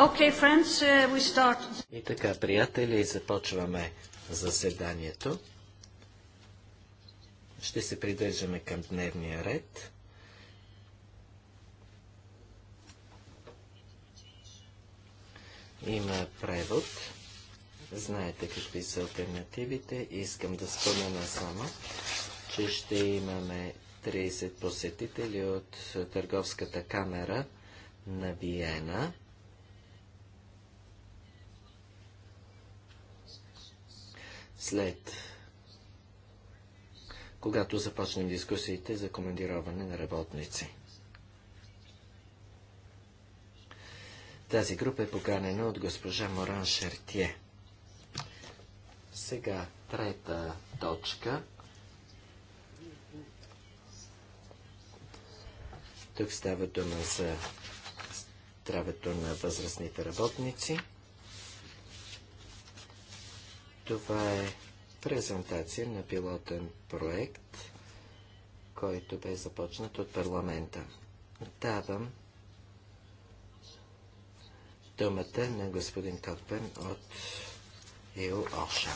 Okay, friends, uh, we start. И така, приятели, започваме заседанието. Ще се придържаме към дневния ред. Има превод. Знаете какви са альтернативите. Искам да спомена само, че ще имаме 30 посетители от Търговската камера на Виена – след когато започнем дискусиите за командироване на работници. Тази група е поканена от госпожа Моран Шертие. Сега трета точка. Тук става дума за здравето на възрастните работници. Това е презентация на пилотен проект, който бе започнат от парламента. Давам думата на господин Копен от ЕО ОША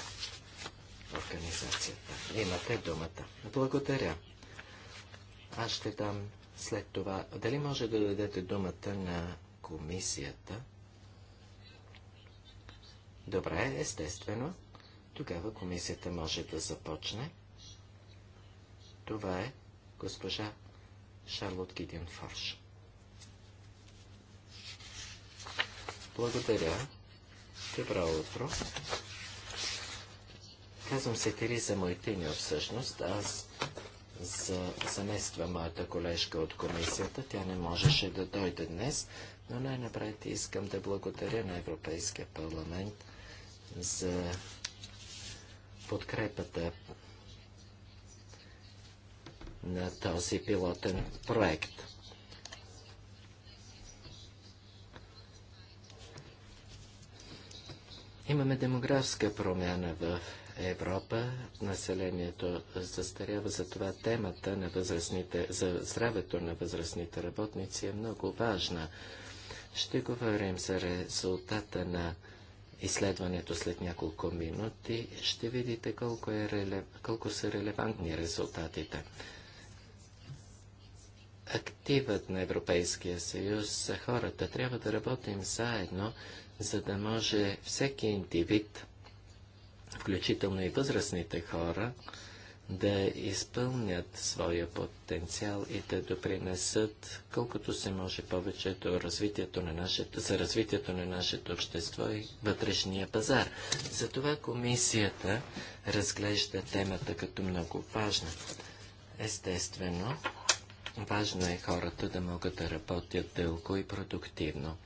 организацията. Имате думата. Благодаря. Аз ще дам след това. Дали може да дадете думата на комисията? Добре, естествено тогава комисията може да започне. Това е госпожа Шарлот Гидион Форш. Благодаря. Добро утро. Казвам се Териза Мойтиньо всъщност. Аз за, замества моята колежка от комисията. Тя не можеше да дойде днес, но най-напред искам да благодаря на Европейския парламент за подкрепата на този пилотен проект. Имаме демографска промяна в Европа. Населението застарява, затова темата на възрастните, за здравето на възрастните работници е много важна. Ще говорим за резултата на изследването след няколко минути, ще видите колко, е релев... колко са релевантни резултатите. Активът на Европейския съюз са хората. Трябва да работим заедно, за да може всеки индивид, включително и възрастните хора, да изпълнят своя потенциал и да допринесат колкото се може повече до развитието на нашето, за развитието на нашето общество и вътрешния пазар. Затова комисията разглежда темата като много важна. Естествено, важно е хората да могат да работят дълго и продуктивно.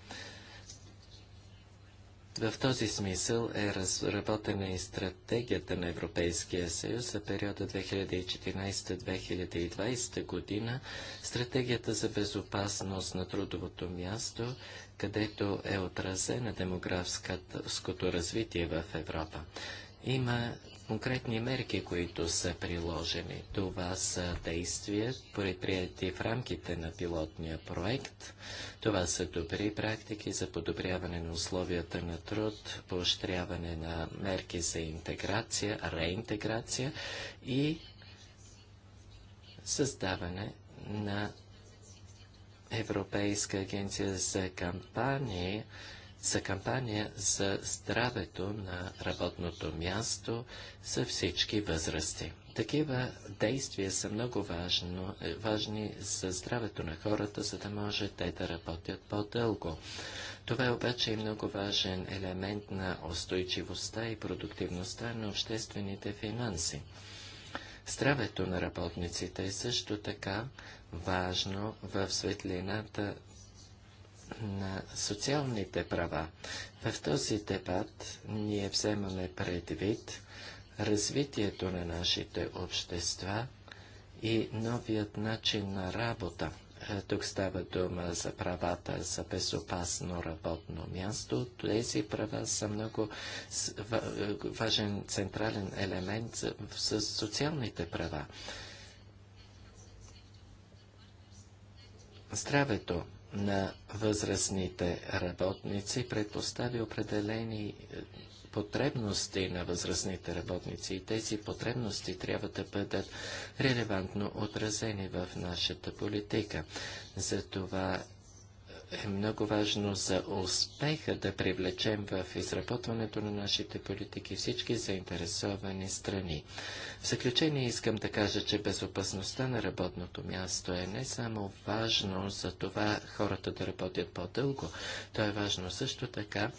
В този смисъл е разработена и стратегията на Европейския съюз за периода 2014-2020 година, стратегията за безопасност на трудовото място, където е отразена демографското развитие в Европа. Има конкретни мерки, които са приложени. Това са действия, предприяти в рамките на пилотния проект. Това са добри практики за подобряване на условията на труд, поощряване на мерки за интеграция, реинтеграция и създаване на Европейска агенция за кампании, за кампания за здравето на работното място за всички възрасти. Такива действия са много важно, е, важни за здравето на хората, за да може те да работят по-дълго. Това е обаче и много важен елемент на устойчивостта и продуктивността на обществените финанси. Здравето на работниците е също така важно в светлината на социалните права. В този дебат ние вземаме предвид развитието на нашите общества и новият начин на работа. Е, тук става дума за правата за безопасно работно място. Тези права са много е, важен централен елемент с, с социалните права. Здравето на възрастните работници предпостави определени е, потребности на възрастните работници и тези потребности трябва да бъдат релевантно отразени в нашата политика. Затова е много важно за успеха да привлечем в изработването на нашите политики всички заинтересовани страни. В заключение искам да кажа, че безопасността на работното място е не само важно за това хората да работят по-дълго, то е важно също така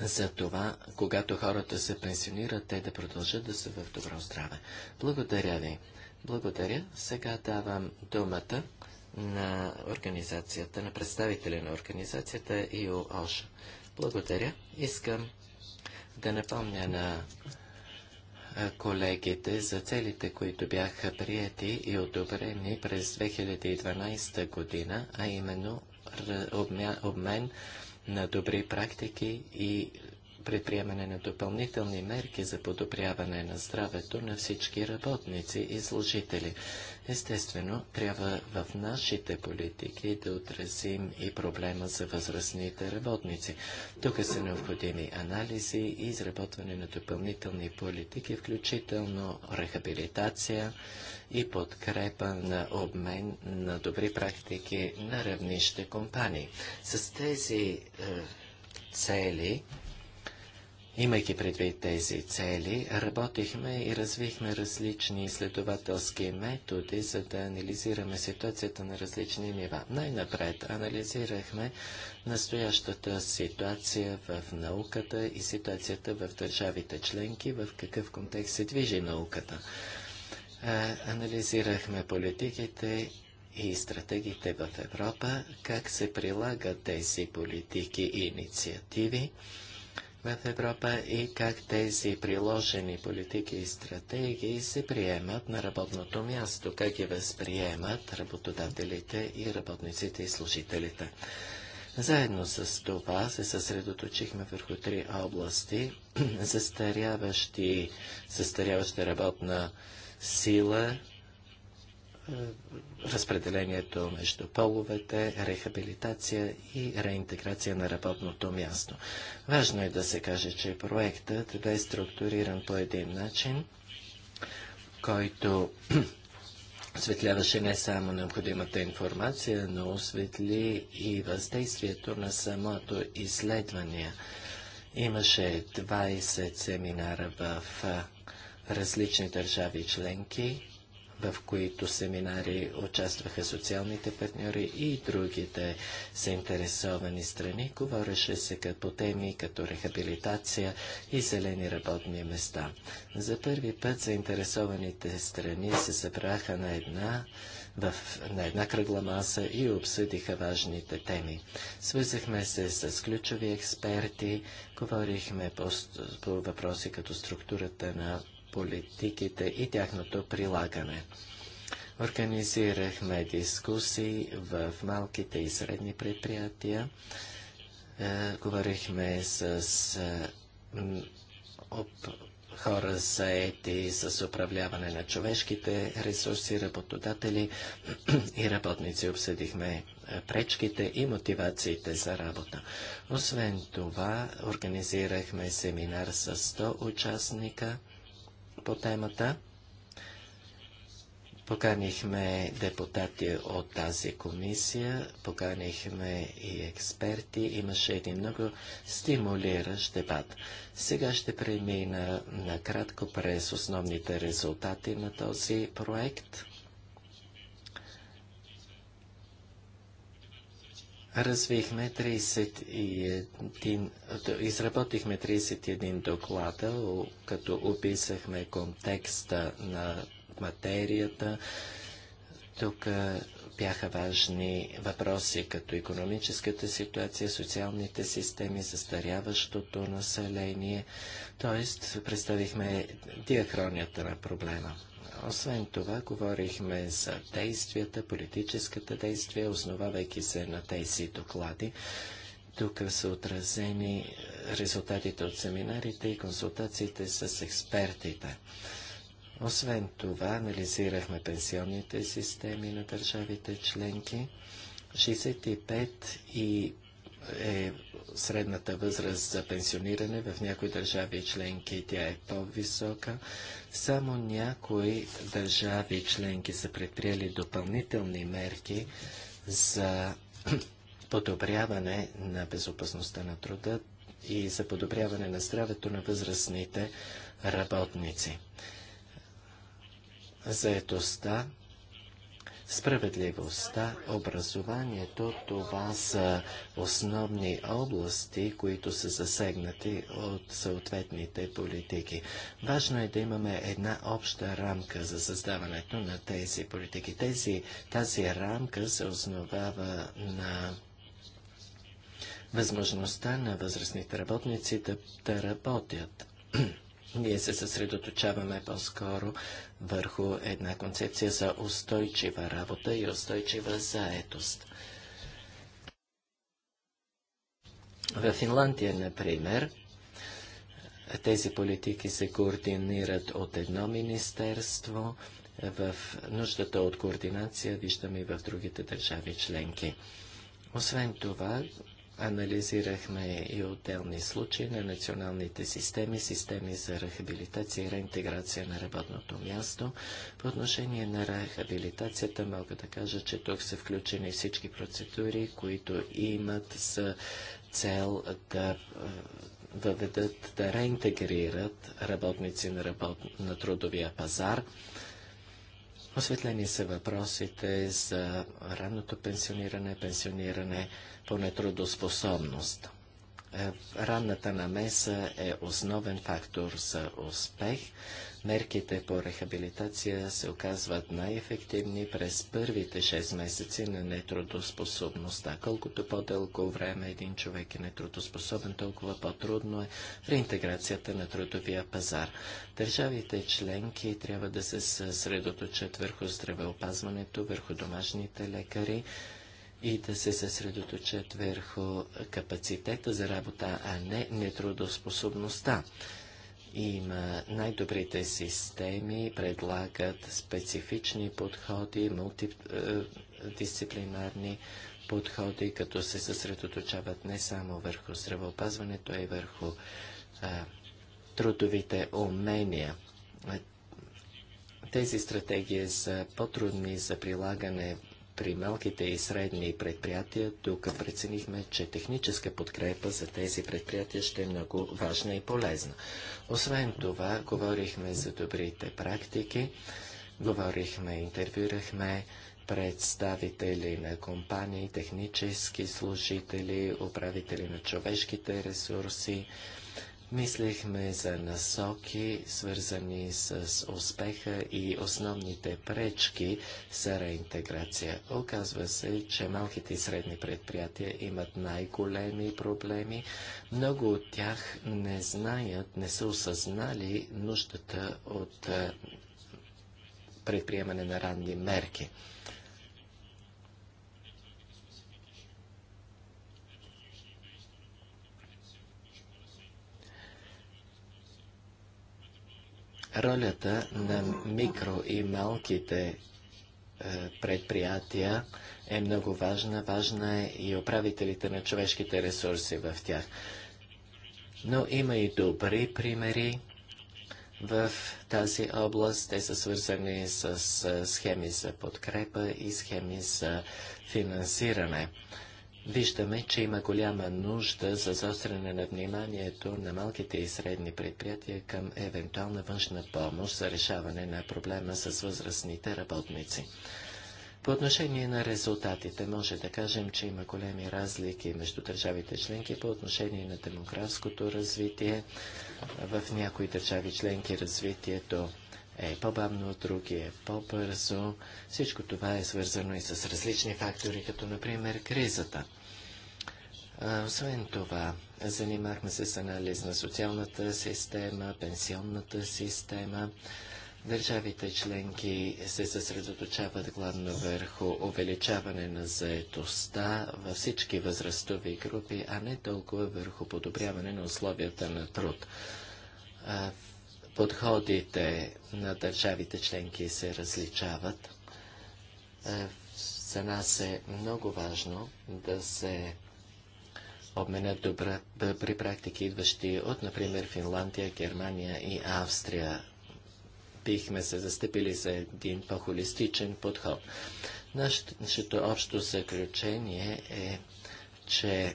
за това, когато хората се пенсионират, те да продължат да са в добро здраве. Благодаря ви. Благодаря. Сега давам думата на организацията, на представители на организацията и Оша. Благодаря. Искам да напомня на колегите за целите, които бяха прияти и одобрени през 2012 година, а именно обмен на добри практики и предприемане на допълнителни мерки за подобряване на здравето на всички работници и служители. Естествено, трябва в нашите политики да отразим и проблема за възрастните работници. Тук са необходими анализи и изработване на допълнителни политики, включително рехабилитация и подкрепа на обмен на добри практики на равнище компании. С тези е, цели Имайки предвид тези цели, работихме и развихме различни изследователски методи, за да анализираме ситуацията на различни нива. Най-напред анализирахме настоящата ситуация в науката и ситуацията в държавите членки, в какъв контекст се движи науката. анализирахме политиките и стратегиите в Европа, как се прилагат тези политики и инициативи в Европа и как тези приложени политики и стратегии се приемат на работното място, как ги възприемат работодателите и работниците и служителите. Заедно с това се съсредоточихме върху три области – застаряваща работна сила, разпределението между половете, рехабилитация и реинтеграция на работното място. Важно е да се каже, че проектът бе структуриран по един начин, който осветляваше не само необходимата информация, но осветли и въздействието на самото изследване. Имаше 20 семинара в различни държави членки в които семинари участваха социалните партньори и другите заинтересовани страни. Говореше се по теми като рехабилитация и зелени работни места. За първи път заинтересованите страни се събраха на една в, на една кръгла маса и обсъдиха важните теми. Свързахме се с ключови експерти, говорихме по, по въпроси като структурата на политиките и тяхното прилагане. Организирахме дискусии в малките и средни предприятия. Е, говорихме с, с е, об, хора заети с управляване на човешките ресурси, работодатели и работници. Обсъдихме е, пречките и мотивациите за работа. Освен това, организирахме семинар с 100 участника – по темата. Поканихме депутати от тази комисия, поканихме и експерти. Имаше един много стимулиращ дебат. Сега ще премина накратко през основните резултати на този проект. Развихме 31, изработихме 31 доклада, като описахме контекста на материята. Тук бяха важни въпроси като економическата ситуация, социалните системи, застаряващото население, т.е. представихме диахронията на проблема. Освен това, говорихме за действията, политическата действия, основавайки се на тези доклади. Тук са отразени е, резултатите от семинарите и консултациите с експертите. Освен това, анализирахме пенсионните системи на държавите членки. 65 и е средната възраст за пенсиониране. В някои държави членки тя е по-висока. Само някои държави членки са предприели допълнителни мерки за подобряване на безопасността на труда и за подобряване на здравето на възрастните работници. Заетостта Справедливостта, образованието, това са основни области, които са засегнати от съответните политики. Важно е да имаме една обща рамка за създаването на тези политики. Тези, тази рамка се основава на възможността на възрастните работници да, да работят. Ние се съсредоточаваме по-скоро върху една концепция за устойчива работа и устойчива заетост. В Финландия, например, тези политики се координират от едно министерство. В нуждата от координация виждаме и в другите държави членки. Освен това, Анализирахме и отделни случаи на националните системи, системи за рехабилитация и реинтеграция на работното място. По отношение на рехабилитацията мога да кажа, че тук са включени всички процедури, които имат с цел да въведат, да реинтегрират работници на, работ... на трудовия пазар. Осветлени са въпросите за ранното пенсиониране, пенсиониране по нетрудоспособност. Е, ранната намеса е основен фактор за успех. Мерките по рехабилитация се оказват най-ефективни през първите 6 месеци на нетрудоспособността. Колкото по-дълго време един човек е нетрудоспособен, толкова по-трудно е реинтеграцията на трудовия пазар. Държавите членки трябва да се съсредоточат върху здравеопазването, върху домашните лекари, и да се съсредоточат върху капацитета за работа, а не нетрудоспособността има най-добрите системи, предлагат специфични подходи, мултидисциплинарни е, подходи, като се съсредоточават не само върху здравеопазването, а и върху а, е, трудовите умения. Е, тези стратегии са по-трудни за прилагане при малките и средни предприятия, тук преценихме, че техническа подкрепа за тези предприятия ще е много важна и полезна. Освен това, говорихме за добрите практики, говорихме, интервюрахме представители на компании, технически служители, управители на човешките ресурси, Мислехме за насоки, свързани с успеха и основните пречки за реинтеграция. Оказва се, че малките и средни предприятия имат най-големи проблеми. Много от тях не знаят, не са осъзнали нуждата от е, предприемане на ранни мерки. ролята на микро и малките е, предприятия е много важна. Важна е и управителите на човешките ресурси в тях. Но има и добри примери в тази област. Те са свързани с е, схеми за подкрепа и схеми за финансиране. Виждаме, че има голяма нужда за заостряне на вниманието на малките и средни предприятия към евентуална външна помощ за решаване на проблема с възрастните работници. По отношение на резултатите може да кажем, че има големи разлики между държавите членки по отношение на демографското развитие. В някои държави членки развитието е по-бавно от други, е по-бързо. Всичко това е свързано и с различни фактори, като например кризата. А, освен това, занимахме се с анализ на социалната система, пенсионната система. Държавите членки се съсредоточават главно върху увеличаване на заетостта във всички възрастови групи, а не толкова върху подобряване на условията на труд подходите на държавите членки се различават. Е, за нас е много важно да се обменят добра, добри практики, идващи от, например, Финландия, Германия и Австрия. Бихме се застъпили за един по-холистичен подход. Нашето общо заключение е, че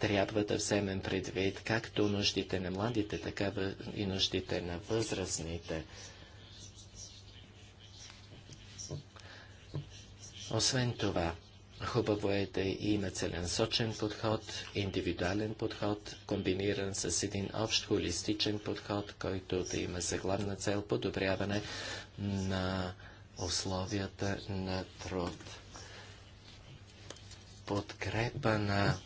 трябва да вземем предвид както нуждите на младите, така и нуждите на възрастните. Освен това, хубаво е да има целенсочен подход, индивидуален подход, комбиниран с един общ холистичен подход, който да има за главна цел подобряване на условията на труд. Подкрепа на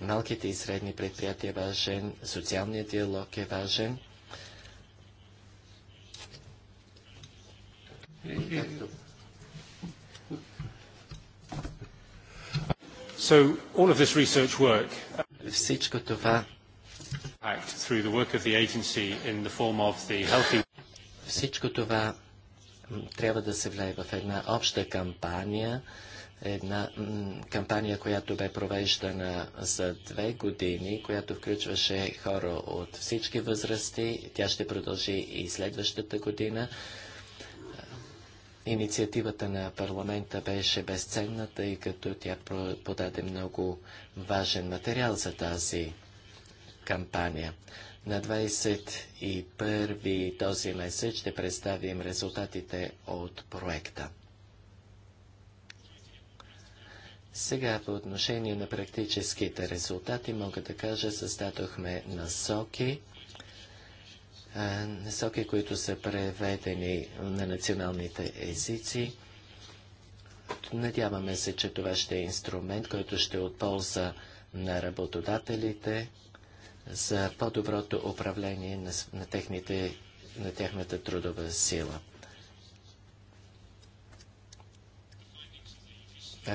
малките и средни предприятия е важен, социалният диалог е важен. So all of this research work uh, всичко това through the work of the agency in the form of the healthy всичко това трябва да се влее в една обща кампания, една кампания, която бе провеждана за две години, която включваше хора от всички възрасти. Тя ще продължи и следващата година. Инициативата на парламента беше безценна, тъй като тя подаде много важен материал за тази кампания. На 21 този месец ще представим резултатите от проекта. Сега по отношение на практическите резултати мога да кажа, създадохме насоки, насоки, които са преведени на националните езици. Надяваме се, че това ще е инструмент, който ще е от полза на работодателите за по-доброто управление на, на, техните, на тяхната трудова сила.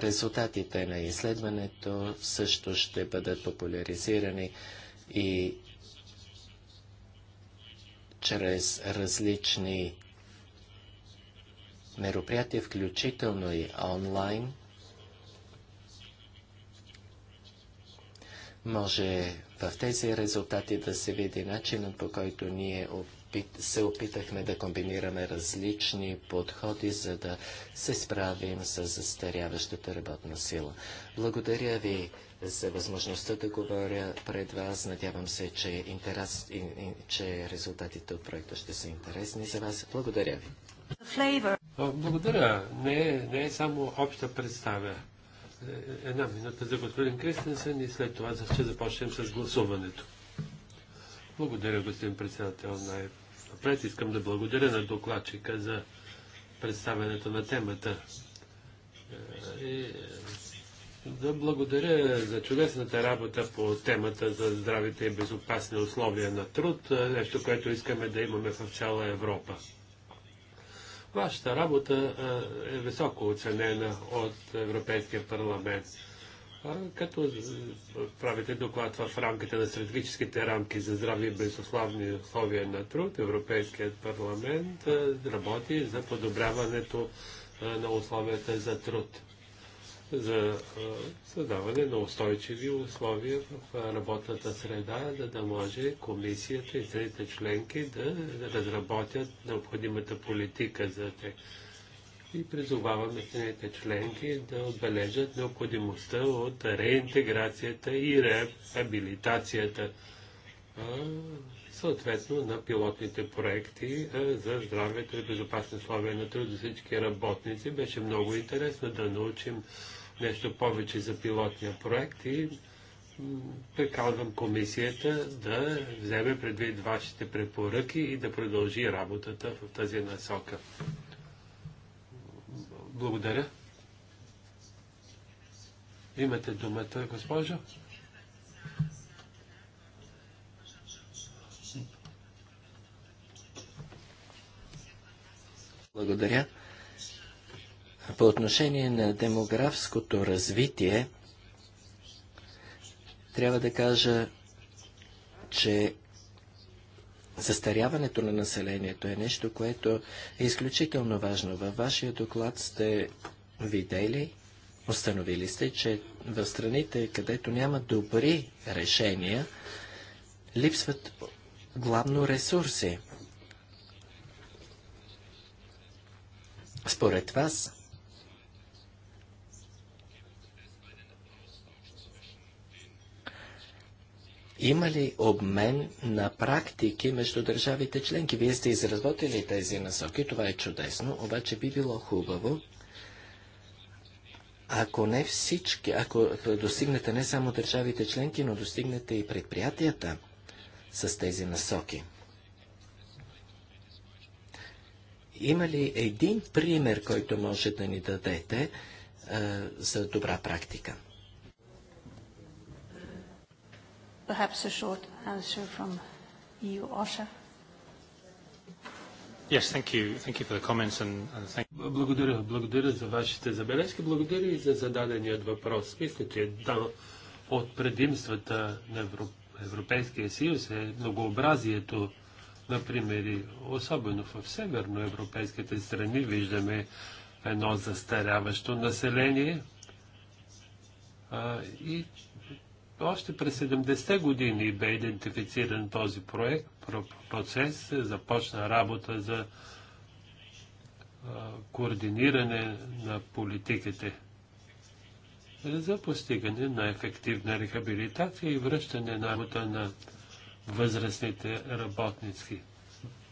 Резултатите на изследването също ще бъдат популяризирани и чрез различни мероприятия, включително и онлайн. Може в тези резултати да се види начинът по който ние се опитахме да комбинираме различни подходи, за да се справим с застаряващата работна сила. Благодаря ви за възможността да говоря пред вас. Надявам се, че, интерес, че резултатите от проекта ще са интересни за вас. Благодаря ви. Благодаря. Не е, не е само обща представя. Е, е, една минута за господин Кристенсен и след това ще започнем с гласуването. Благодаря, господин председател. Най- напред искам да благодаря на докладчика за представянето на темата. И е, е, да благодаря за чудесната работа по темата за здравите и безопасни условия на труд, е, нещо, което искаме да имаме в цяла Европа. Вашата работа е високо оценена от Европейския парламент като правите доклад в рамките на стратегическите рамки за здрави и безусловни условия на труд, Европейският парламент работи за подобряването на условията за труд, за създаване на устойчиви условия в работната среда, за да може комисията и страните членки да разработят необходимата политика за тях и призоваваме страните членки да отбележат необходимостта от реинтеграцията и реабилитацията съответно на пилотните проекти за здравето и безопасни условия на труд за всички работници. Беше много интересно да научим нещо повече за пилотния проект и приказвам комисията да вземе предвид вашите препоръки и да продължи работата в тази насока. Благодаря. Имате думата, госпожо. Благодаря. По отношение на демографското развитие, трябва да кажа, че Застаряването на населението е нещо, което е изключително важно. Във вашия доклад сте видели, установили сте, че в страните, където няма добри решения, липсват главно ресурси. Според вас, Има ли обмен на практики между държавите членки? Вие сте изработили тези насоки, това е чудесно, обаче би било хубаво, ако не всички, ако достигнете не само държавите членки, но достигнете и предприятията с тези насоки. Има ли един пример, който може да ни дадете а, за добра практика? Perhaps a short answer from you, Osha. Yes, thank you. Thank you for the comments and, and thank... Благодаря, благодаря за вашите забележки, благодаря и за зададения въпрос. Мисля, че да, от предимствата на Европ... Европейския съюз е многообразието Например, особено в северноевропейските страни виждаме едно застаряващо население а, и още през 70-те години бе идентифициран този проект, процес, започна работа за координиране на политиките за постигане на ефективна рехабилитация и връщане на работа на възрастните работници.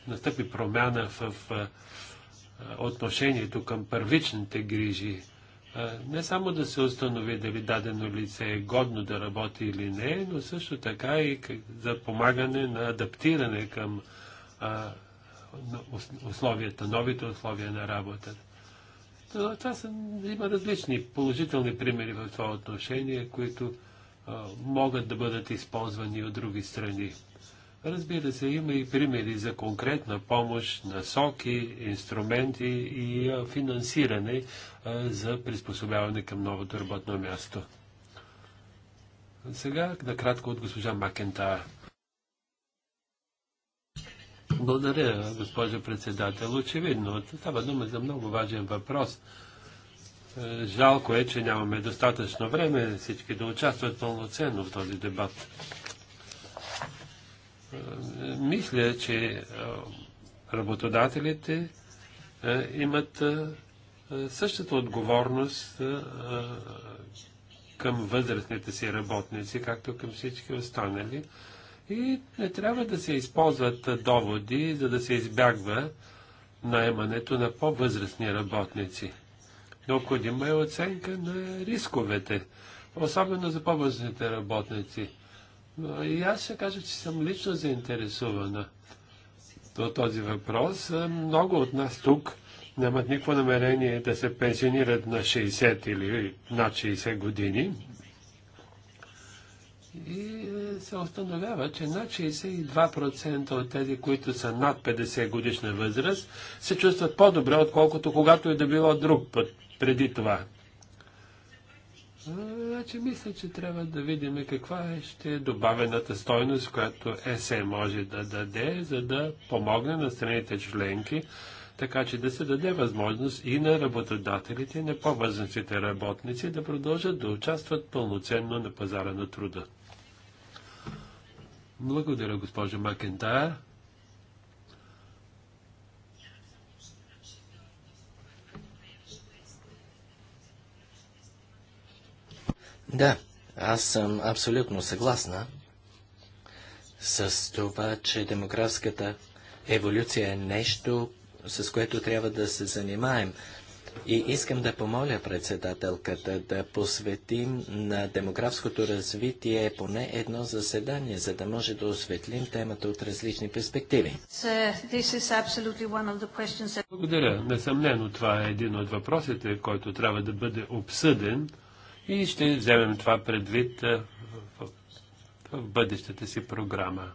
Настъпи промяна в отношението към първичните грижи не само да се установи дали дадено лице е годно да работи или не, но също така и за помагане на адаптиране към условията, новите условия на работа. Това са, има различни положителни примери в това отношение, които могат да бъдат използвани от други страни. Разбира се, има и примери за конкретна помощ, насоки, инструменти и финансиране за приспособяване към новото работно място. Сега накратко от госпожа Макентар. Благодаря, госпожо председател. Очевидно, става дума за много важен въпрос. Е, жалко е, че нямаме достатъчно време всички да участват пълноценно в този дебат мисля, че работодателите имат същата отговорност към възрастните си работници, както към всички останали. И не трябва да се използват доводи, за да се избягва найемането на по-възрастни работници. Необходима е оценка на рисковете, особено за по-възрастните работници. И аз ще кажа, че съм лично заинтересувана до този въпрос. Много от нас тук нямат никакво намерение да се пенсионират на 60 или над 60 години. И е, се установява, че над 62% от тези, които са над 50 годишна възраст, се чувстват по-добре, отколкото когато е да било друг път преди това. Значи мисля, че трябва да видим каква е ще е добавената стойност, която ЕСЕ може да даде, за да помогне на страните членки, така че да се даде възможност и на работодателите, и на по-възрастните работници да продължат да участват пълноценно на пазара на труда. Благодаря, госпожа Макентайр. Да, аз съм абсолютно съгласна с това, че демографската еволюция е нещо, с което трябва да се занимаем. И искам да помоля председателката да посветим на демографското развитие поне едно заседание, за да може да осветлим темата от различни перспективи. Благодаря. Несъмнено това е един от въпросите, който трябва да бъде обсъден и ще вземем това предвид в, в, в бъдещата си програма.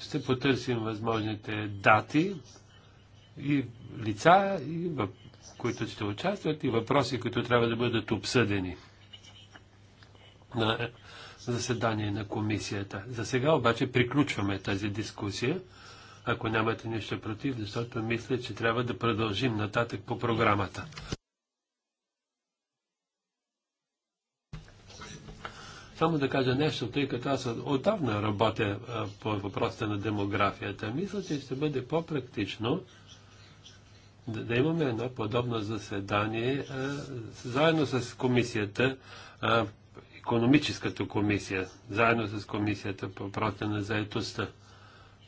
Ще потърсим възможните дати и лица, и в които ще участват, и въпроси, които трябва да бъдат обсъдени на заседание на комисията. За сега обаче приключваме тази дискусия ако нямате нищо против, защото мисля, че трябва да продължим нататък по програмата. Само да кажа нещо, тъй като аз отдавна работя по въпросите на демографията. Мисля, че ще бъде по-практично да, имаме едно подобно заседание а, заедно с комисията, а, економическата комисия, заедно с комисията по въпросите на заетостта.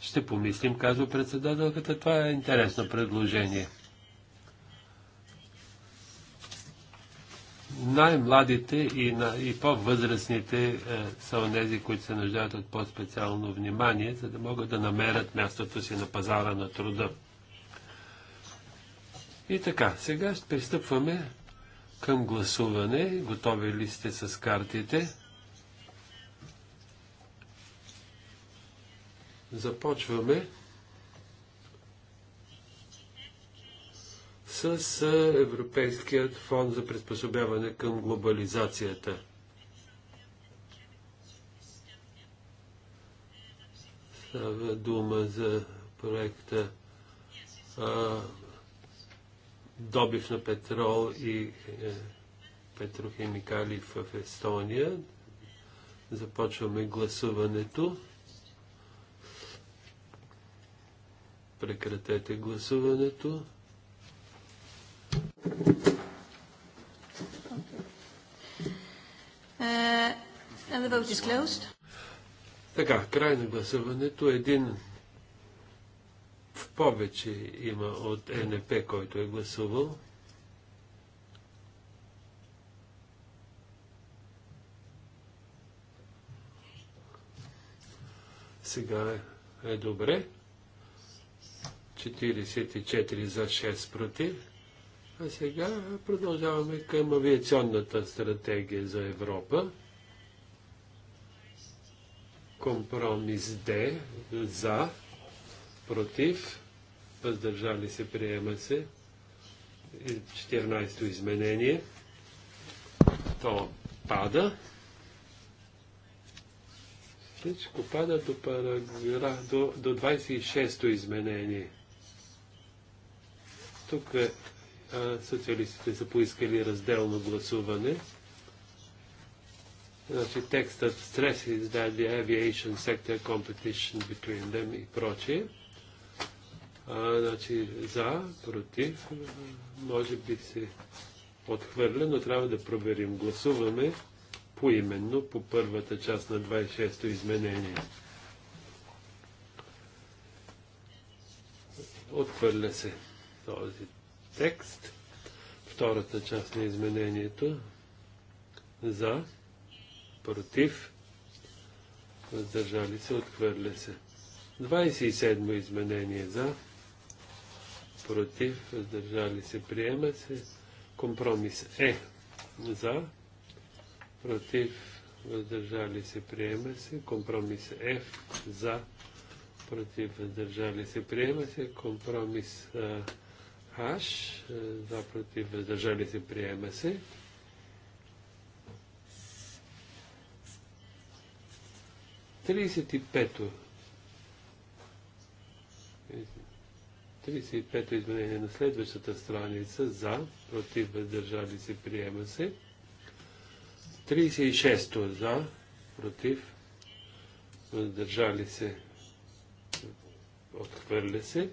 Ще помислим, казва председателката. Това е интересно предложение. Най-младите и, на, и по-възрастните е, са онези, които се нуждаят от по-специално внимание, за да могат да намерят мястото си на пазара на труда. И така, сега ще пристъпваме към гласуване. Готови ли сте с картите? Започваме с Европейският фонд за приспособяване към глобализацията. Става дума за проекта а, добив на петрол и е, петрохимикали в Естония. Започваме гласуването. Прекратете гласуването. Uh, така, край на гласуването. Един в повече има от НП, който е гласувал. Сега е добре. 44 за 6 против. А сега продължаваме към авиационната стратегия за Европа. Компромис Д за, против, въздържали се, приема се. 14-то изменение. То пада. Всичко пада до, параграф, до, до 26-то изменение. Тук е, а, социалистите са поискали разделно гласуване. Значи текстът стрес is that the aviation sector competition between them и прочие. А, значи за, против, може би се отхвърля, но трябва да проверим. Гласуваме поименно по първата част на 26-то изменение. Отхвърля се този текст. Втората част на изменението за, против, въздържали се, отхвърля се. 27 изменение за, против, въздържали се, приема се. Компромис Е за, против, въздържали се, приема се. Компромис Е за, против, въздържали се, приема се. Компромис А, хаш, за е, против въздържали се приема се. Тридесет и пето. 35-то изменение на следващата страница за, против, въздържали се, приема се. 36 шесто. за, против, въздържали се, отхвърля се.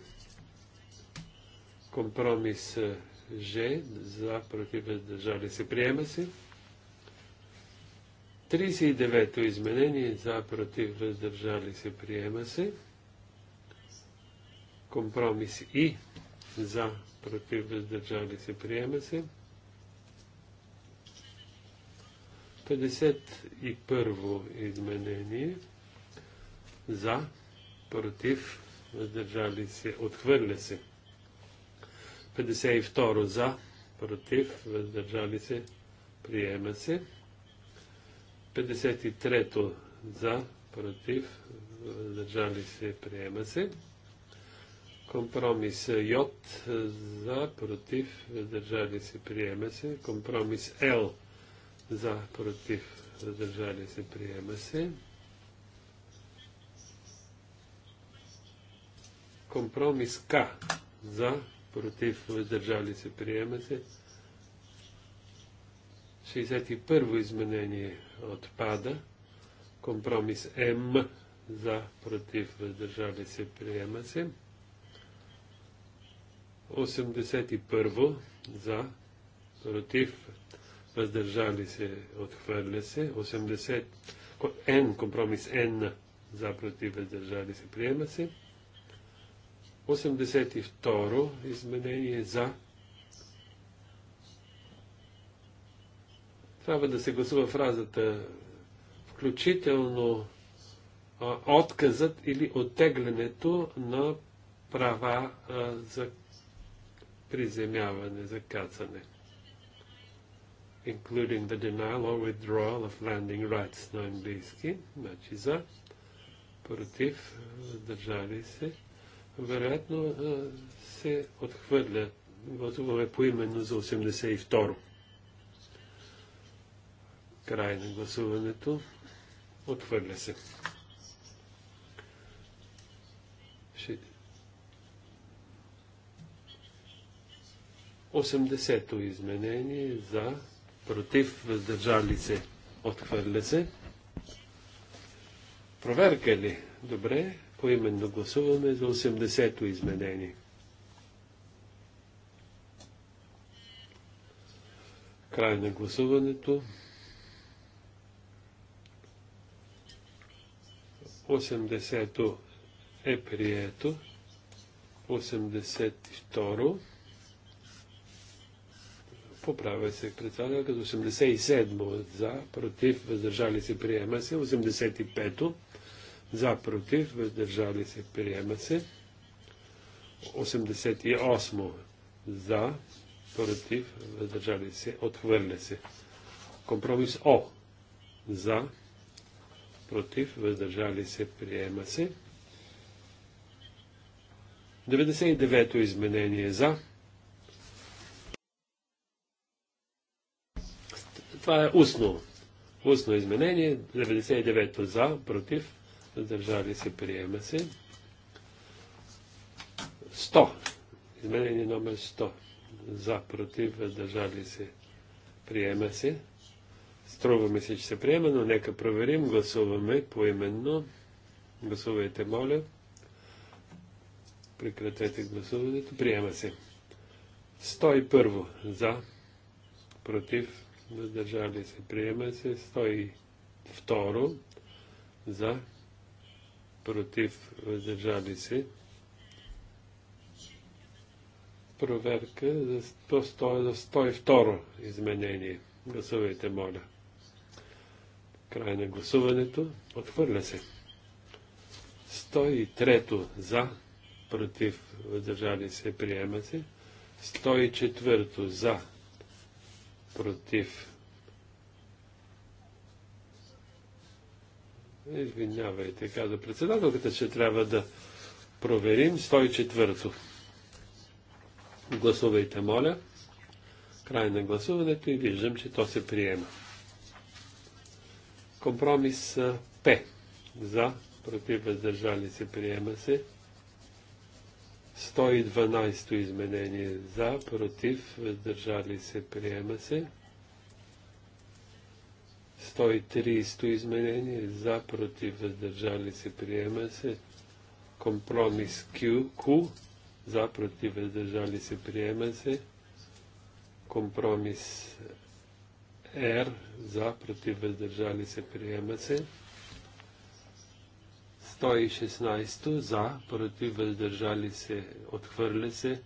Компромис Ж за против въздържали се приема се. 39-то изменение за против въздържали се приема се. Компромис И за против въздържали се приема се. 51 изменение за, против, въздържали се, отхвърля се. 52 за, против, въздържали се, приема се. 53 за, против, въздържали се, приема се. Компромис Й за, против, въздържали се, приема се. Компромис Л за, против, въздържали се, приема се. Компромис К за, против, въздържали се, приема се. 61-во изменение отпада. Компромис М за, против, въздържали се, приема се. 81 за, против, въздържали се, отхвърля се. 80 Н, компромис Н за, против, въздържали се, приема се. 82 изменение за. Трябва да се гласува фразата включително а, отказът или оттеглянето на права а, за приземяване, за кацане. Including the denial or withdrawal of landing rights на английски, значи за, против, държали се вероятно се отхвърля. Гласуваме поименно за 82. Край на гласуването. Отхвърля се. 80-то изменение за против въздържали се. Отхвърля се. Проверка ли? Добре. Поименно гласуваме за 80-то изменение. Край на гласуването. 80-то е прието. 82-ро. Поправя се председателя като 87-о за, против, въздържали се, приема се. 85-то за, против, въздържали се, приема се. 88 за, против, въздържали се, отхвърля се. Компромис О. За, против, въздържали се, приема се. 99-то изменение за. Това е устно. Устно изменение. 99-то за, против, въздържали се, приема се. 100. Изменение номер 100. За, против, въздържали се, приема се. Струва ми се, че се приема, но нека проверим. Гласуваме поименно. Гласувайте, моля. Прекратете гласуването. Приема се. 101 за, против, въздържали се. Приема се. 102 за, против, въздържали се. Проверка за 102 изменение. Гласувайте, моля. Край на гласуването. Отхвърля се. 103 за, против, въздържали се, приема се. 104 за, против, Извинявайте, каза председателката, ще трябва да проверим 104-то. Гласувайте, моля. Край на гласуването и виждам, че то се приема. Компромис П. За, против, въздържали се, приема се. 112-то изменение за, против, въздържали се, приема се. 130 изменение за, против, въздържали се, приема се. Компромис Q, Q за, против, въздържали се, приема се. Компромис R за, против, въздържали се, приема се. 116 за, против, въздържали се, отхвърля се.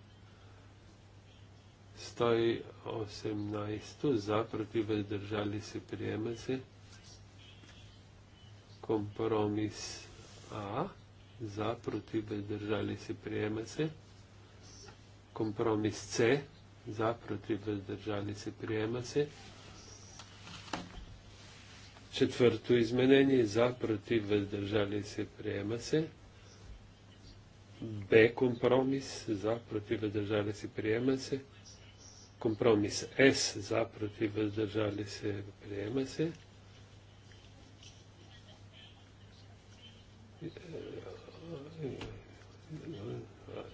118 за, против, въздържали се, приема се. Компромис А за, против, въздържали се, приема се. Компромис С за, против, въздържали се, приема се. Четвърто изменение за, против, въздържали се, приема се. Б компромис за, против, въздържали се, приема се. Компромис С за против въздържали се приема се.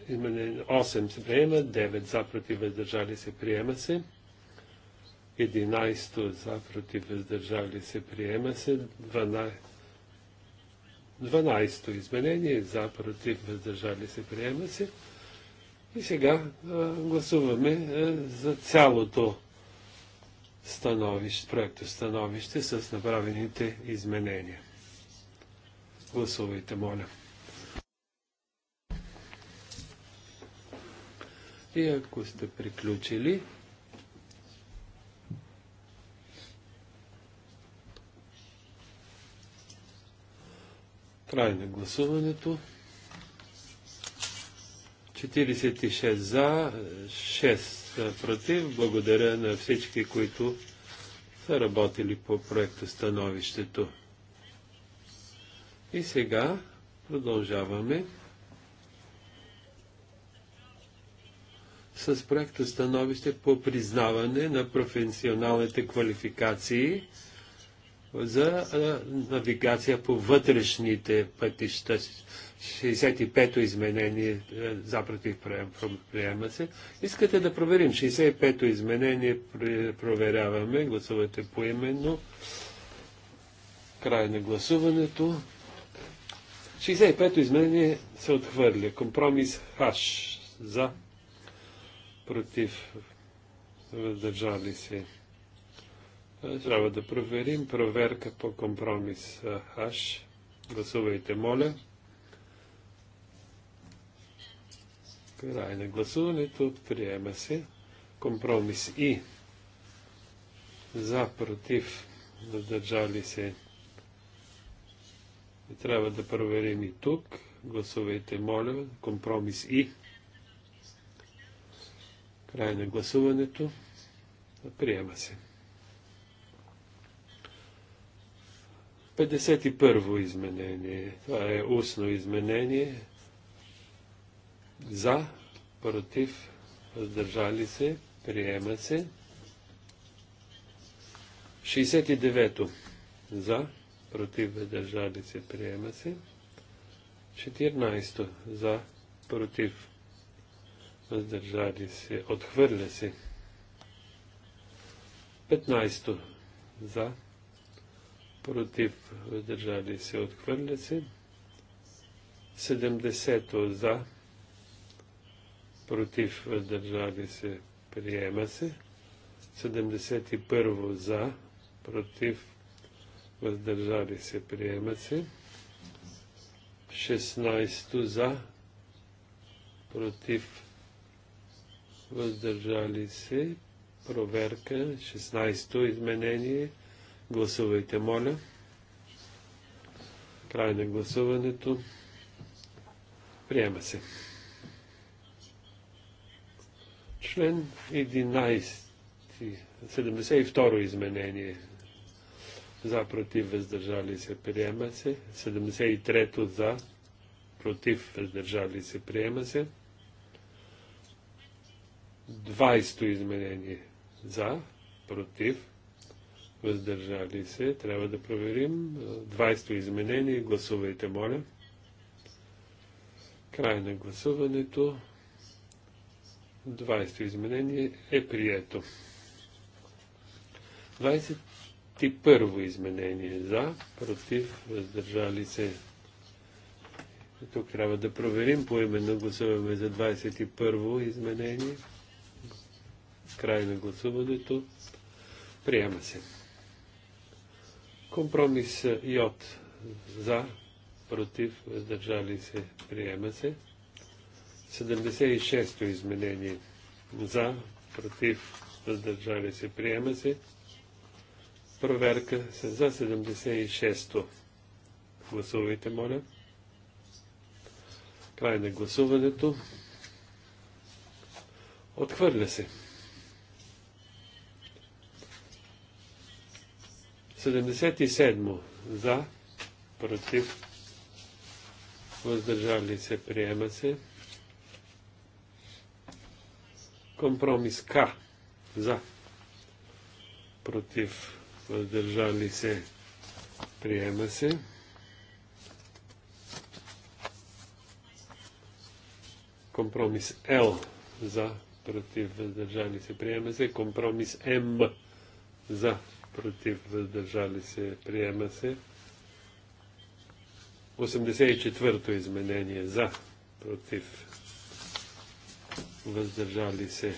Изменение 8 се приема, 9 за против въздържали се приема се. 11 за против въздържали се приема се. 12 12 изменение за против въздържали се приема се. И сега а, гласуваме а, за цялото становище, проекто становище с направените изменения. Гласувайте, моля. И ако сте приключили, край на гласуването. 46 за, 6 против. Благодаря на всички, които са работили по проекта становището. И сега продължаваме с проекта становище по признаване на професионалните квалификации за навигация по вътрешните пътища. 65-то изменение е, за против приема се. Искате да проверим. 65-то изменение проверяваме. Гласувате поименно. Край на гласуването. 65-то изменение се отхвърля. Компромис ХАШ за против въздържали се. Е, трябва да проверим проверка по компромис ХАШ. Гласувайте, моля. Край на гласуването. Приема се. Компромис И. За, против, въздържали се. И трябва да проверим и тук. Гласувайте, моля. Компромис И. Край на гласуването. Приема се. 51-во изменение. Това е устно изменение. За, против, въздържали се, приема се. 69-то. За, против, въздържали се, приема се. 14-то. За, против, въздържали се, отхвърля се. 15-то. За, против, въздържали се, отхвърля се. 70-то. За, против, въздържали се, приема се. 71 за, против, въздържали се, приема се. 16 за, против, въздържали се, проверка, 16-то изменение. Гласувайте, моля. Край на гласуването. Приема се. Член 11, 72 изменение. За, против, въздържали се, приема се. 73 за, против, въздържали се, приема се. 20 изменение. За, против, въздържали се. Трябва да проверим. 20 изменение. Гласувайте, моля. Край на гласуването. 20-то изменение е прието. 21-во изменение за, против, въздържали се. Тук трябва да проверим по именно гласуваме за 21-во изменение. Край на гласуването. Приема се. Компромис Йод за, против, въздържали се, приема се. 76-то изменение. За, против, въздържали се, приема се. Проверка се за 76-то. Гласувайте, моля. Край на гласуването. Отхвърля се. 77 за, против, въздържали се, приема се. Компромис К. За. Против. Въздържали се. Приема се. Компромис Л. За. Против. Въздържали се. Приема се. Компромис М. За. Против. Въздържали се. Приема се. 84-то изменение. За. Против въздържали се.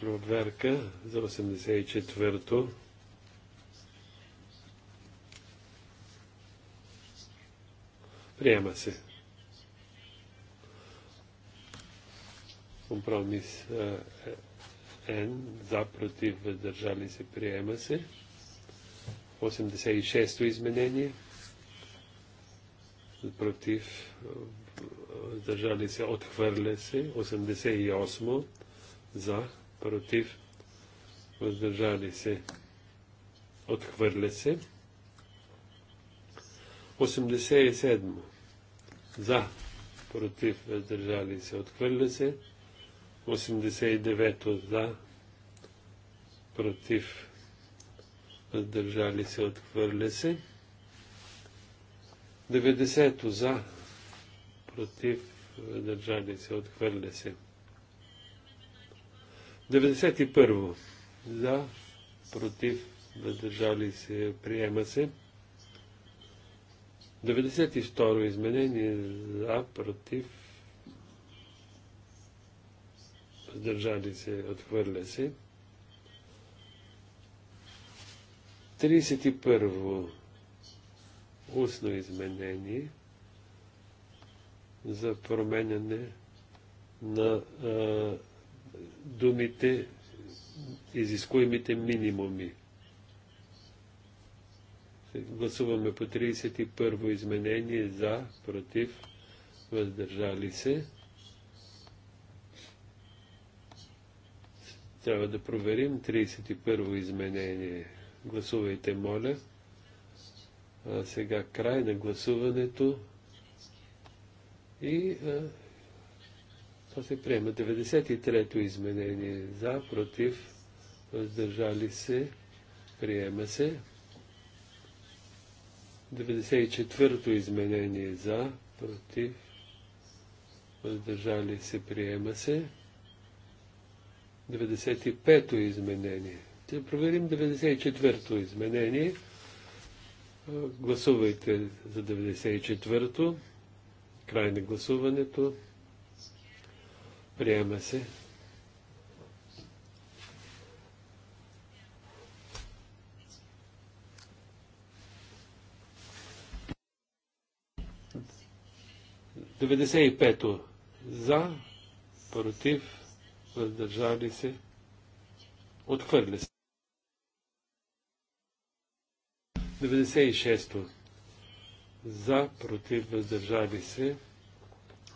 Проверка за 84-то. Приема се. Компромис е, Н. За, против, въздържали се. Приема се. 86-то изменение. Против, въздържали се, отхвърля се. 88 за, против, въздържали се, отхвърля се. 87 за, против, въздържали се, отхвърля се. 89 за, против, въздържали се, отхвърля се. 90 за, против, държали се, отхвърля се. 91. За, против, въздържали се, приема се. 92 изменение за, против, въздържали се, отхвърля се. 31. Устно изменение за променяне на а, думите изискуемите минимуми. Гласуваме по 31-во изменение за, против, въздържали се. Трябва да проверим 31-во изменение. Гласувайте, моля. А сега край на гласуването. И а, това се приема. 93-то изменение за, против, въздържали се, приема се. 94-то изменение за, против, въздържали се, приема се. 95-то изменение. Ще проверим 94-то изменение. Гласувайте за 94-то. Край на гласуването. Приема се. Деведесет и пето. За, против, въздържали се, отхвърля се. 96 за, против, въздържали се.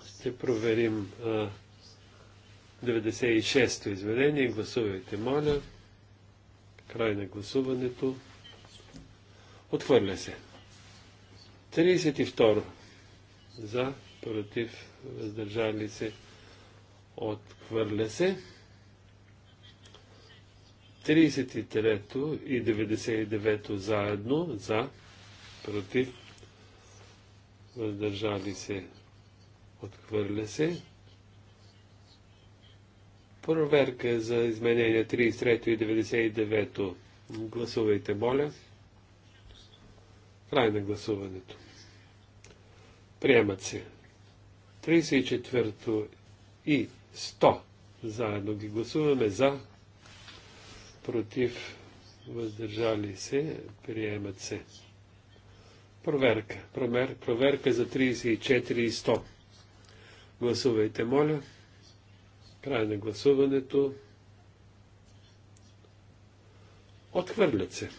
Ще проверим 96-то изведение. Гласувайте, моля. Край на гласуването. Отхвърля се. 32. За, против, въздържали се. Отхвърля се. 33 и 99 заедно. За, против, въздържали се, отхвърля се. Проверка за изменения 33 и 99. Гласувайте, моля. Край на гласуването. Приемат се. 34 и 100. Заедно ги гласуваме за, против, въздържали се, приемат се. Проверка. Промер, проверка за 34 и 100. Гласувайте, моля. Край на гласуването. Отхвърлят се.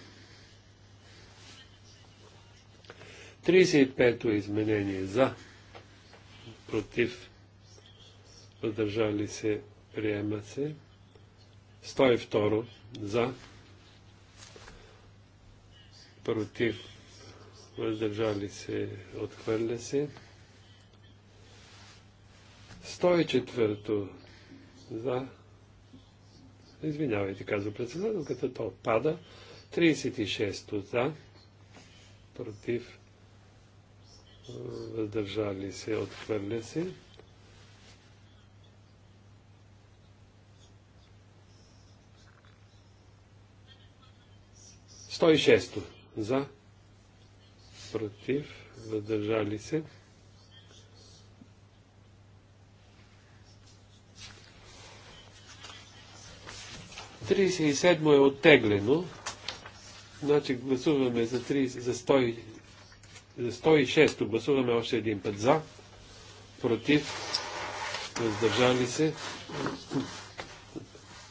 35-то изменение за, против, въздържали се, приема се. 102 за, против, въздържали се, отхвърля се. 104 за. Извинявайте, казва председателката, то отпада. 36 за. Против. Въздържали се, отхвърля се. Сто шесто за против, въздържали се. Тридесет и седмо е оттеглено. Значи гласуваме за, 30, за, 100, за 106 гласуваме още един път за, против, въздържали се.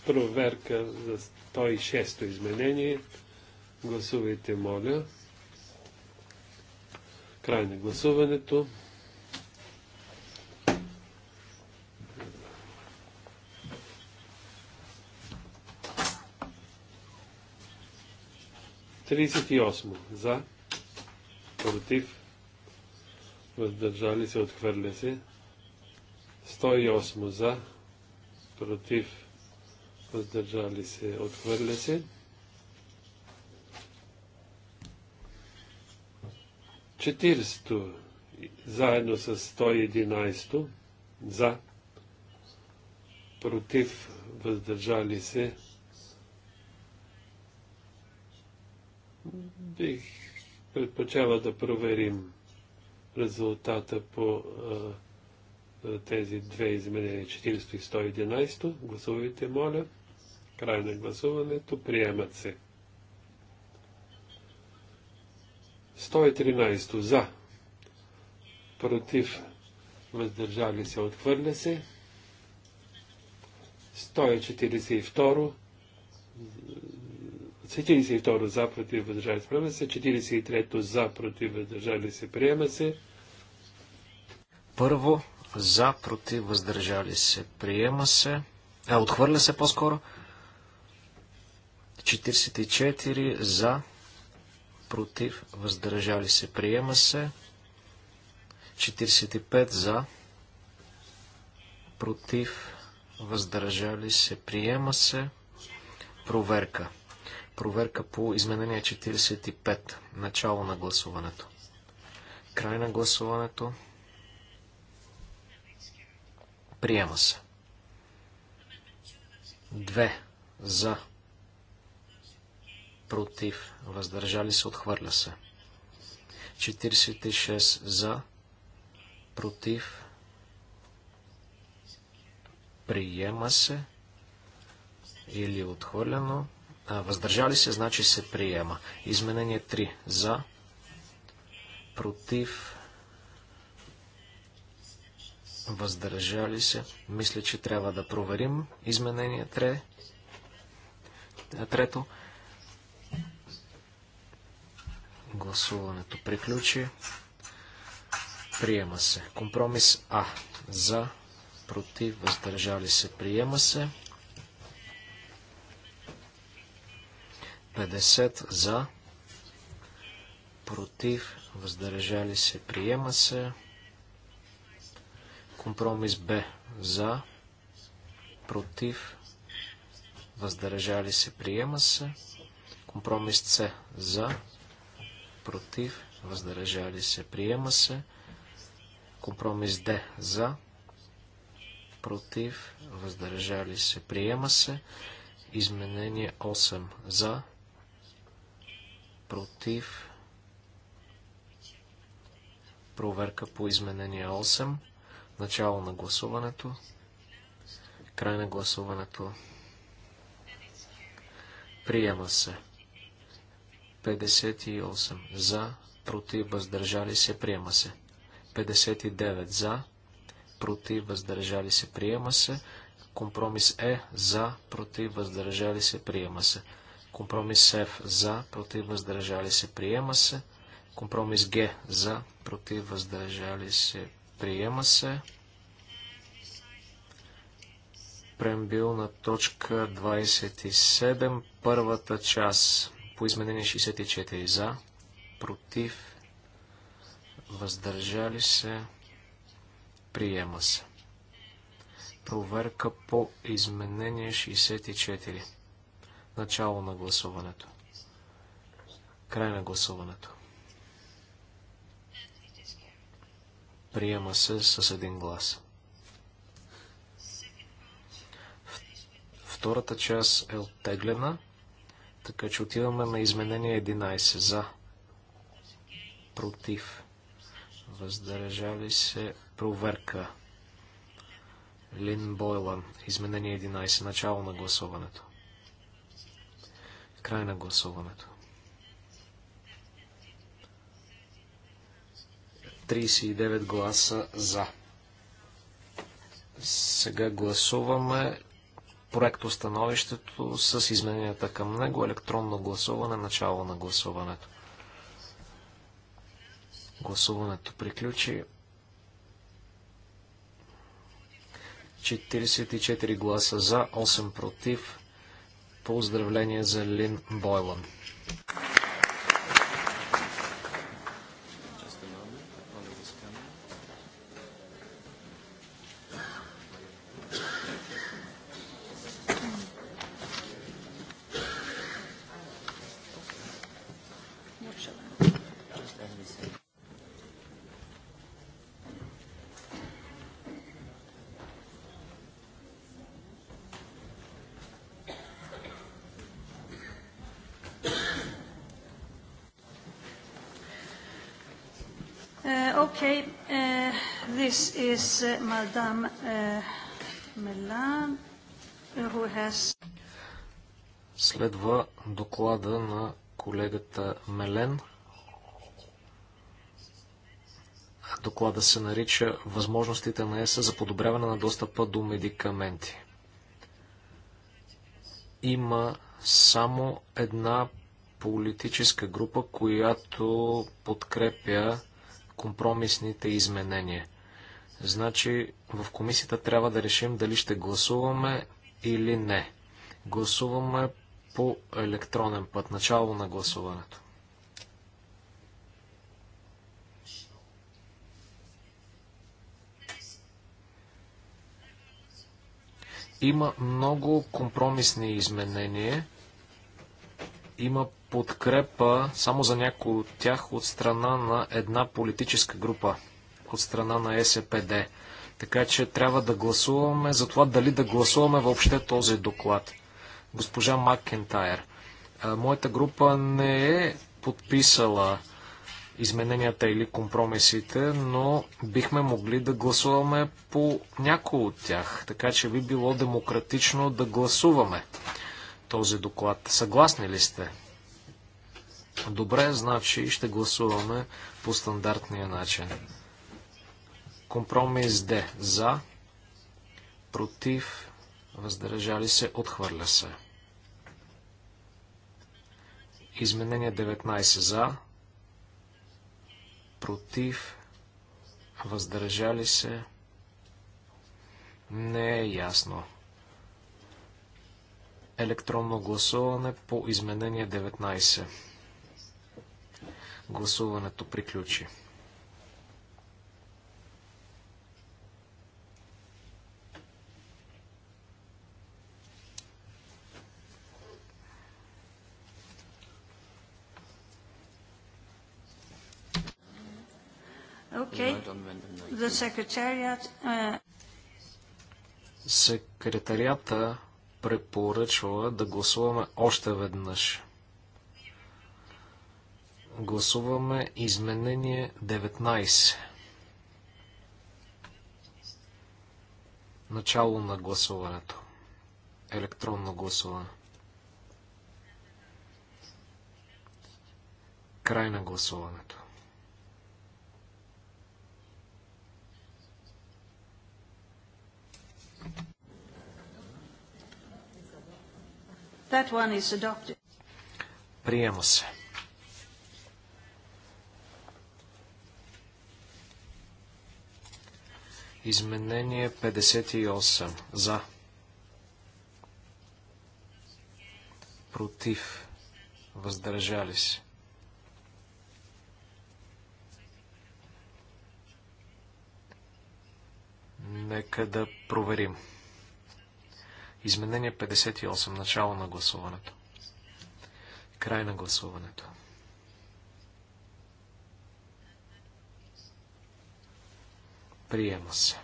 Проверка за 106 изменение. Гласувайте, моля. Край на гласуването. Тридесет и осмо. За. Против. Въздържали се. Отхвърля се. 108 за. Против. Въздържали се. Отхвърля се. 40 заедно с 111 за, против, въздържали се. Бих предпочава да проверим резултата по а, тези две изменения 400 и 111. Гласувайте, моля. Край на гласуването. Приемат се. 113 за, против, въздържали се, отхвърля се. 142 42 за, против, въздържали се, приема се. 43 за, против, въздържали се, приема се. Първо, за, против, въздържали се, приема се. А, е, отхвърля се по-скоро. 44 за, против, въздържали се, приема се. 45 за, против, въздържали се, приема се. Проверка. Проверка по изменение 45. Начало на гласуването. Край на гласуването. Приема се. 2 за, против, въздържали се, отхвърля се. 46 за, против, приема се или е отхвърлено. А, въздържали се, значи се приема. Изменение 3 за, против, въздържали се. Мисля, че трябва да проверим изменение 3. Трето. Гласуването приключи. Приема се. Компромис А. За, против, въздържали се. Приема се. 50 за, против, въздържали се, приема се. Компромис Б за, против, въздържали се, приема се. Компромис С за, против, въздържали се, приема се. Компромис Д за, против, въздържали се, приема се. Изменение 8 за, против, проверка по изменение 8, начало на гласуването, край на гласуването, приема се. 58 за, против, въздържали се, приема се. 59 за, против, въздържали се, приема се. Компромис Е за, против, въздържали се, приема се. Компромис Ф за, против, въздържали се, приема се. Компромис Г за, против, въздържали се, приема се. Прембил на точка 27, първата част по изменение 64 за, против, въздържали се, приема се. Проверка по изменение 64. Начало на гласуването. Край на гласуването. Приема се с един глас. Втората част е оттеглена. Така че отиваме на изменение 11. За. Против. Въздържали се. Проверка. Лин Бойлан. Изменение 11. Начало на гласуването. Край на гласуването. 39 гласа за. Сега гласуваме становището с измененията към него, електронно гласуване, начало на гласуването. Гласуването приключи. 44 гласа за, 8 против. Поздравление за Лин Бойлан. Madame Мелан, eh, has... Следва доклада на колегата Мелен. Доклада се нарича Възможностите на ЕСА за подобряване на достъпа до медикаменти. Има само една политическа група, която подкрепя компромисните изменения. Значи в комисията трябва да решим дали ще гласуваме или не. Гласуваме по електронен път. Начало на гласуването. Има много компромисни изменения. Има подкрепа само за някои от тях от страна на една политическа група от страна на СПД. Така че трябва да гласуваме за това дали да гласуваме въобще този доклад. Госпожа Макентайр, моята група не е подписала измененията или компромисите, но бихме могли да гласуваме по някои от тях. Така че би било демократично да гласуваме този доклад. Съгласни ли сте? Добре, значи ще гласуваме по стандартния начин. Компромис Д. За. Против. Въздържали се. Отхвърля се. Изменение 19 за. Против. Въздържали се. Не е ясно. Електронно гласуване по изменение 19. Гласуването приключи. Okay. The secretariat, uh, Секретарията препоръчва да гласуваме още веднъж. Гласуваме изменение 19. Начало на гласуването. Електронно гласуване. Край на гласуването. That one is adopted. Приема се. Изменение 58. За. Против. Въздържали се. Нека да проверим. Изменение 58. Начало на гласуването. Край на гласуването. Приема се.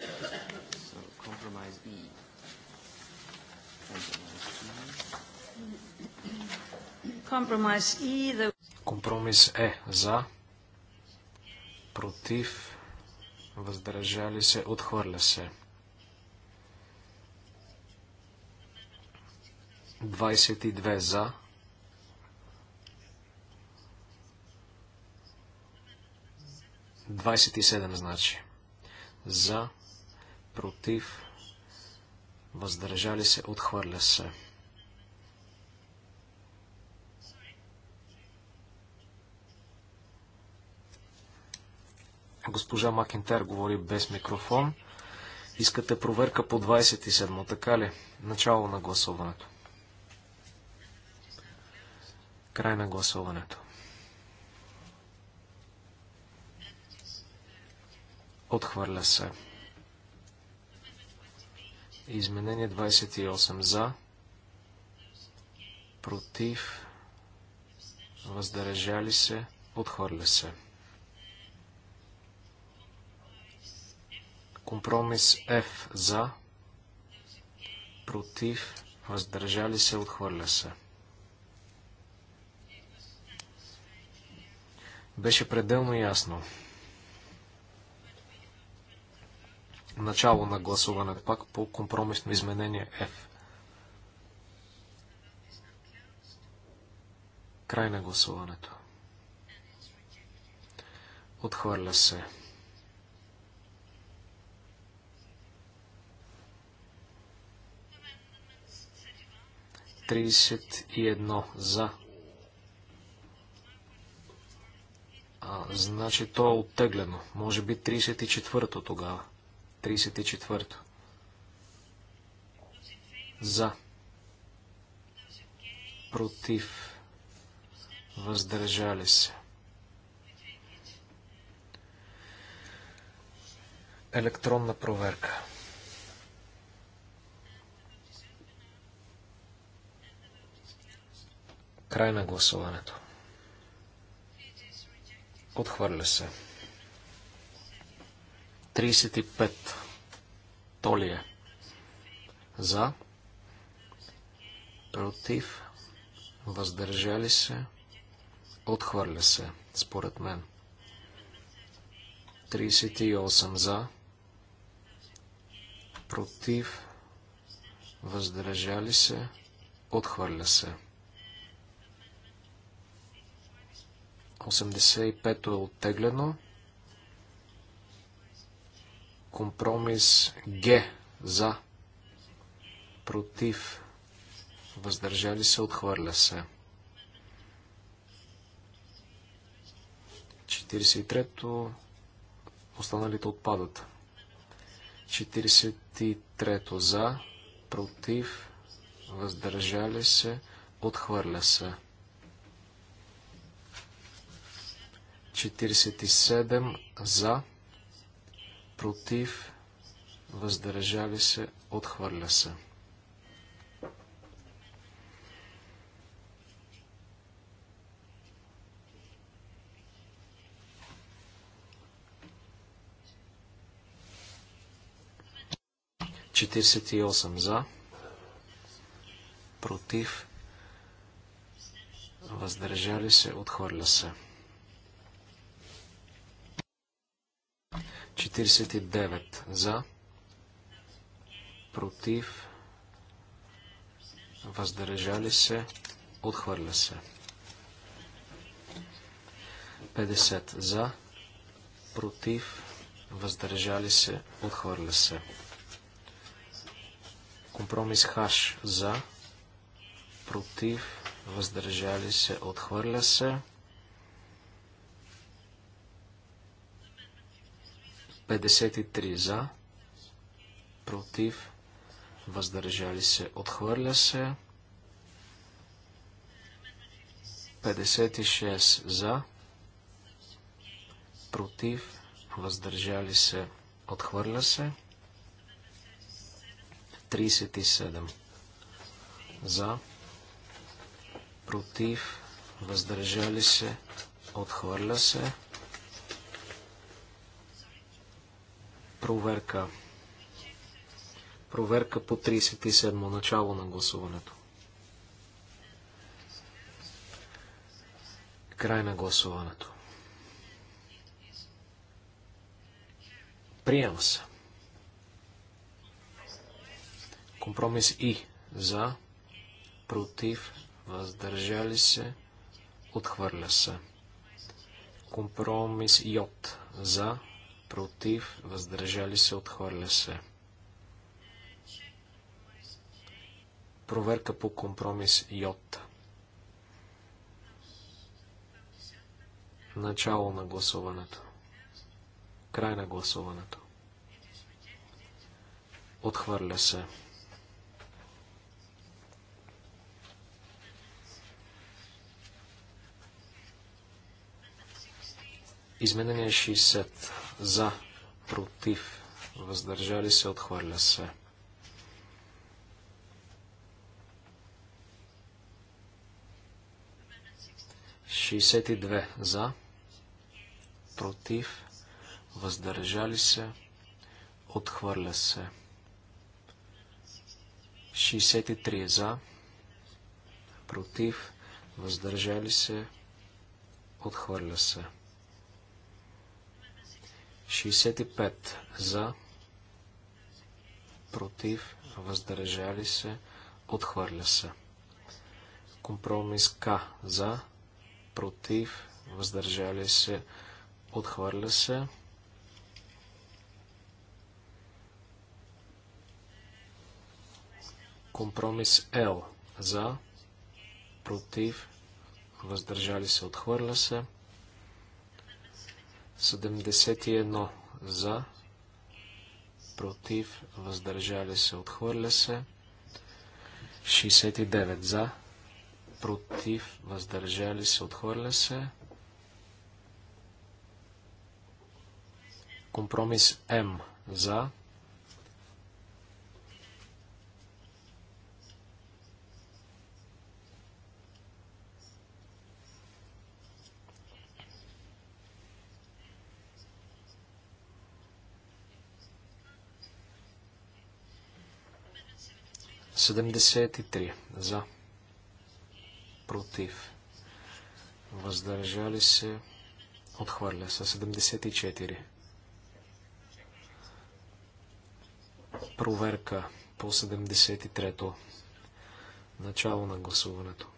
E. E, Компромис Е за против, въздържали се, отхвърля се. 22 за. 27 седем, значи. За, против, въздържали се, отхвърля се. Госпожа Макинтар говори без микрофон. Искате проверка по 27, така ли? Начало на гласуването. Край на гласуването. Отхвърля се. Изменение 28 за. Против. Въздържали се. Отхвърля се. Компромис F за, против, въздържали се, отхвърля се. Беше пределно ясно. Начало на гласуване пак по компромисно изменение F. Край на гласуването. Отхвърля се. 31 за. А, значи то е оттеглено. Може би 34-то тогава. 34-то. За. Против. Въздържали се. Електронна проверка. Край на гласуването. Отхвърля се. 35. е. За. Против. Въздържали се. Отхвърля се, според мен. 38 за. Против. Въздържали се. Отхвърля се. 85 е оттеглено. Компромис Г за против въздържали се отхвърля се. 43-то останалите отпадат. 43-то за против въздържали се отхвърля се. 47 за, против, въздържали се, отхвърля се. Четиридесет и осем за, против, въздържали се, отхвърля се. 49 за, против, въздържали се, отхвърля се. 50 за, против, въздържали се, отхвърля се. Компромис хаш за, против, въздържали се, отхвърля се. 53 за, против, въздържали се, отхвърля се. 56 за, против, въздържали се, отхвърля се. 37 за, против, въздържали се, отхвърля се. Проверка. Проверка по 37 начало на гласуването. Край на гласуването. Приема се. Компромис И. За. Против. Въздържали се. Отхвърля се. Компромис Й. За против, въздържали се, отхвърля се. Проверка по компромис Йот. Начало на гласуването. Край на гласуването. Отхвърля се. Изменение 60 за, против, въздържали се, отхвърля се. Шестдесет и две за, против, въздържали се, отхвърля се. 63 за, против, въздържали се, отхвърля се. 65 за, против, въздържали се, отхвърля се. Компромис К за, против, въздържали се, отхвърля се. Компромис Л за, против, въздържали се, отхвърля се. 71 за, против, въздържали се, отхвърля се. 69 за, против, въздържали се, отхвърля се. Компромис М за, 73 за, против, въздържали се, отхвърля се. 74. Проверка по 73-то. Начало на гласуването.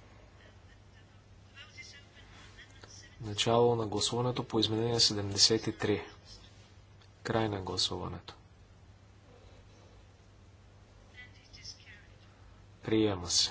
Начало на гласуването по изменение 73. Край на гласуването. Приема се.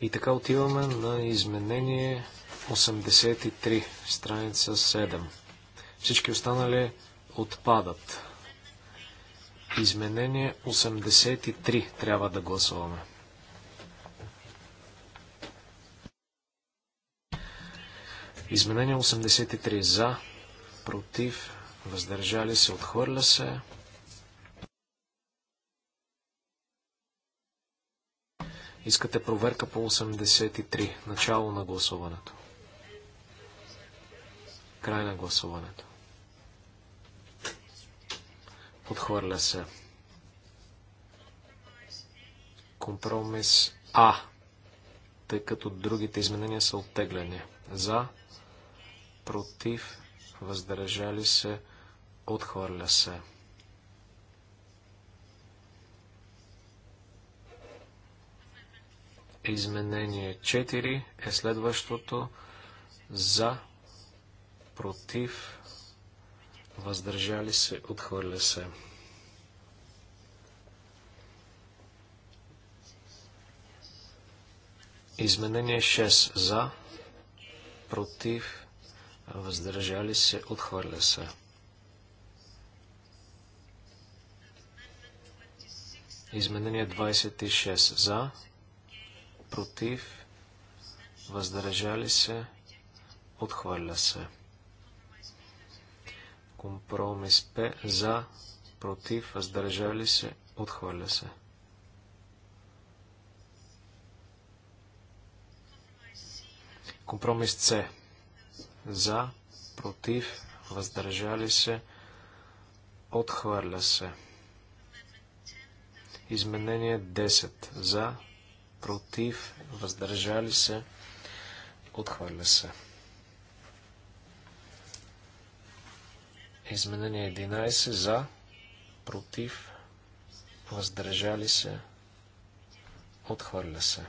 И така отиваме на изменение 83, страница 7. Всички останали отпадат. Изменение 83 трябва да гласуваме. Изменение 83 за, против, въздържали се, отхвърля се. Искате проверка по 83. Начало на гласуването. Край на гласуването. Подхвърля се. Компромис А, тъй като другите изменения са оттеглени. За, против, въздържали се, отхвърля се. Изменение 4 е следващото за, против, въздържали се, отхвърля се. Изменение 6 за, против, въздържали се, отхвърля се. Изменение 26 за, против, въздържали се, отхвърля се. Компромис П за, против, въздържали се, отхвърля се. Компромис С за, против, въздържали се, отхвърля се. Изменение 10 за, против, въздържали се, отхвърля се. Изменение 11 за, против, въздържали се, отхвърля се.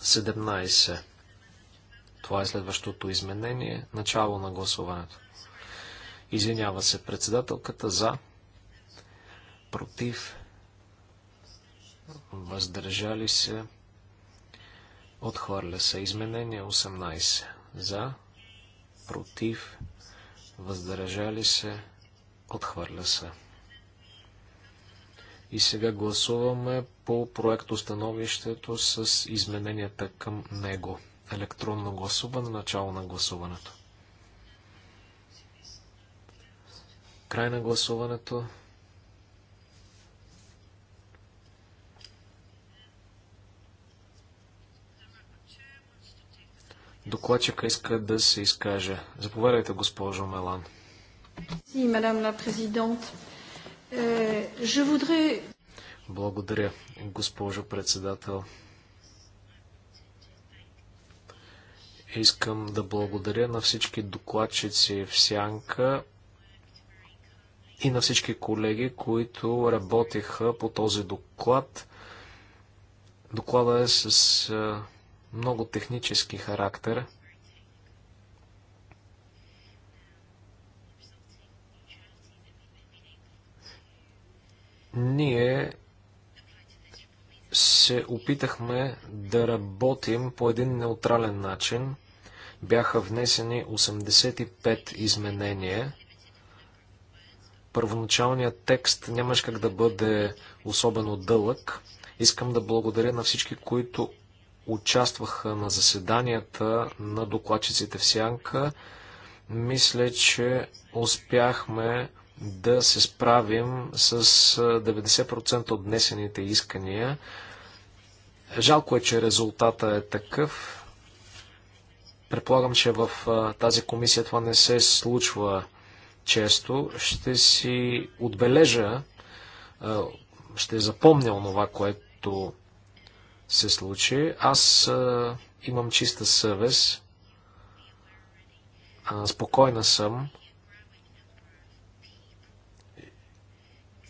Седемнайсе. Това е следващото изменение. Начало на гласуването. Извинява се председателката за, против, въздържали се, отхвърля се. Изменение 18 за, против, въздържали се, отхвърля се. И сега гласуваме по установището с измененията към него. Електронно гласуване, начало на гласуването. Край на гласуването. Докладчика иска да се изкаже. Заповядайте, госпожо Мелан. Е, благодаря, госпожо председател. Искам да благодаря на всички докладчици в Сянка и на всички колеги, които работеха по този доклад. Доклада е с много технически характер. Ние се опитахме да работим по един неутрален начин. Бяха внесени 85 изменения. Първоначалният текст нямаш как да бъде особено дълъг. Искам да благодаря на всички, които участваха на заседанията на докладчиците в Сянка. Мисля, че успяхме да се справим с 90% от днесените искания. Жалко е, че резултата е такъв. Предполагам, че в тази комисия това не се случва често, ще си отбележа, ще запомня онова, което се случи. Аз имам чиста съвест, спокойна съм.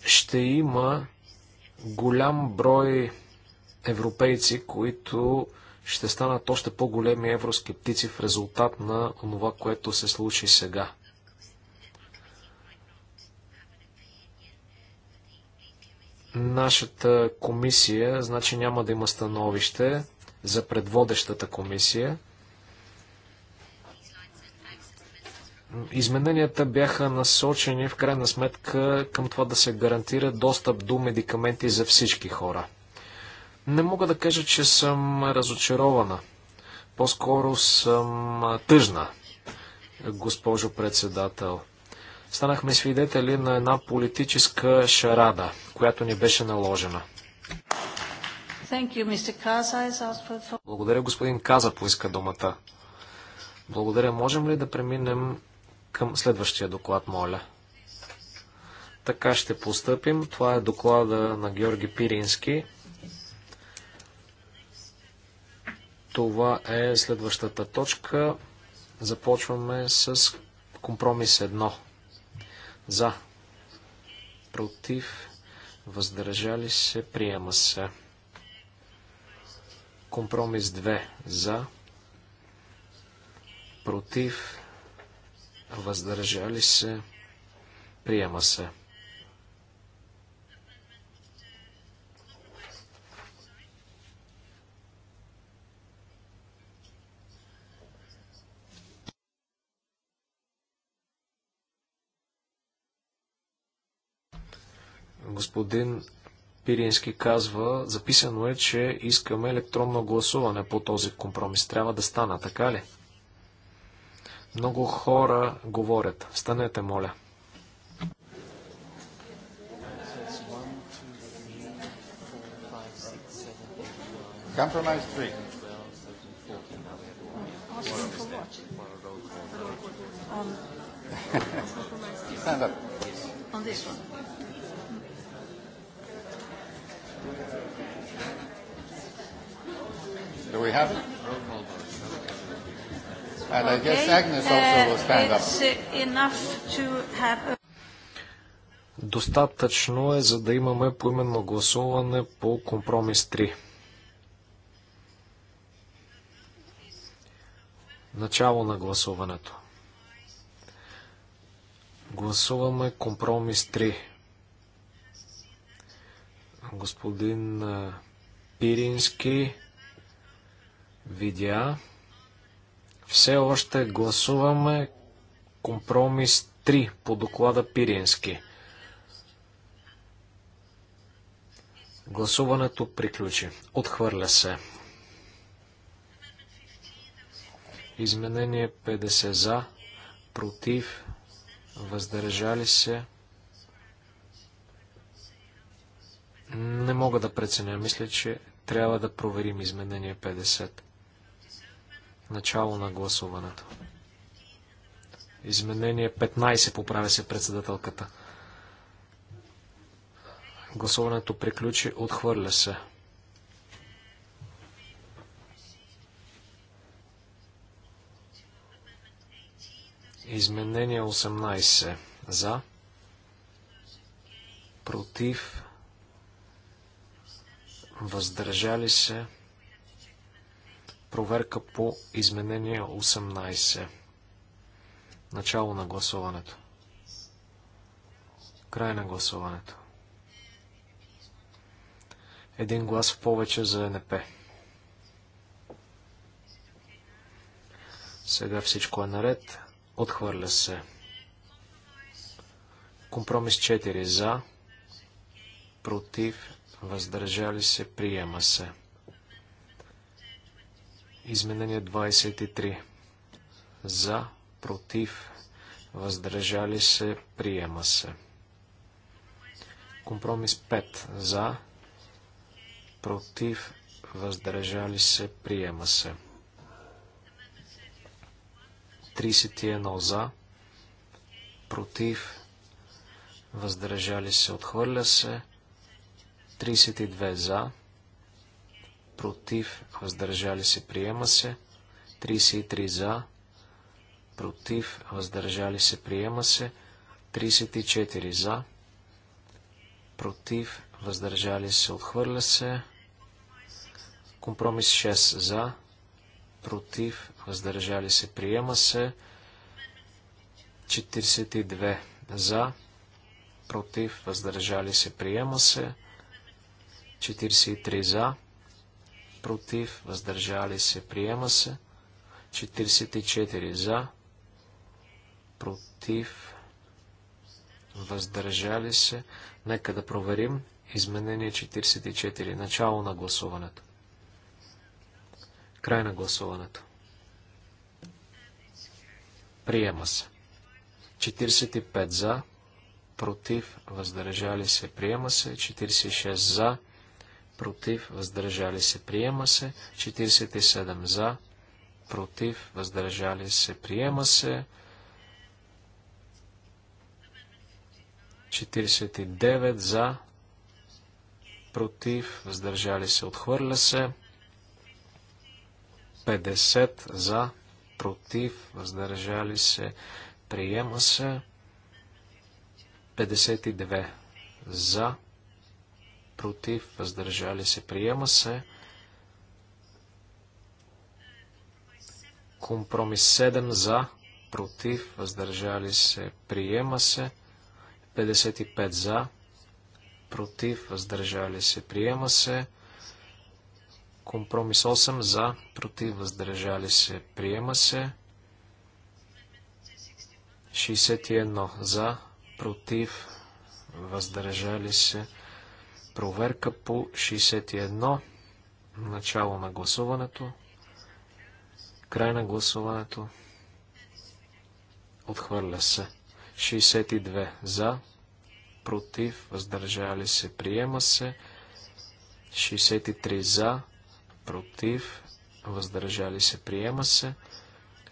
Ще има голям брой европейци, които ще станат още по-големи евроскептици в резултат на това, което се случи сега. нашата комисия, значи няма да има становище за предводещата комисия. Измененията бяха насочени в крайна сметка към това да се гарантира достъп до медикаменти за всички хора. Не мога да кажа, че съм разочарована. По-скоро съм тъжна, госпожо председател станахме свидетели на една политическа шарада, която ни беше наложена. Благодаря, господин Каза поиска думата. Благодаря. Можем ли да преминем към следващия доклад, моля? Така ще постъпим. Това е доклада на Георги Пирински. Това е следващата точка. Започваме с компромис 1. За. Против. Въздържали се. Приема се. Компромис 2. За. Против. Въздържали се. Приема се. Господин Пирински казва, записано е, че искаме електронно гласуване по този компромис. Трябва да стана, така ли? Много хора говорят. Станете, моля. Compromise 3. Stand up. On this one. Do we have it? And I guess Agnes also uh, will stand up. Uh, enough to have Достатъчно е, за да имаме поименно гласуване по компромис 3. Начало на гласуването. Гласуваме компромис 3 господин Пирински видя. Все още гласуваме компромис 3 по доклада Пирински. Гласуването приключи. Отхвърля се. Изменение 50 за, против, въздържали се, Не мога да преценя. Мисля, че трябва да проверим изменение 50. Начало на гласуването. Изменение 15 поправя се председателката. Гласуването приключи, отхвърля се. Изменение 18. За. Против въздържали се, проверка по изменение 18. Начало на гласуването. Край на гласуването. Един глас в повече за НП. Сега всичко е наред. Отхвърля се. Компромис 4 за, против, въздържали се, приема се. Изменение 23. За, против, въздържали се, приема се. Компромис 5. За, против, въздържали се, приема се. 31 за, против, въздържали се, отхвърля се. 32 за, против, въздържали се, приема се. 33 за, против, въздържали се, приема се. 34 за, против, въздържали се, отхвърля се. Компромис 6 за, против, въздържали се, приема се. 42 за, против, въздържали се, приема се. 43 за, против, въздържали се, приема се. 44 за, против, въздържали се. Нека да проверим. Изменение 44. Начало на гласуването. Край на гласуването. Приема се. 45 за, против, въздържали се, приема се. 46 за, против, въздържали се, приема се. 47 за, против, въздържали се, приема се. 49 за, против, въздържали се, отхвърля се. 50 за, против, въздържали се, приема се. 52 за, против, против, въздържали се, приема се. Компромис 7 за, против, въздържали се, приема се. 55 за, против, въздържали се, приема се. Компромис 8 за, против, въздържали се, приема се. 61 за, против, въздържали се, Проверка по 61. Начало на гласуването. Край на гласуването. Отхвърля се. 62 за. Против. Въздържали се. Приема се. 63 за. Против. Въздържали се. Приема се.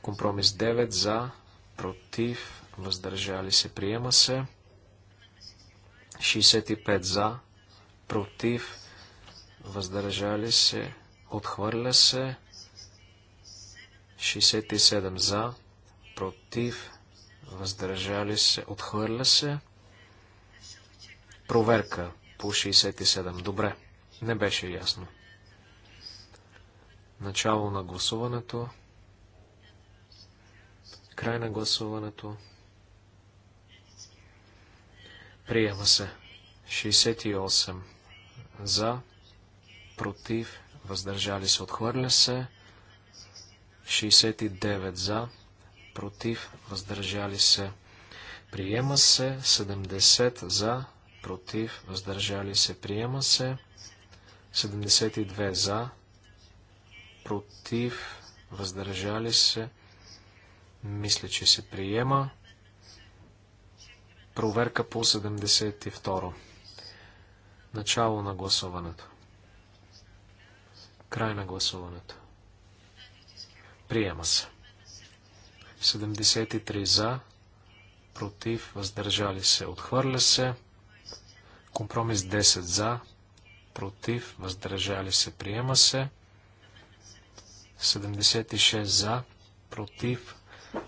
Компромис 9 за. Против. Въздържали се. Приема се. 65 за против, въздържали се, отхвърля се. 67 за, против, въздържали се, отхвърля се. Проверка по 67. Добре, не беше ясно. Начало на гласуването. Край на гласуването. Приема се. 68 за, против, въздържали се, отхвърля се. 69 за, против, въздържали се. Приема се 70 за, против, въздържали се. Приема се 72 за, против, въздържали се. Мисля, че се приема. Проверка по 72. Начало на гласуването. Край на гласуването. Приема се. 73 за, против, въздържали се, отхвърля се. Компромис 10 за, против, въздържали се, приема се. 76 за, против,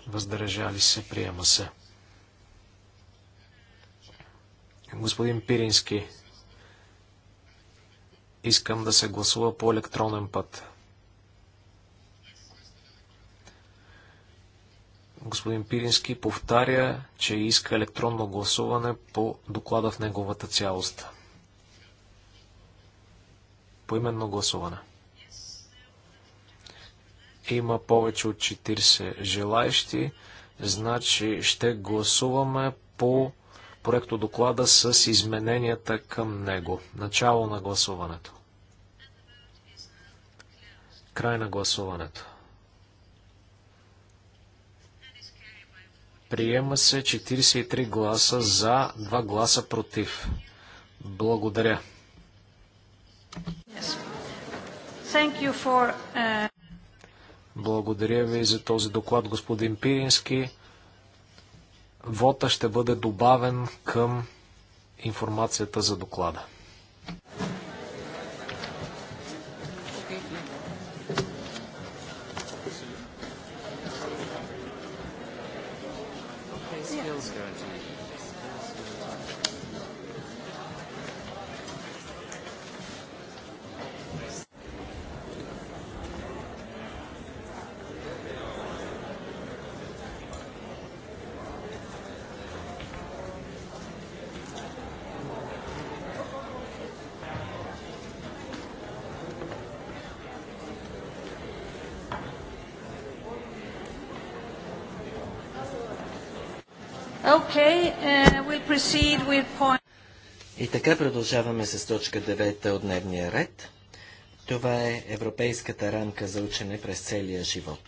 въздържали се, приема се. Господин Пирински, искам да се гласува по електронен път. Господин Пирински повтаря, че иска електронно гласуване по доклада в неговата цялост. Поименно гласуване. Има повече от 40 желаещи, значи ще гласуваме по проекто доклада с измененията към него. Начало на гласуването. Край на гласуването. Приема се 43 гласа за, 2 гласа против. Благодаря. Uh, Благодаря ви за този доклад, господин Пирински вота ще бъде добавен към информацията за доклада. така продължаваме с точка 9 от дневния ред. Това е Европейската рамка за учене през целия живот.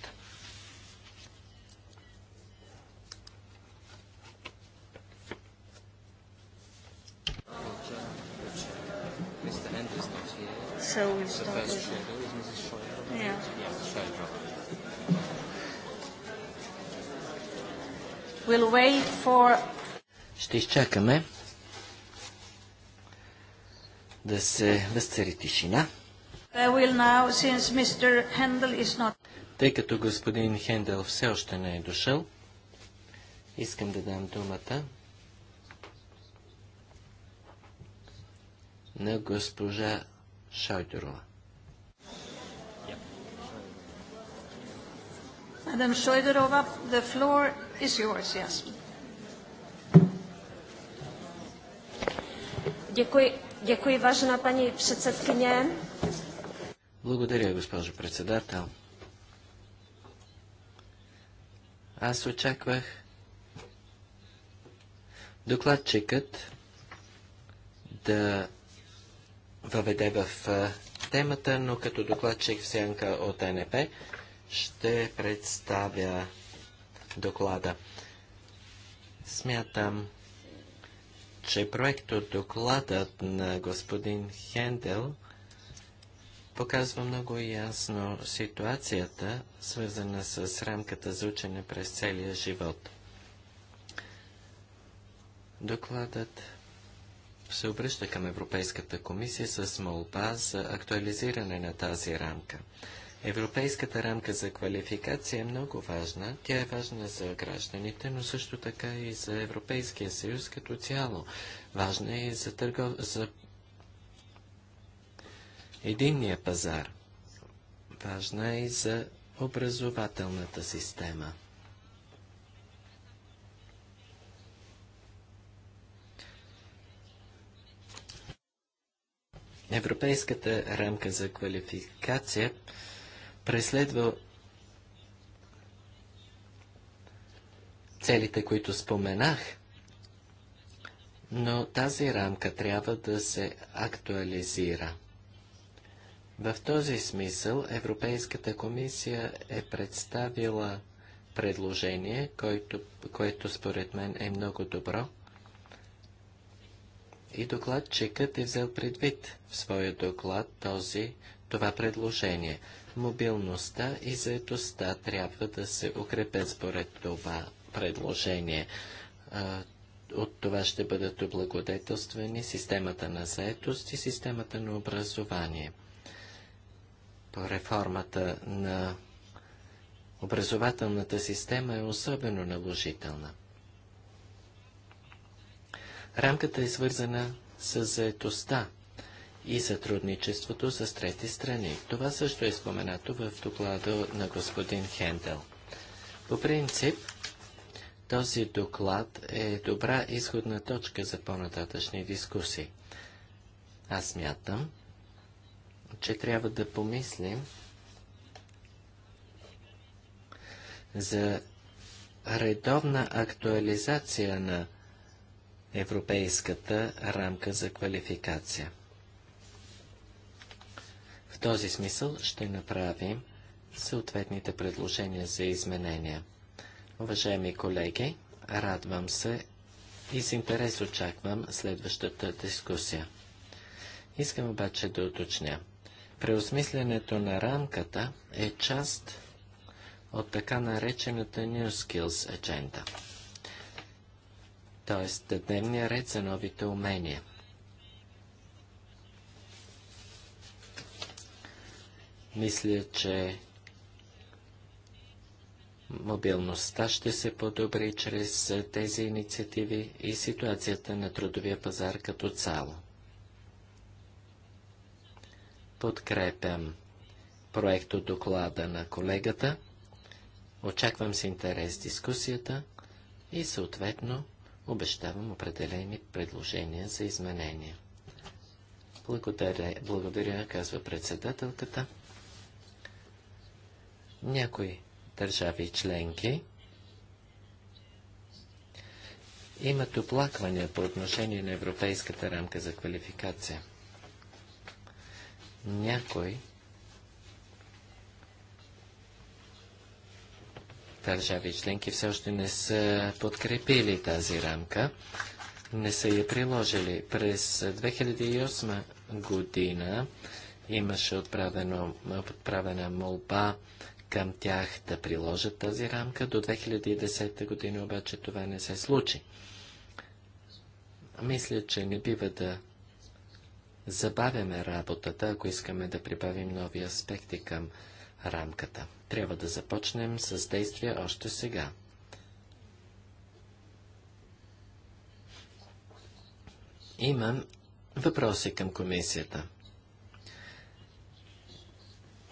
Ще изчакаме да се възцари тишина. Now, not... Тъй като господин Хендел все още не е дошъл, искам да дам думата на госпожа Шойдерова. Мадам Шойдерова, the floor is yours, yes. Děkuji. Děkuji, vážená paní předsedkyně. Благодаря, госпожо председател. Аз очаквах докладчикът да въведе в темата, но като докладчик в сянка от НП ще представя доклада. Смятам, че проектът докладът на господин Хендел показва много ясно ситуацията, свързана с рамката за учене през целия живот. Докладът се обръща към Европейската комисия с молба за актуализиране на тази рамка. Европейската рамка за квалификация е много важна. Тя е важна за гражданите, но също така и за Европейския съюз като цяло. Важна е и за, търго... за единния пазар. Важна е и за образователната система. Европейската рамка за квалификация преследва целите, които споменах, но тази рамка трябва да се актуализира. В този смисъл Европейската комисия е представила предложение, което, което според мен е много добро. И докладчикът е взел предвид в своя доклад този, това предложение. Мобилността и заедостта трябва да се укрепят според това предложение. от това ще бъдат облагодетелствани системата на заедост и системата на образование. По реформата на образователната система е особено наложителна. Рамката е свързана с заедостта и сътрудничеството с трети страни. Това също е споменато в доклада на господин Хендел. По принцип, този доклад е добра изходна точка за по-нататъчни дискусии. Аз мятам, че трябва да помислим за редовна актуализация на европейската рамка за квалификация този смисъл ще направим съответните предложения за изменения. Уважаеми колеги, радвам се и с интерес очаквам следващата дискусия. Искам обаче да уточня. Преосмислянето на рамката е част от така наречената New Skills Agenda, т.е. дневния ред за новите умения – Мисля, че мобилността ще се подобри чрез тези инициативи и ситуацията на трудовия пазар като цяло. Подкрепям проекто доклада на колегата. Очаквам с интерес дискусията и съответно обещавам определени предложения за изменения. Благодаря, благодаря казва председателката. Някои държави членки имат оплаквания по отношение на Европейската рамка за квалификация. Някои държави членки все още не са подкрепили тази рамка, не са я приложили. През 2008 година имаше отправена молба към тях да приложат тази рамка. До 2010 година обаче това не се случи. Мисля, че не бива да забавяме работата, ако искаме да прибавим нови аспекти към рамката. Трябва да започнем с действия още сега. Имам въпроси към комисията.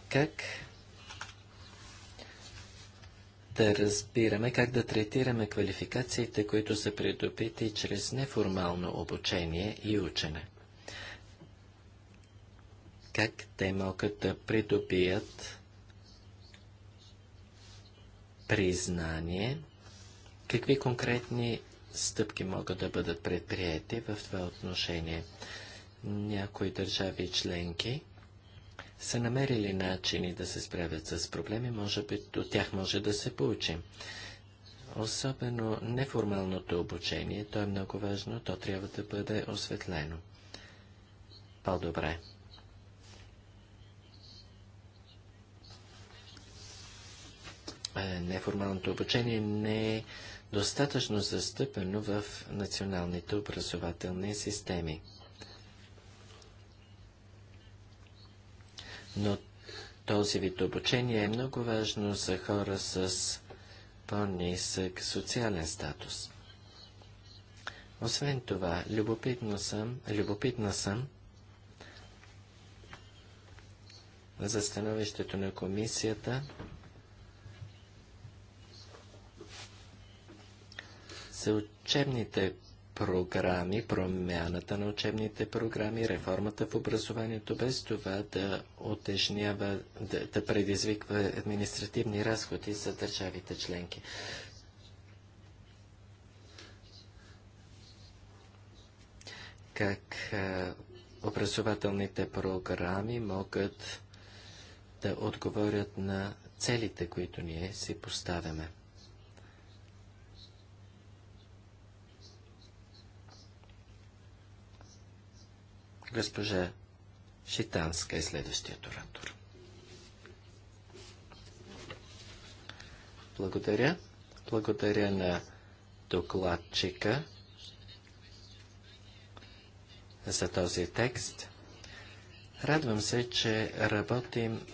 Как да разбираме как да третираме квалификациите, които са придобити чрез неформално обучение и учене. Как те могат да придобият признание, какви конкретни стъпки могат да бъдат предприяти в това отношение. Някои държави членки са намерили начини да се справят с проблеми, може би от тях може да се получим. Особено неформалното обучение, то е много важно, то трябва да бъде осветлено. По-добре. Е, неформалното обучение не е достатъчно застъпено в националните образователни системи. но този вид обучение е много важно за хора с по-нисък социален статус. Освен това, любопитна съм, любопитна съм за становището на комисията за учебните програми, промяната на учебните програми, реформата в образованието, без това да отежнява, да, да предизвиква административни разходи за държавите членки. Как а, образователните програми могат да отговорят на целите, които ние си поставяме. Госпожа Шитанска е следващият оратор. Благодаря. Благодаря на докладчика за този текст. Радвам се, че работим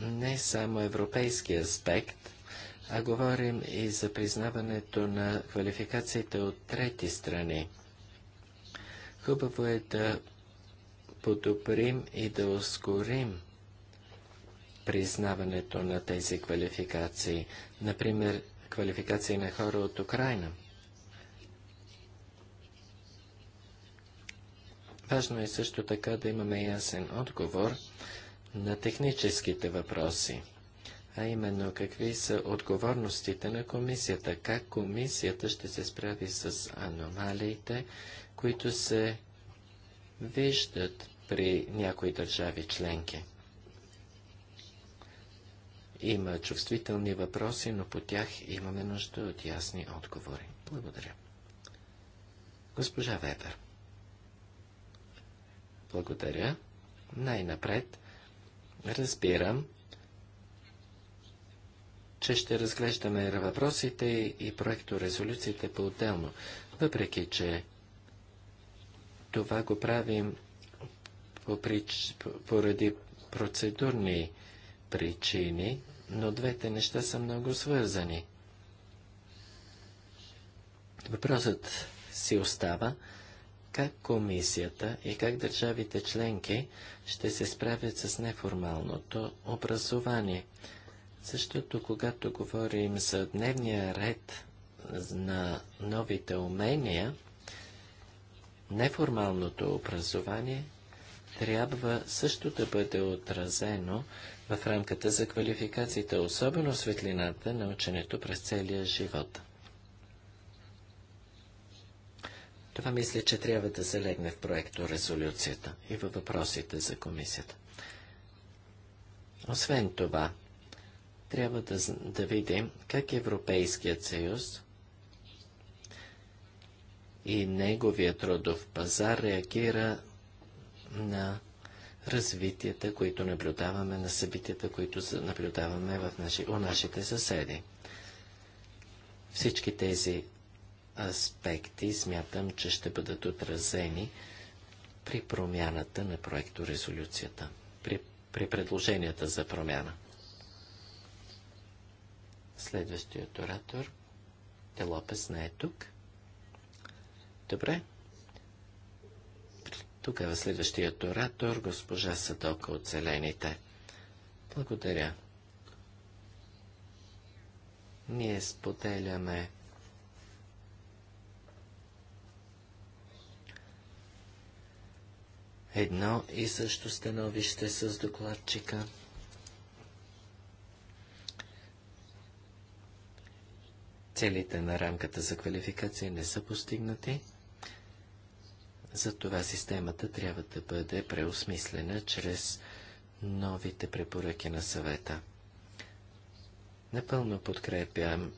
не само европейски аспект, а говорим и за признаването на квалификациите от трети страни. Хубаво е да подобрим и да ускорим признаването на тези квалификации. Например, квалификации на хора от Украина. Важно е също така да имаме ясен отговор на техническите въпроси, а именно какви са отговорностите на комисията, как комисията ще се справи с аномалиите, които се виждат при някои държави членки. Има чувствителни въпроси, но по тях имаме нужда от ясни отговори. Благодаря. Госпожа Вебер. Благодаря. Най-напред разбирам, че ще разглеждаме въпросите и проекторезолюциите по-отделно, въпреки че това го правим поради процедурни причини, но двете неща са много свързани. Въпросът си остава как комисията и как държавите членки ще се справят с неформалното образование. Защото когато говорим за дневния ред на новите умения, Неформалното образование трябва също да бъде отразено в рамката за квалификацията, особено светлината на ученето през целия живот. Това мисля, че трябва да се легне в проекто резолюцията и във въпросите за комисията. Освен това, трябва да, да видим как Европейският съюз и неговия трудов пазар реагира на развитията, които наблюдаваме, на събитията, които наблюдаваме в наши, у нашите съседи. Всички тези аспекти смятам, че ще бъдат отразени при промяната на проекторезолюцията, при, при предложенията за промяна. Следващият оратор Телопес не е тук. Добре. Тук е следващият оратор, госпожа Садока от Зелените. Благодаря. Ние споделяме едно и също становище с докладчика. Целите на рамката за квалификация не са постигнати. Затова системата трябва да бъде преосмислена чрез новите препоръки на съвета. Напълно подкрепям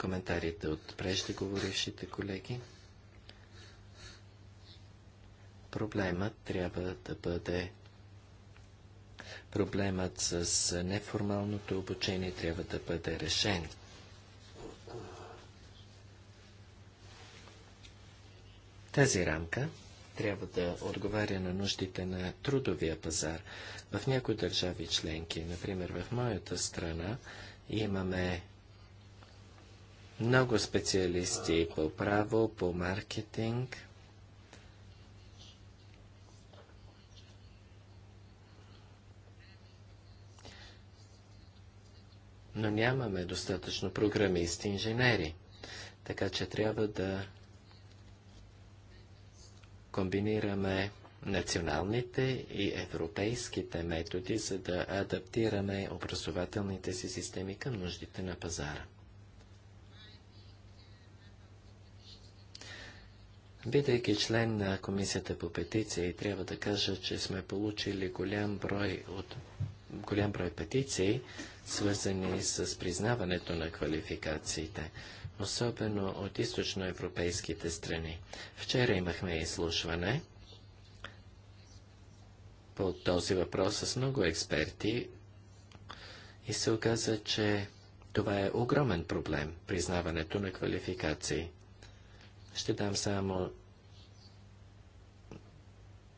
коментарите от преждеговорившите колеги. Проблемът трябва да бъде Проблемът с неформалното обучение трябва да бъде решен. Тази рамка трябва да отговаря на нуждите на трудовия пазар. В някои държави членки, например в моята страна, имаме много специалисти по право, по маркетинг. Но нямаме достатъчно програмисти, инженери. Така че трябва да комбинираме националните и европейските методи, за да адаптираме образователните си системи към нуждите на пазара. Бидейки член на Комисията по петиции, трябва да кажа, че сме получили голям брой, от, голям брой петиции, свързани с признаването на квалификациите особено от източноевропейските страни. Вчера имахме изслушване по този въпрос с много експерти и се оказа, че това е огромен проблем – признаването на квалификации. Ще дам само...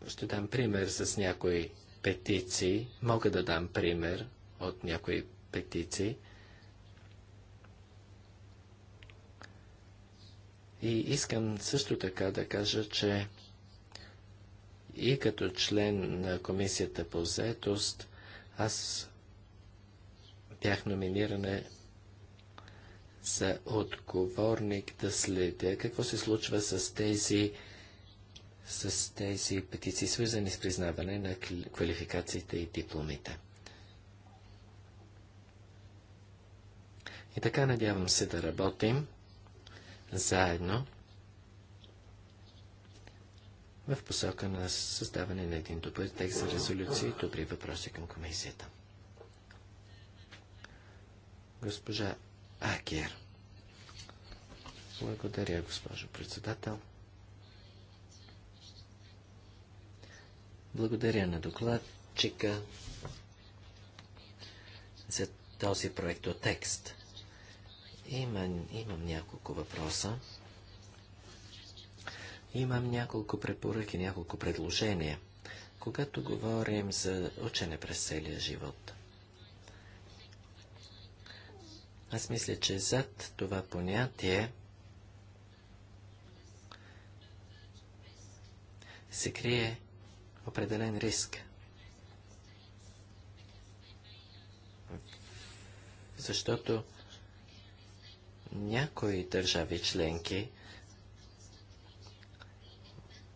Ще дам пример с някои петиции. Мога да дам пример от някои петиции. И искам също така да кажа, че и като член на комисията по заетост, аз бях номиниране за отговорник да следя какво се случва с тези, с тези петиции, свързани с признаване на квалификациите и дипломите. И така надявам се да работим заедно в посока на създаване на един добър текст за резолюции и добри въпроси към комисията. Госпожа Акер. Благодаря, госпожо председател. Благодаря на докладчика за този проект от текст. Има, имам няколко въпроса. Имам няколко препоръки, няколко предложения. Когато говорим за учене през целия живот, аз мисля, че зад това понятие се крие определен риск. Защото някои държави членки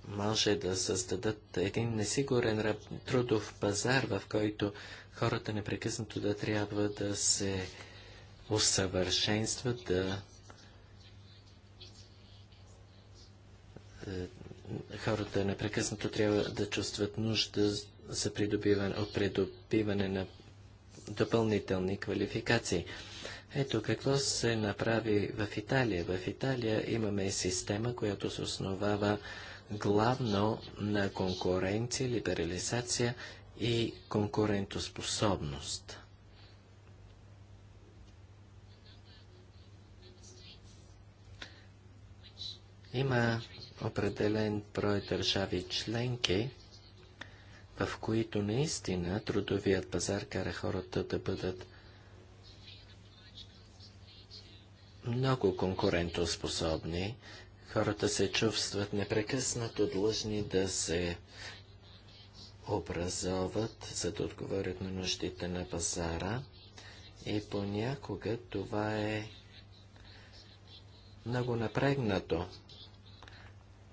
може да създадат един несигурен трудов пазар, в който хората непрекъснато да трябва да се усъвършенстват, да е, хората непрекъснато трябва да чувстват нужда за придобиване, от придобиване на допълнителни квалификации. Ето какво се направи в Италия. В Италия имаме система, която се основава главно на конкуренция, либерализация и конкурентоспособност. Има определен брой държави членки, в които наистина трудовият пазар кара хората да бъдат много конкурентоспособни. Хората се чувстват непрекъснато длъжни да се образоват, за да отговорят на нуждите на пазара. И понякога това е много напрегнато.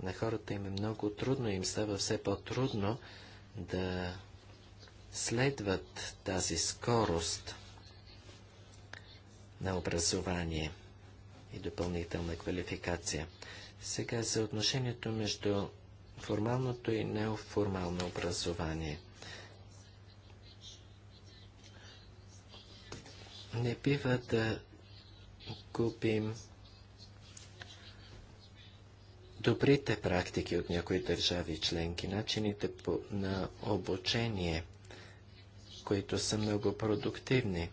На хората им е много трудно, им става все по-трудно да следват тази скорост на образование и допълнителна квалификация. Сега за отношението между формалното и неоформално образование. Не бива да купим добрите практики от някои държави членки, начините на обучение, които са много продуктивни.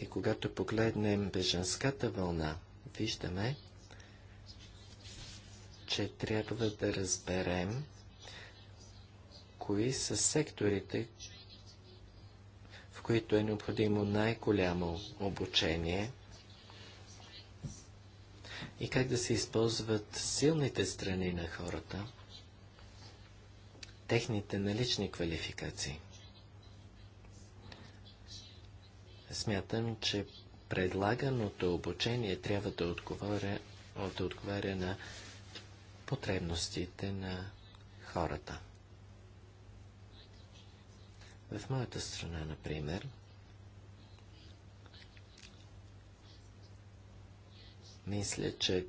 И когато погледнем беженската вълна, виждаме, че трябва да разберем кои са секторите, в които е необходимо най-голямо обучение и как да се използват силните страни на хората, техните налични квалификации. Смятам, че предлаганото обучение трябва да отговаря, да отговаря на потребностите на хората. В моята страна, например, мисля, че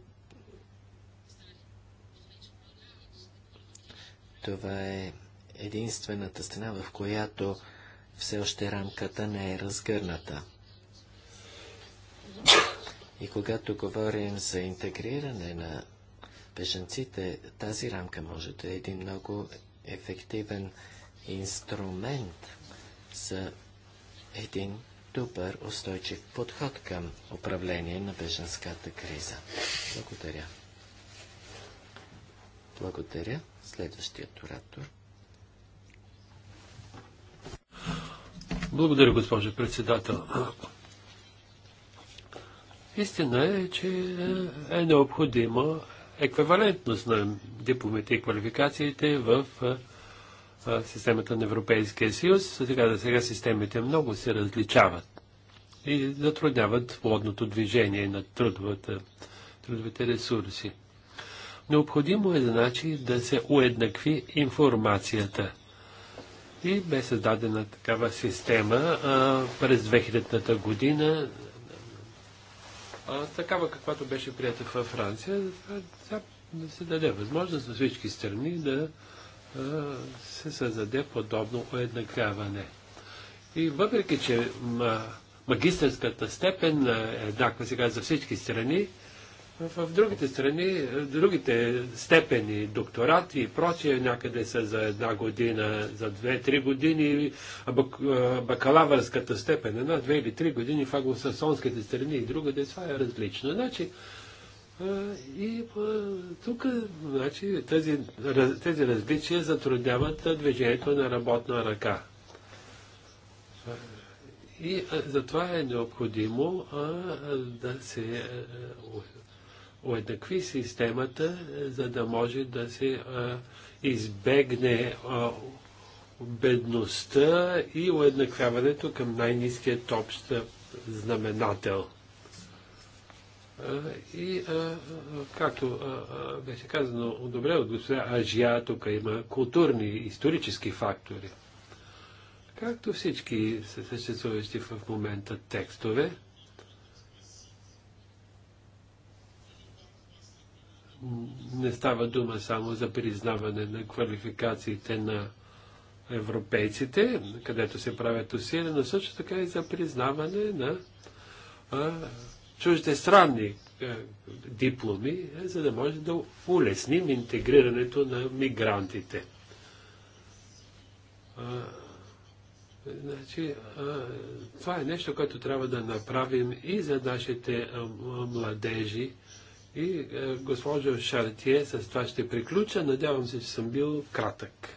това е единствената страна, в която все още рамката не е разгърната. И когато говорим за интегриране на беженците, тази рамка може да е един много ефективен инструмент за един добър устойчив подход към управление на беженската криза. Благодаря. Благодаря. Следващият оратор. Благодаря, госпожо председател. Истина е, че е необходима еквивалентност на дипломите и квалификациите в системата на Европейския съюз. Сега да сега системите много се различават и затрудняват плодното движение на трудовата, трудовите ресурси. Необходимо е, значи, да се уеднакви информацията – и бе създадена такава система а, през 2000-та година, а, такава каквато беше прията във Франция, за да се даде възможност на всички страни да а, се създаде подобно уеднаквяване. И въпреки, че магистърската степен е еднаква сега за всички страни, в другите страни, в другите степени, докторати и прочие, някъде са за една година, за две-три години, бак, бакалавърската степен, една, две или три години в агосасонските страни и другаде, това е различно. Значи, и тук значи, тези, тези различия затрудняват движението на работна ръка. И затова е необходимо а, да се уедакви системата, за да може да се избегне бедността и уеднаквяването към най-низкият общ знаменател. И, както беше казано добре от господа Ажия, тук има културни, исторически фактори. Както всички съществуващи в момента текстове, не става дума само за признаване на квалификациите на европейците, където се правят усилия, но също така и за признаване на а, чуждестранни а, дипломи, а, е, за да може да улесним интегрирането на мигрантите. А, значи, а, това е нещо, което трябва да направим и за нашите а, младежи, и е, госпожо Шартие, с това ще приключа. Надявам се, че съм бил кратък.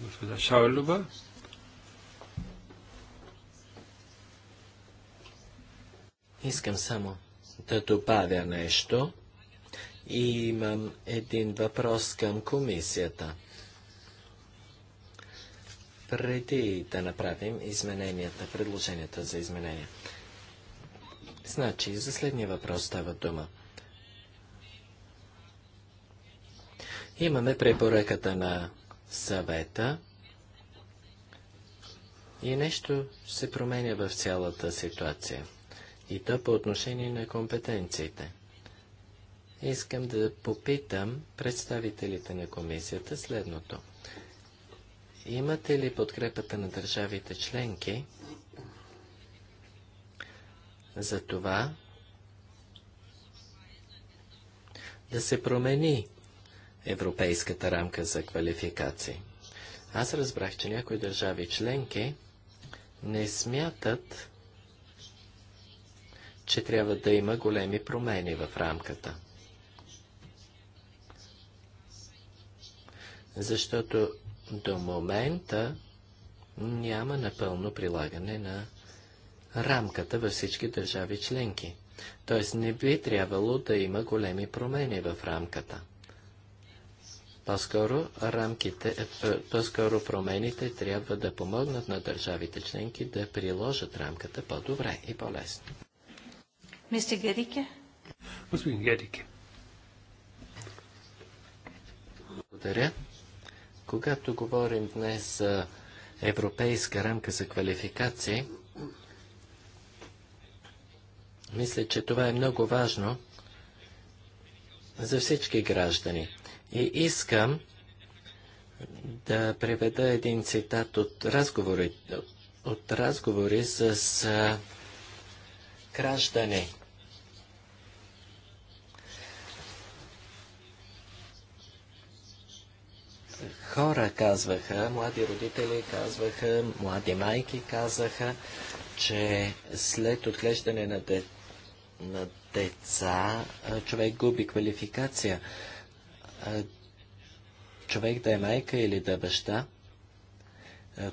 Господа Шаулюба. Искам само да добавя нещо. И имам един въпрос към комисията преди да направим измененията, предложенията за изменения. Значи, за следния въпрос става дума. Имаме препоръката на съвета и нещо се променя в цялата ситуация. И то по отношение на компетенциите. Искам да попитам представителите на комисията следното – Имате ли подкрепата на държавите членки за това да се промени европейската рамка за квалификации? Аз разбрах, че някои държави членки не смятат, че трябва да има големи промени в рамката. Защото до момента няма напълно прилагане на рамката във всички държави членки. Т.е. не би трябвало да има големи промени в рамката. По-скоро рамките, е, е, по-скоро промените трябва да помогнат на държавите членки да приложат рамката по-добре и по-лесно. Мистер Герике? Господин Герике. Благодаря. Когато говорим днес за европейска рамка за квалификации, мисля, че това е много важно за всички граждани. И искам да преведа един цитат от разговори, от разговори с граждани хора казваха, млади родители казваха, млади майки казаха, че след отглеждане на, де, на деца човек губи квалификация. Човек да е майка или да е баща,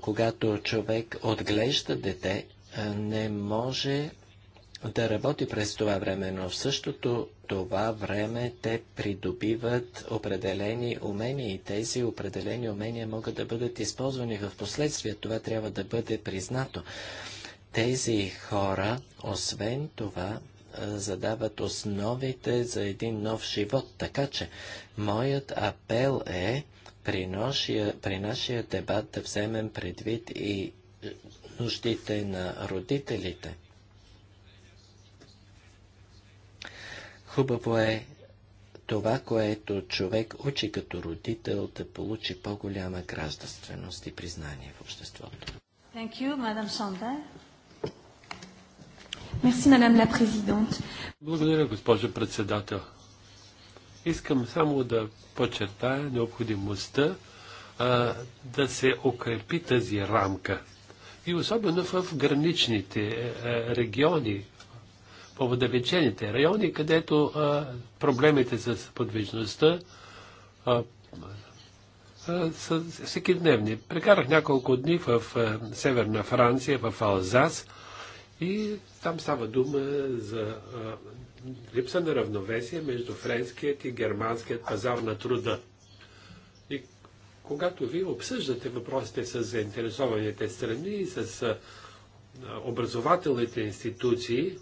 когато човек отглежда дете, не може да работи през това време, но в същото това време те придобиват определени умения и тези определени умения могат да бъдат използвани в последствие. Това трябва да бъде признато. Тези хора, освен това, задават основите за един нов живот. Така че, моят апел е при нашия, при нашия дебат да вземем предвид и нуждите на родителите. Хубаво е това, което човек учи като родител, да получи по-голяма гражданственост и признание в обществото. Благодаря, госпожо председател. Искам само да подчертая необходимостта а, да се укрепи тази рамка. И особено в граничните а, е, е, региони, по-въдалечените райони, където а, проблемите с подвижността а, а, са дневни. Прекарах няколко дни в а, северна Франция, в Алзас и там става дума за а, липса на равновесие между френският и германският пазар на труда. И когато вие обсъждате въпросите с заинтересованите страни и с а, образователните институции,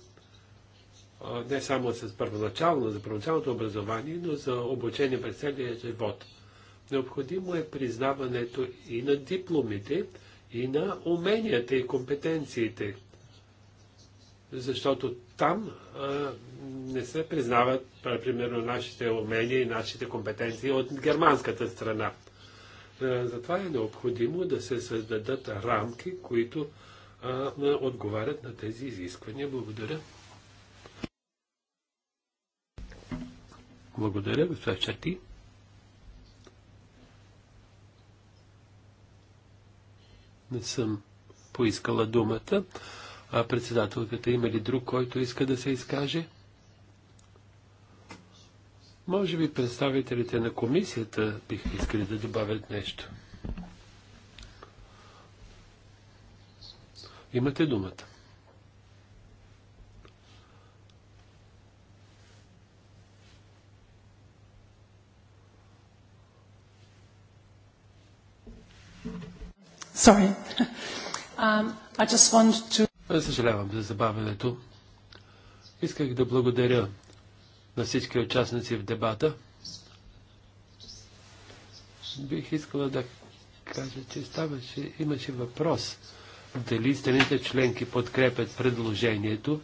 не само с първоначално, за първоначалното образование, но за обучение през целия живот. Необходимо е признаването и на дипломите, и на уменията и компетенциите, защото там а, не се признават, примерно, нашите умения и нашите компетенции от германската страна. А, затова е необходимо да се създадат рамки, които а, отговарят на тези изисквания. Благодаря. Благодаря, господин Чарти. Не съм поискала думата. А председателката има ли друг, който иска да се изкаже? Може би представителите на комисията бих искали да добавят нещо. Имате думата. Sorry. Um, I just want to... Съжалявам за забавянето. Исках да благодаря на всички участници в дебата. Бих искала да кажа, че ставаше, имаше въпрос дали страните членки подкрепят предложението.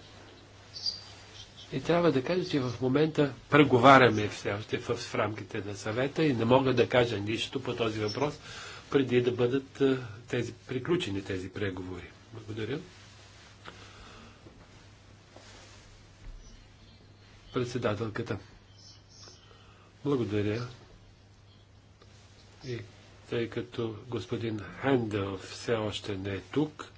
И трябва да кажа, че в момента преговаряме все още в рамките на съвета и не мога да кажа нищо по този въпрос, преди да бъдат тези, приключени тези преговори. Благодаря. Председателката. Благодаря. И тъй като господин Хендел все още не е тук,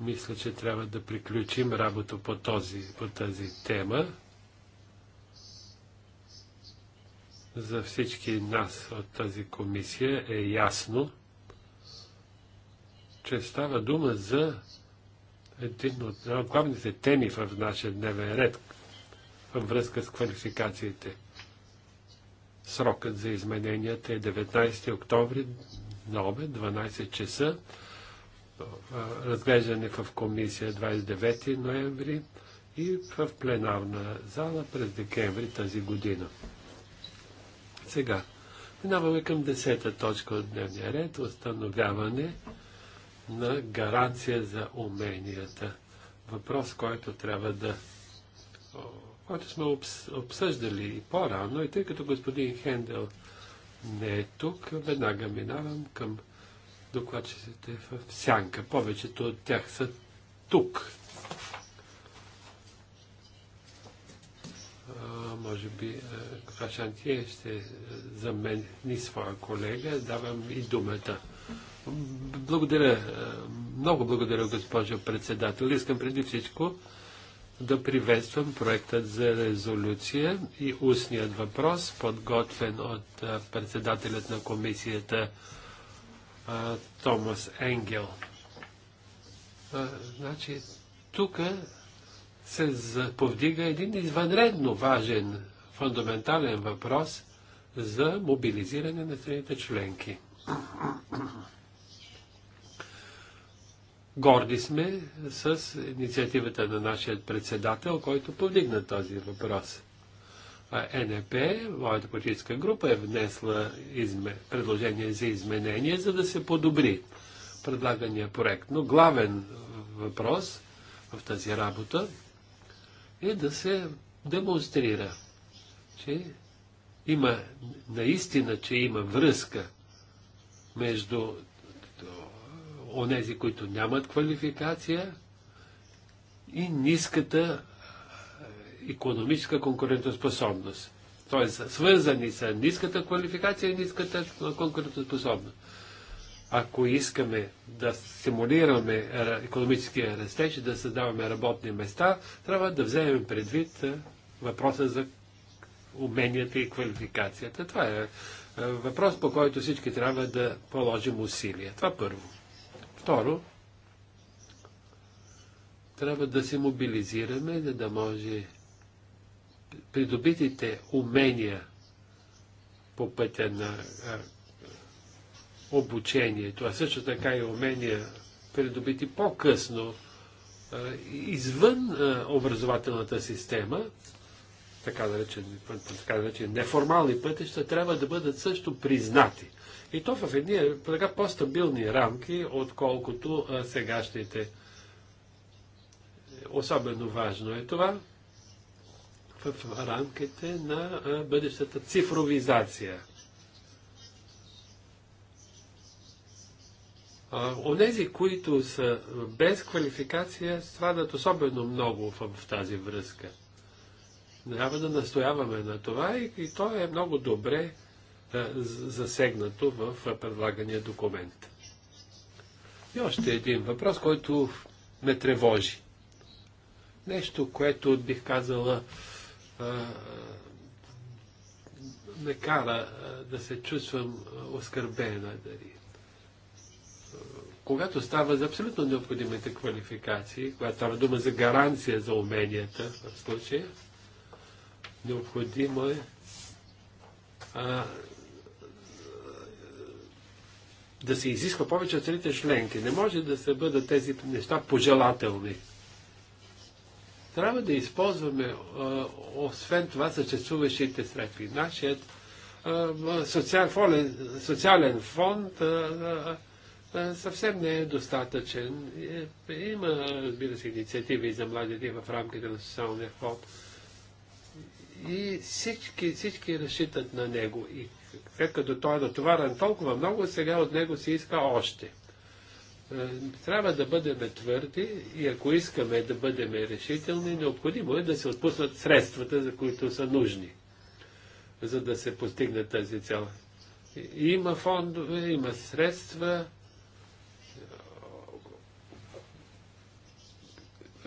мисля, че трябва да приключим работа по, този, по тази тема. за всички нас от тази комисия е ясно, че става дума за един от главните теми в нашия дневен ред във връзка с квалификациите. Срокът за измененията е 19 октомври на обед, 12 часа. Разглеждане в комисия 29 ноември и в пленарна зала през декември тази година. Сега, минаваме към десета точка от дневния ред, установяване на гаранция за уменията. Въпрос, който трябва да който сме обсъждали и по-рано, и тъй като господин Хендел не е тук, веднага минавам към докладчиците в сянка. Повечето от тях са тук. може би госпожа е, Шантие ще замени своя колега. Давам и думата. Благодаря, е, много благодаря, госпожо председател. Искам преди всичко да приветствам проектът за резолюция и устният въпрос, подготвен от е, председателят на комисията Томас Енгел. Значи, тук се повдига един извънредно важен, фундаментален въпрос за мобилизиране на страните членки. Горди сме с инициативата на нашия председател, който повдигна този въпрос. А НП, моята политическа група, е внесла изме... предложение за изменение, за да се подобри предлагания проект. Но главен въпрос в тази работа е да се демонстрира, че има наистина, че има връзка между онези, които нямат квалификация и ниската економическа конкурентоспособност. Тоест, свързани са ниската квалификация и ниската конкурентоспособност. Ако искаме да стимулираме е, економическия растеж, да създаваме работни места, трябва да вземем предвид е, въпроса за уменията и квалификацията. Това е, е въпрос, по който всички трябва да положим усилия. Това първо. Второ, трябва да се мобилизираме, за да може придобитите умения по пътя на обучението, а е също така и умения, придобити по-късно, извън образователната система, така наречени, така наречени неформални пътища, трябва да бъдат също признати. И то в едни така по-стабилни рамки, отколкото сегашните. Особено важно е това в рамките на бъдещата цифровизация – Онези, които са без квалификация, страдат особено много в, в тази връзка. Трябва да настояваме на това и, и то е много добре а, засегнато в предлагания документ. И още един въпрос, който ме тревожи. Нещо, което бих казала а, ме кара да се чувствам оскърбена дали когато става за абсолютно необходимите квалификации, когато става дума за гаранция за уменията в случая, необходимо е а, да се изисква повече от целите членки. Не може да се бъдат тези неща пожелателни. Трябва да използваме, а, освен това, съществуващите средства. Нашият а, социал, фон, е, социален фонд. А, а, е, съвсем не е достатъчен. Е, има, разбира се, инициативи за младите в рамките на социалния фонд. И всички, всички разчитат на него. И след като той е натоварен толкова много, сега от него се иска още. Е, трябва да бъдем твърди и ако искаме да бъдем решителни, необходимо е да се отпуснат средствата, за които са нужни, за да се постигне тази цел. Има фондове, има средства,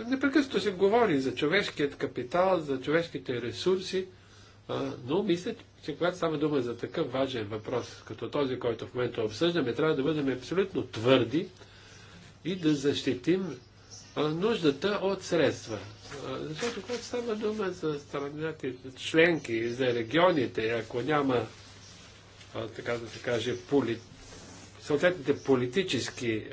Непрекъснато се говори за човешкият капитал, за човешките ресурси, но мисля, че когато става дума за такъв важен въпрос, като този, който в момента обсъждаме, трябва да бъдем абсолютно твърди и да защитим нуждата от средства. Защото когато става дума за страните членки и за регионите, ако няма, така да се каже, поли... съответните политически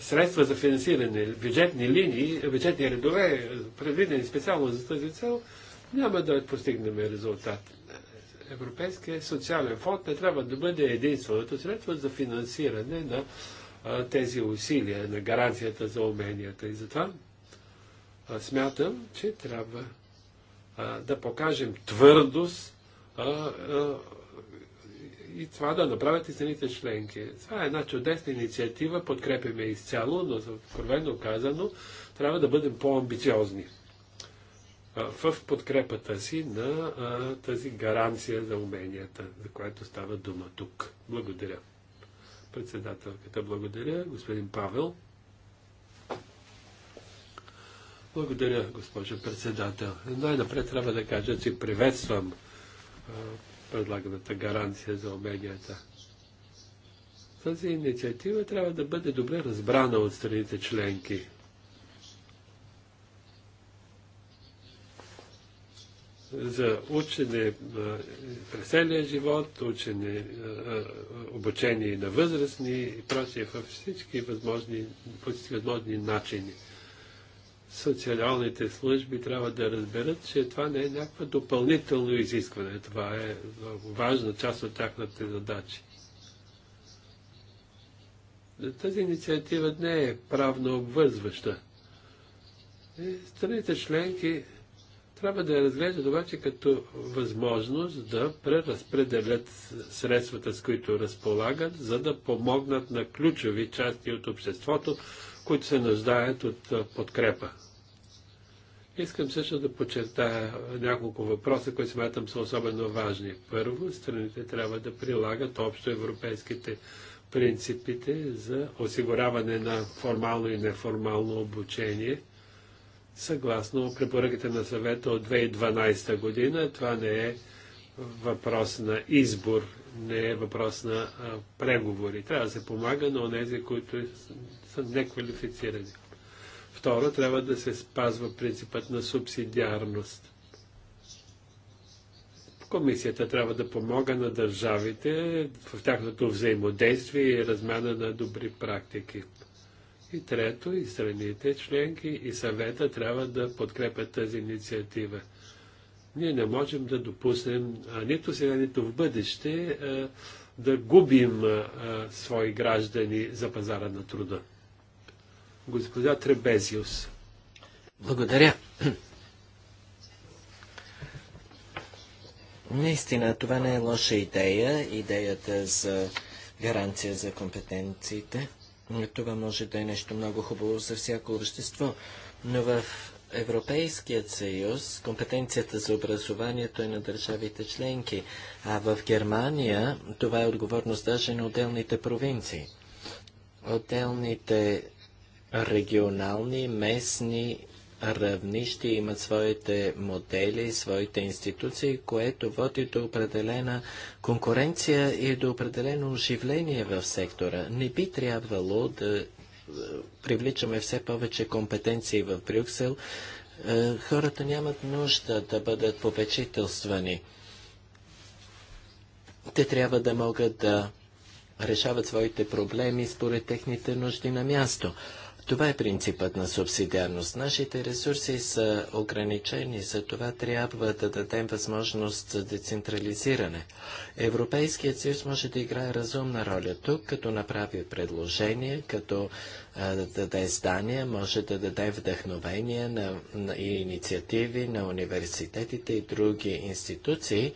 средства за финансиране, бюджетни линии, бюджетни редове, предвидени специално за тази цел, няма да постигнем резултат. Европейския социален фонд не трябва да бъде единственото средство за финансиране на тези усилия, на гаранцията за уменията. И затова смятам, че трябва да покажем твърдост и това да направят и страните членки. Това е една чудесна инициатива, подкрепяме изцяло, но откровено казано трябва да бъдем по-амбициозни в подкрепата си на а, тази гаранция за уменията, за което става дума тук. Благодаря. Председателката, благодаря. Господин Павел. Благодаря, госпожо председател. Най-напред трябва да кажа, че приветствам предлаганата гаранция за уменията. Тази инициатива трябва да бъде добре разбрана от страните членки. За учене през целия живот, учене, обучение на възрастни и прочие във всички възможни, всички възможни начини социалните служби трябва да разберат, че това не е някакво допълнително изискване. Това е много важна част от тяхната задача. Тази инициатива не е правно обвързваща. и е, Страните членки трябва да я разглеждат обаче като възможност да преразпределят средствата, с които разполагат, за да помогнат на ключови части от обществото, които се нуждаят от подкрепа. Искам също да подчертая няколко въпроса, които смятам са особено важни. Първо, страните трябва да прилагат общо европейските принципите за осигуряване на формално и неформално обучение, съгласно препоръките на съвета от 2012 година. Това не е въпрос на избор, не е въпрос на а, преговори. Трябва да се помага на тези, които са неквалифицирани. Второ, трябва да се спазва принципът на субсидиарност. Комисията трябва да помога на държавите в тяхното взаимодействие и размяна на добри практики. И трето, и страните членки и съвета трябва да подкрепят тази инициатива. Ние не можем да допуснем, а нито сега, нито в бъдеще, а, да губим а, свои граждани за пазара на труда. Господа Требезиус. Благодаря. Наистина, това не е лоша идея, идеята за гаранция за компетенциите. Това може да е нещо много хубаво за всяко общество, но в Европейският съюз компетенцията за образованието е на държавите членки, а в Германия това е отговорност даже на отделните провинции. Отделните регионални, местни равнищи имат своите модели, своите институции, което води до определена конкуренция и до определено оживление в сектора. Не би трябвало да е, привличаме все повече компетенции в Брюксел. Е, хората нямат нужда да бъдат попечителствани. Те трябва да могат да решават своите проблеми според техните нужди на място. Това е принципът на субсидиарност. Нашите ресурси са ограничени, за това трябва да дадем възможност за децентрализиране. Европейският съюз може да играе разумна роля тук, като направи предложение, като а, да даде здания, може да даде вдъхновение на, на и инициативи на университетите и други институции,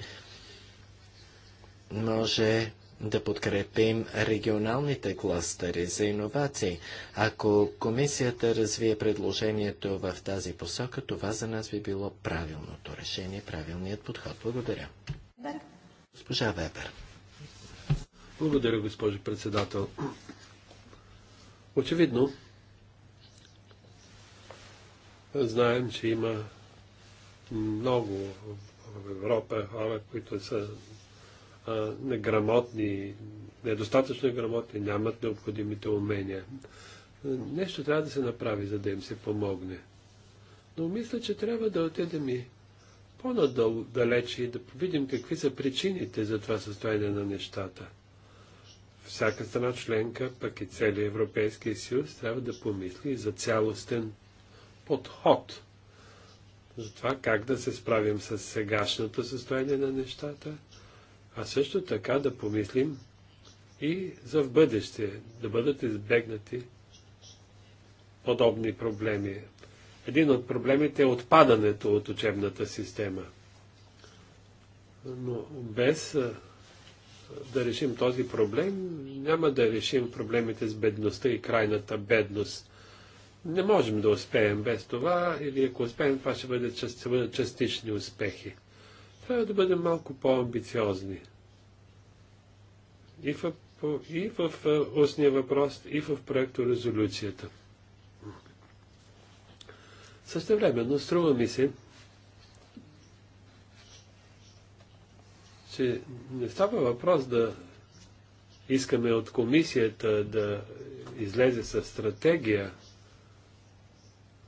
може да подкрепим регионалните кластери за иновации. Ако комисията развие предложението в тази посока, това за нас би било правилното решение, правилният подход. Благодаря. Госпожа Вебер. Благодаря, госпожо председател. Очевидно, знаем, че има много в Европа хора, които са неграмотни, недостатъчно грамотни, нямат необходимите умения. Нещо трябва да се направи, за да им се помогне. Но мисля, че трябва да отидем и по-надалеч и да видим какви са причините за това състояние на нещата. Всяка страна членка, пък и целият Европейски съюз, трябва да помисли за цялостен подход за това как да се справим с сегашното състояние на нещата – а също така да помислим и за в бъдеще да бъдат избегнати подобни проблеми. Един от проблемите е отпадането от учебната система. Но без да решим този проблем, няма да решим проблемите с бедността и крайната бедност. Не можем да успеем без това или ако успеем, това ще бъдат, частични успехи. Трябва да бъдем малко по-амбициозни. И в, и в устния въпрос, и в проекто резолюцията. Също но струва ми се, че не става въпрос да искаме от комисията да излезе с стратегия,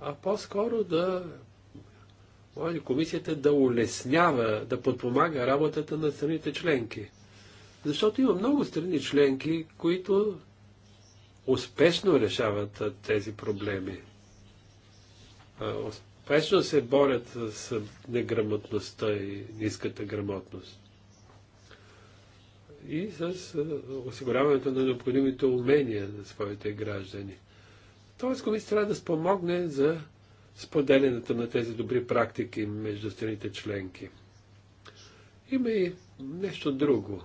а по-скоро да може комисията да улеснява, да подпомага работата на страните членки. Защото има много страни членки, които успешно решават тези проблеми. Успешно се борят с неграмотността и ниската грамотност. И с осигуряването на необходимите умения на своите граждани. Тоест, комисията трябва да спомогне за споделянето на тези добри практики между страните членки. Има и нещо друго,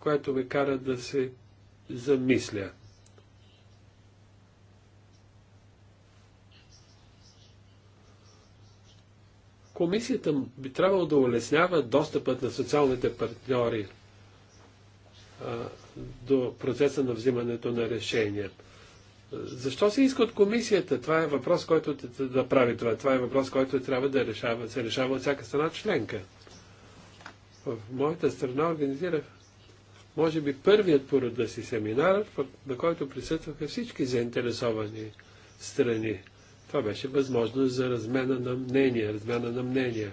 което ме кара да се замисля. Комисията би трябвало да улеснява достъпът на социалните партньори а, до процеса на взимането на решения. Защо се иска от комисията? Това е въпрос, който да прави това. Това е въпрос, който трябва да решава, се решава от всяка страна членка. В моята страна организирах, може би, първият по да си семинар, на който присъстваха всички заинтересовани страни. Това беше възможност за размена на мнения, размена на мнения.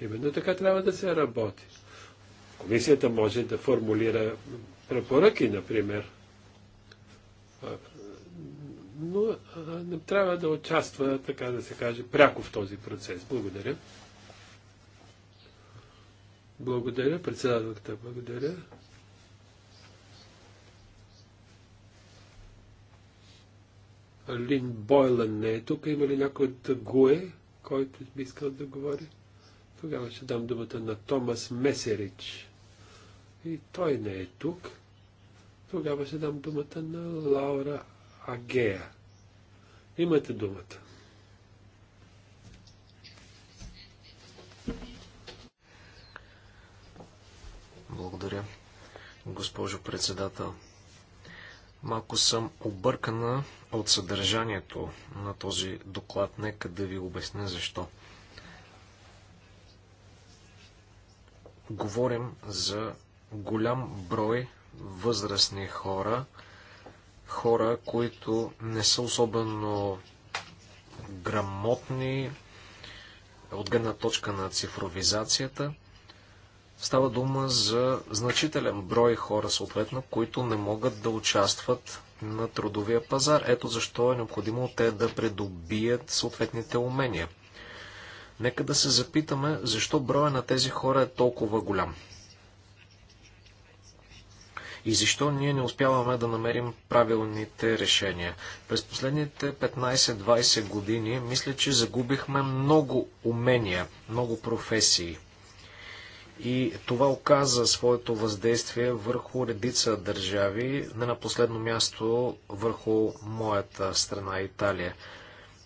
Именно така трябва да се работи. Комисията може да формулира препоръки, например но не трябва да участва, така да се каже, пряко в този процес. Благодаря. Благодаря, председателката, благодаря. Лин Бойлен не е тук. Има ли някой от ГУЕ, който би искал да говори? Тогава ще дам думата на Томас Месерич. И той не е тук. Тогава ще дам думата на Лаура Агея. Имате думата. Благодаря, госпожо председател. Малко съм объркана от съдържанието на този доклад. Нека да ви обясня защо. Говорим за голям брой възрастни хора, хора, които не са особено грамотни от гледна точка на цифровизацията. Става дума за значителен брой хора, съответно, които не могат да участват на трудовия пазар. Ето защо е необходимо те да придобият съответните умения. Нека да се запитаме, защо броя на тези хора е толкова голям и защо ние не успяваме да намерим правилните решения. През последните 15-20 години мисля, че загубихме много умения, много професии. И това оказа своето въздействие върху редица държави, не на последно място върху моята страна Италия.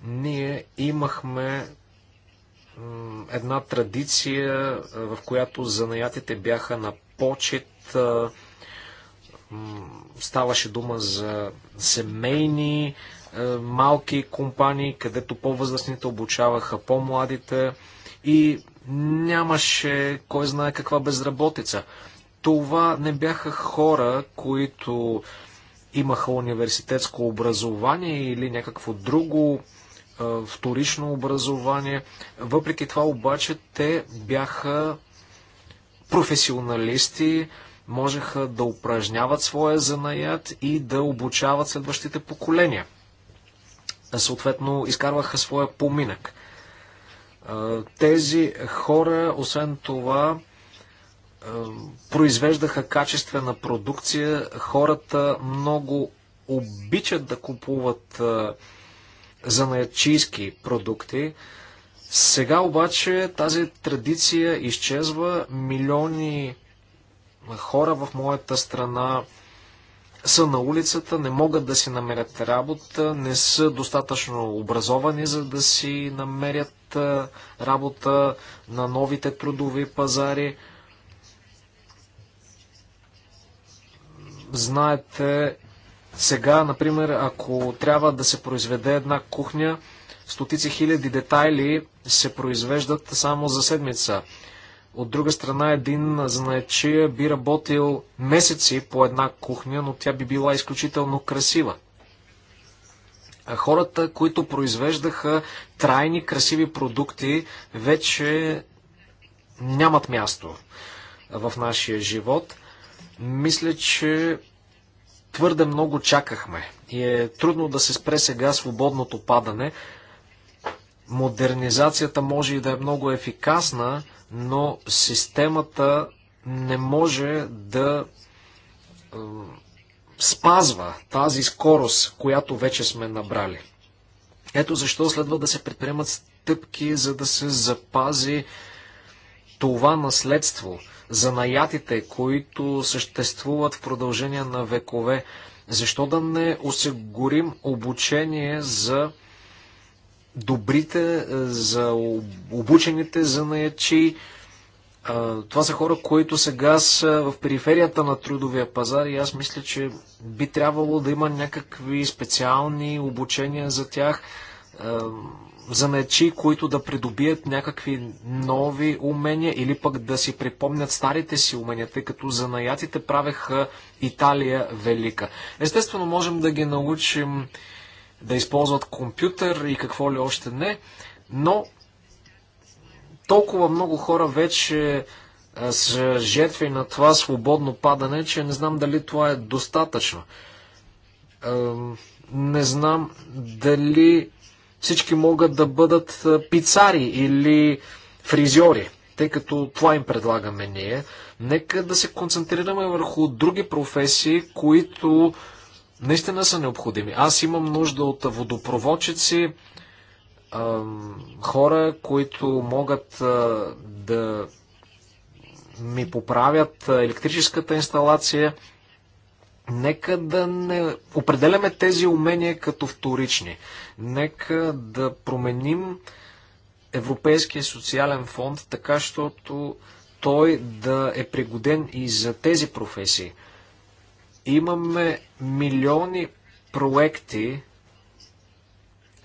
Ние имахме една традиция, в която занаятите бяха на почет, Ставаше дума за семейни е, малки компании, където по-възрастните обучаваха по-младите и нямаше кой знае каква безработица. Това не бяха хора, които имаха университетско образование или някакво друго е, вторично образование. Въпреки това обаче те бяха професионалисти, можеха да упражняват своя занаят и да обучават следващите поколения. Съответно, изкарваха своя поминък. Тези хора, освен това, произвеждаха качествена продукция. Хората много обичат да купуват занаятчийски продукти. Сега обаче тази традиция изчезва. Милиони хора в моята страна са на улицата, не могат да си намерят работа, не са достатъчно образовани, за да си намерят работа на новите трудови пазари. Знаете, сега, например, ако трябва да се произведе една кухня, стотици хиляди детайли се произвеждат само за седмица от друга страна, един занаячия би работил месеци по една кухня, но тя би била изключително красива. Хората, които произвеждаха трайни, красиви продукти, вече нямат място в нашия живот. Мисля, че твърде много чакахме и е трудно да се спре сега свободното падане. Модернизацията може и да е много ефикасна, но системата не може да спазва тази скорост, която вече сме набрали. Ето защо следва да се предприемат стъпки, за да се запази това наследство за наятите, които съществуват в продължение на векове. Защо да не осигурим обучение за добрите, е, за обучените за наячи. Е, това са хора, които сега са в периферията на трудовия пазар и аз мисля, че би трябвало да има някакви специални обучения за тях, е, за наячи, които да придобият някакви нови умения или пък да си припомнят старите си умения, тъй като занаятите правеха Италия велика. Естествено, можем да ги научим да използват компютър и какво ли още не, но толкова много хора вече са жертви на това свободно падане, че не знам дали това е достатъчно. Не знам дали всички могат да бъдат пицари или фризьори, тъй като това им предлагаме ние. Нека да се концентрираме върху други професии, които наистина са необходими. Аз имам нужда от водопроводчици, хора, които могат да ми поправят електрическата инсталация. Нека да не определяме тези умения като вторични. Нека да променим Европейския социален фонд така, защото той да е пригоден и за тези професии. Имаме милиони проекти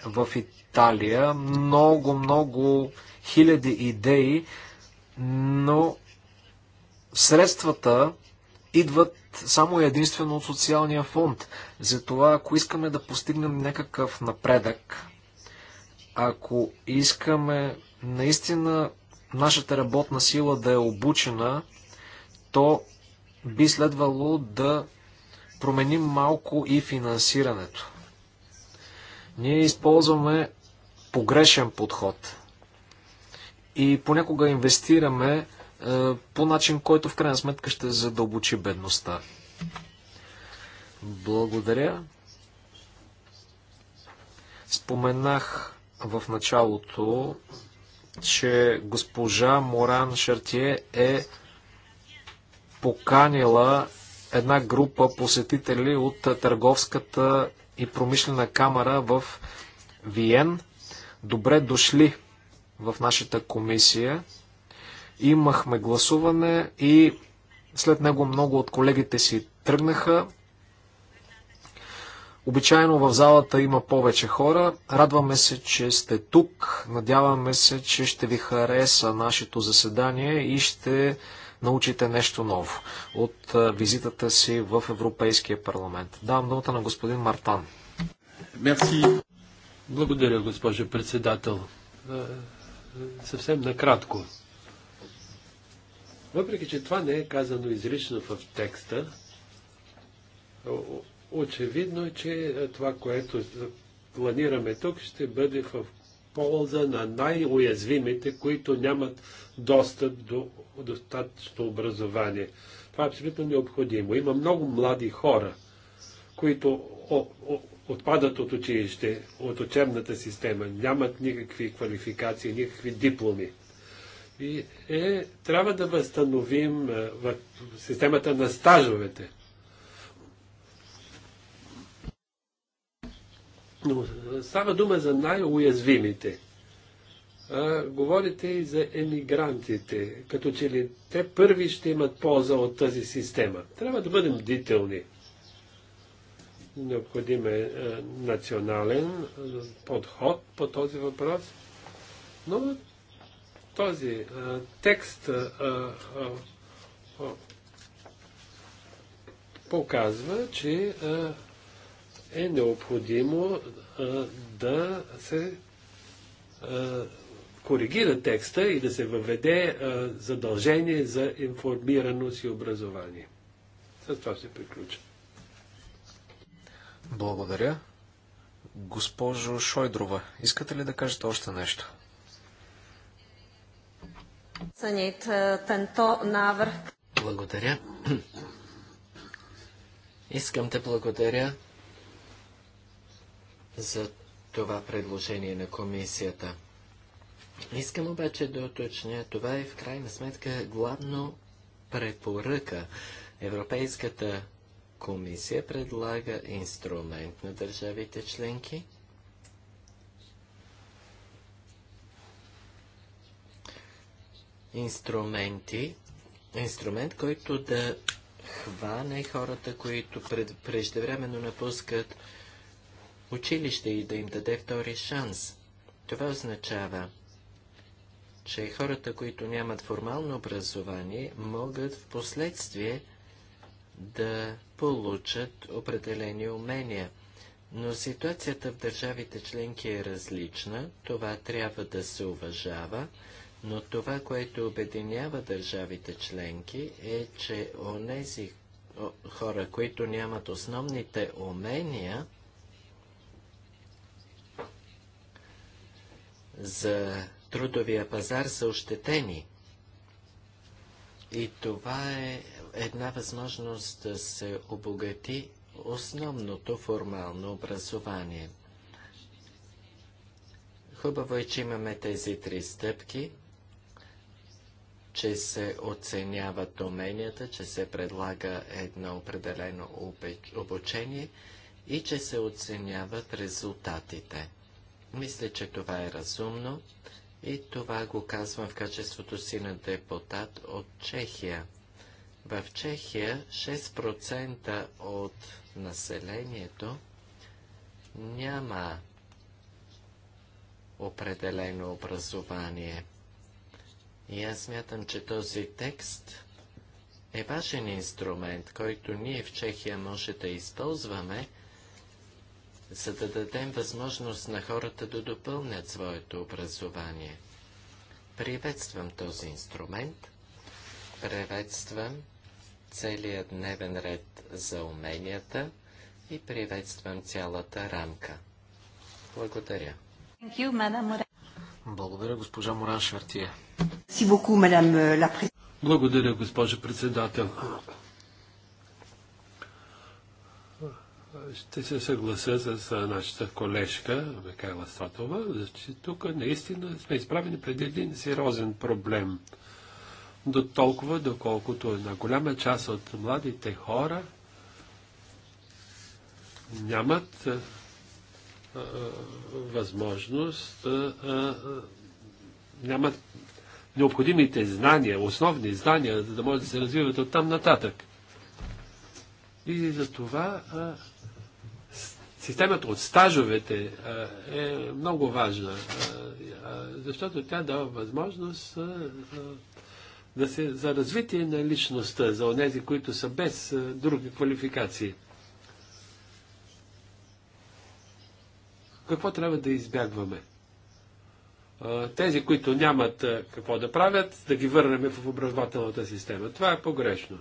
в Италия, много, много хиляди идеи, но средствата идват само единствено от социалния фонд. Затова, ако искаме да постигнем някакъв напредък, ако искаме наистина нашата работна сила да е обучена, то би следвало да променим малко и финансирането. Ние използваме погрешен подход и понякога инвестираме е, по начин, който в крайна сметка ще задълбочи бедността. Благодаря. Споменах в началото, че госпожа Моран Шартие е поканила една група посетители от Търговската и промишлена камера в Виен. Добре дошли в нашата комисия. Имахме гласуване и след него много от колегите си тръгнаха. Обичайно в залата има повече хора. Радваме се, че сте тук. Надяваме се, че ще ви хареса нашето заседание и ще научите нещо ново от визитата си в Европейския парламент. Давам думата на господин Мартан. Мерси. Благодаря, госпожо председател. Съвсем накратко. Въпреки, че това не е казано изрично в текста, очевидно е, че това, което планираме тук, ще бъде в полза на най-уязвимите, които нямат достъп до достатъчно образование. Това е абсолютно необходимо. Има много млади хора, които отпадат от училище, от учебната система, нямат никакви квалификации, никакви дипломи. И е, трябва да възстановим е, в системата на стажовете. Но става дума за най-уязвимите. говорите и за емигрантите, като че ли те първи ще имат полза от тази система. Трябва да бъдем бдителни. Необходим е национален подход по този въпрос, но този текст показва, че е необходимо а, да се а, коригира текста и да се въведе а, задължение за информираност и образование. С това се приключа. Благодаря. Госпожо Шойдрова, искате ли да кажете още нещо? Благодаря. Искам да благодаря за това предложение на комисията. Искам обаче да уточня, това е в крайна сметка главно препоръка. Европейската комисия предлага инструмент на държавите членки, инструменти, инструмент, който да хване хората, които пред, преждевременно напускат училище и да им даде втори шанс. Това означава, че хората, които нямат формално образование, могат в последствие да получат определени умения. Но ситуацията в държавите членки е различна, това трябва да се уважава, но това, което обединява държавите членки е, че онези хора, които нямат основните умения, за трудовия пазар са ощетени. И това е една възможност да се обогати основното формално образование. Хубаво е, че имаме тези три стъпки, че се оценяват уменията, че се предлага едно определено обучение и че се оценяват резултатите. Мисля, че това е разумно и това го казвам в качеството си на депутат от Чехия. В Чехия 6% от населението няма определено образование. И аз смятам, че този текст е важен инструмент, който ние в Чехия може да използваме, за да дадем възможност на хората да допълнят своето образование. Приветствам този инструмент, приветствам целият дневен ред за уменията и приветствам цялата рамка. Благодаря. Благодаря, госпожа Моран Шартия. Euh, Благодаря, госпожа председател. ще се съглася с нашата колежка Микайла Сотова, че тук наистина сме изправени пред един сериозен проблем. До толкова, доколкото една голяма част от младите хора нямат а, а, възможност, а, нямат необходимите знания, основни знания, за да може да се развиват от там нататък. И за това системата от стажовете е много важна, защото тя дава възможност да се, за развитие на личността, за онези, които са без други квалификации. Какво трябва да избягваме? Тези, които нямат какво да правят, да ги върнем в образователната система. Това е погрешно.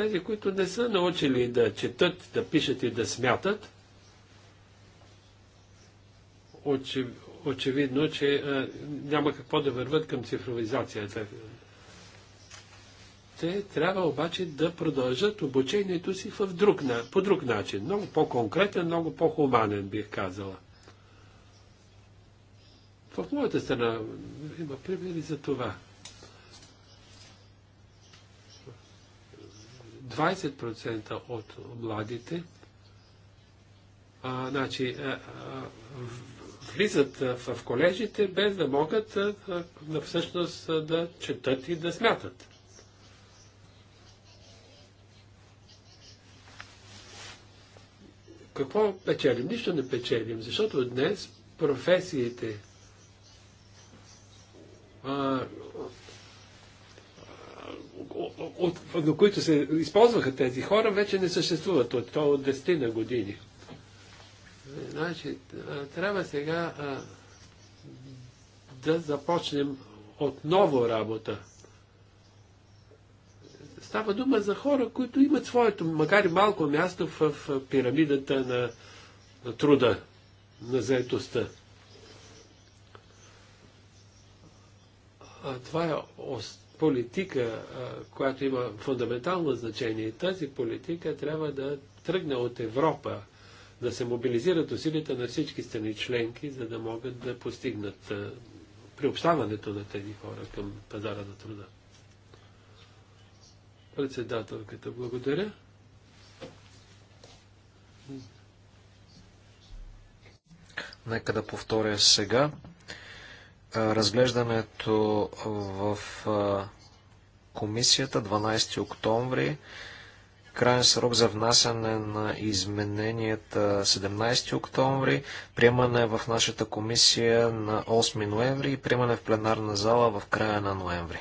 Тези, които не са научили да четат, да пишат и да смятат, очевидно, че няма какво да върват към цифровизацията. Те трябва обаче да продължат обучението си в друг, по друг начин. Много по-конкретен, много по-хуманен, бих казала. В моята страна има примери за това. 20% от младите а, значи, а, е, а, е, влизат е, в, в колежите без да могат а, а, всъщност да четат и да смятат. Какво печелим? Нищо не печелим, защото днес професиите, а, от, на които се използваха тези хора, вече не съществуват от, то от 10 на години. Значи, трябва сега а, да започнем отново работа. Става дума за хора, които имат своето, макар и малко място в, в пирамидата на, на труда, на заетостта. А това е ост политика, която има фундаментално значение, тази политика трябва да тръгне от Европа, да се мобилизират усилията на всички страни членки, за да могат да постигнат приобщаването на тези хора към пазара на труда. Председателката, благодаря. Нека да повторя сега разглеждането в комисията 12 октомври. Крайен срок за внасяне на измененията 17 октомври, приемане в нашата комисия на 8 ноември и приемане в пленарна зала в края на ноември.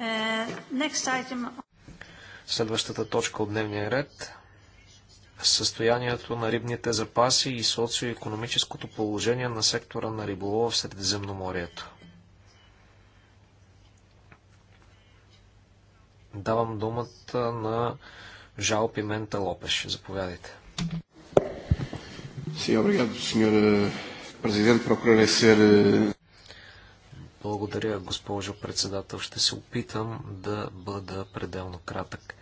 Uh, Следващата точка от дневния ред състоянието на рибните запаси и социо-економическото положение на сектора на риболова в Средиземноморието. Давам думата на Жал Пимента Лопеш. Заповядайте. Eh, eh, Благодаря, госпожо председател. Ще се опитам да бъда пределно кратък.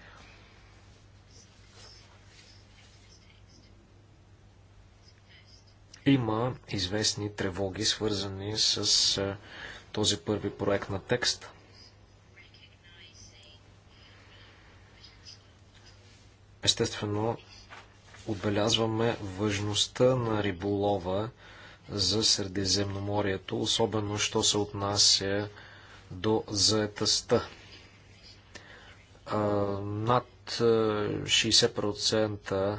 Има известни тревоги, свързани с този първи проект на текст. Естествено, отбелязваме важността на риболова за Средиземноморието, особено що се отнася до заетостта. Над 60%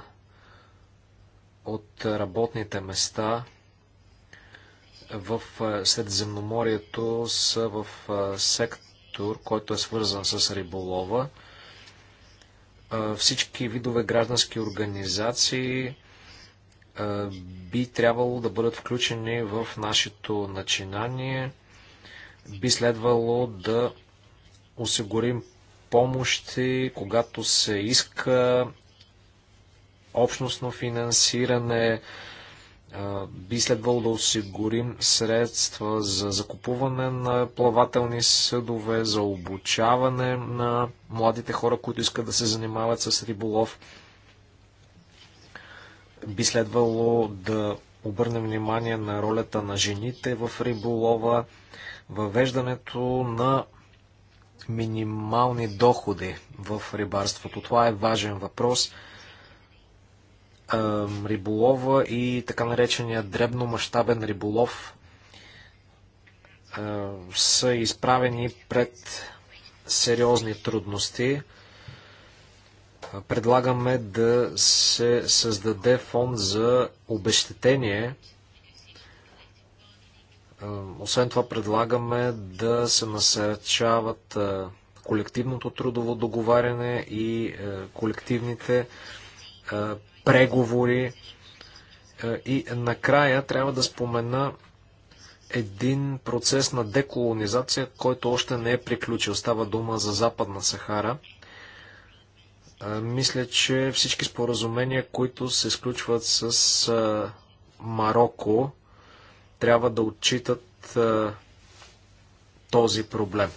от работните места в Средиземноморието са в сектор, който е свързан с риболова. Всички видове граждански организации би трябвало да бъдат включени в нашето начинание. Би следвало да осигурим помощи, когато се иска общностно финансиране, би следвало да осигурим средства за закупуване на плавателни съдове, за обучаване на младите хора, които искат да се занимават с риболов. Би следвало да обърнем внимание на ролята на жените в риболова, въвеждането на минимални доходи в рибарството. Това е важен въпрос – риболова и така наречения дребномащабен риболов са изправени пред сериозни трудности. Предлагаме да се създаде фонд за обещетение. Освен това предлагаме да се насърчават колективното трудово договаряне и колективните преговори. Е, и накрая трябва да спомена един процес на деколонизация, който още не е приключил. Става дума за Западна Сахара. Е, мисля, че всички споразумения, които се изключват с е, Марокко, трябва да отчитат този проблем.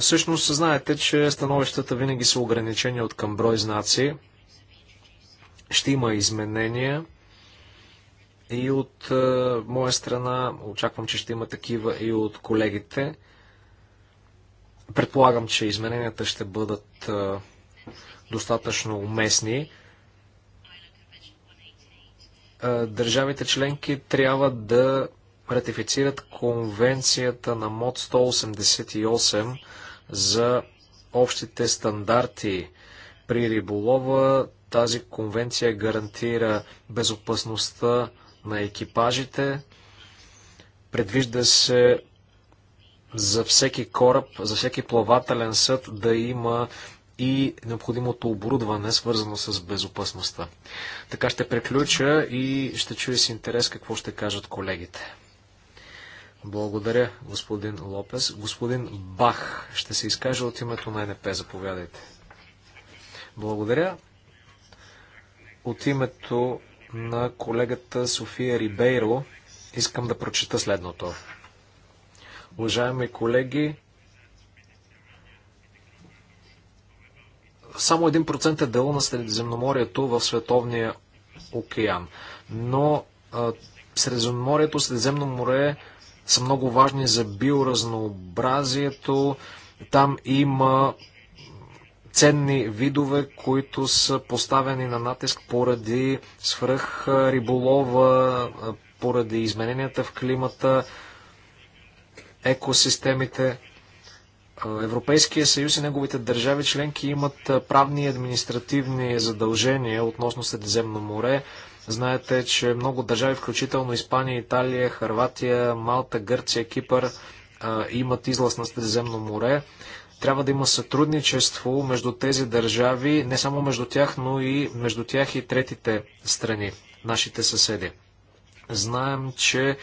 Всъщност, знаете, че становищата винаги са ограничени от към брой знаци. Ще има изменения и от моя страна, очаквам, че ще има такива и от колегите. Предполагам, че измененията ще бъдат достатъчно уместни. Държавите членки трябва да ратифицират конвенцията на МОД 188 за общите стандарти при риболова. Тази конвенция гарантира безопасността на екипажите. Предвижда се за всеки кораб, за всеки плавателен съд да има и необходимото оборудване, свързано с безопасността. Така ще приключа и ще чуя с интерес какво ще кажат колегите. Благодаря, господин Лопес. Господин Бах ще се изкаже от името на НП. Заповядайте. Благодаря. От името на колегата София Рибейро искам да прочета следното. Уважаеми колеги, само 1% е дело на Средиземноморието в Световния океан. Но а, Средиземноморието, Средиземно море са много важни за биоразнообразието. Там има ценни видове, които са поставени на натиск поради свръх риболова, поради измененията в климата, екосистемите. Европейския съюз и неговите държави членки имат правни и административни задължения относно Средиземно море. Знаете, че много държави, включително Испания, Италия, Харватия, Малта, Гърция, Кипър, имат излаз на Средиземно море. Трябва да има сътрудничество между тези държави, не само между тях, но и между тях и третите страни, нашите съседи. Знаем, че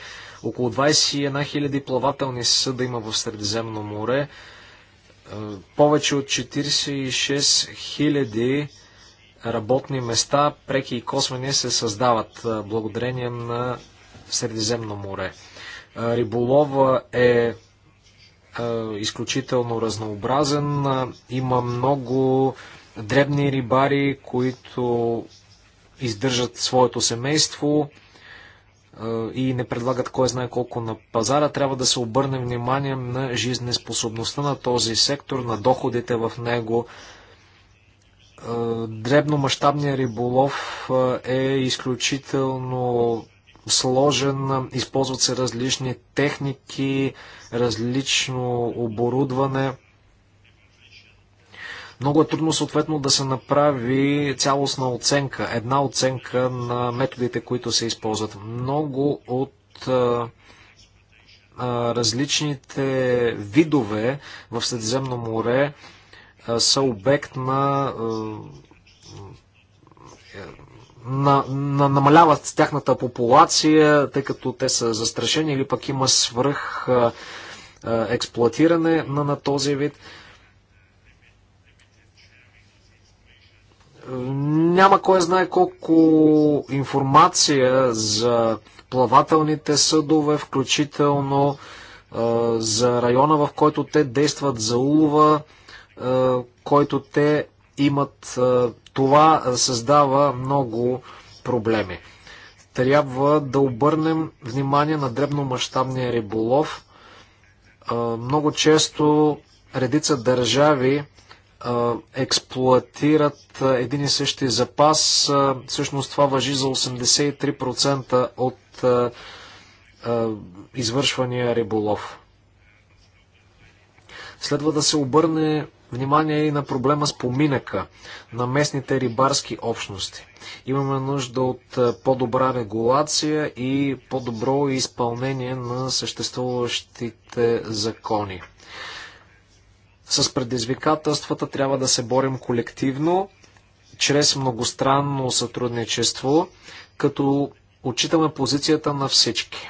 около 21 000 плавателни съда има в Средиземно море. Повече от 46 000 работни места, преки и косвени, се създават благодарение на Средиземно море. Риболова е изключително разнообразен. Има много дребни рибари, които издържат своето семейство и не предлагат кой знае колко на пазара. Трябва да се обърне внимание на жизнеспособността на този сектор, на доходите в него. Е, дребномащабния риболов е, е изключително сложен, използват се различни техники, различно оборудване. Много е трудно съответно да се направи цялостна оценка, една оценка на методите, които се използват. Много от а, е, различните видове в Средиземно море са обект на, на, на намаляват тяхната популация, тъй като те са застрашени или пък има свръх експлуатиране на, на този вид. Няма кой знае колко информация за плавателните съдове, включително за района, в който те действат за улова който те имат. Това създава много проблеми. Трябва да обърнем внимание на дребномащабния риболов. Много често редица държави експлуатират един и същи запас. Всъщност това въжи за 83% от извършвания риболов. Следва да се обърне внимание и на проблема с поминъка на местните рибарски общности. Имаме нужда от е, по-добра регулация и по-добро изпълнение на съществуващите закони. С предизвикателствата трябва да се борим колективно, чрез многостранно сътрудничество, като отчитаме позицията на всички.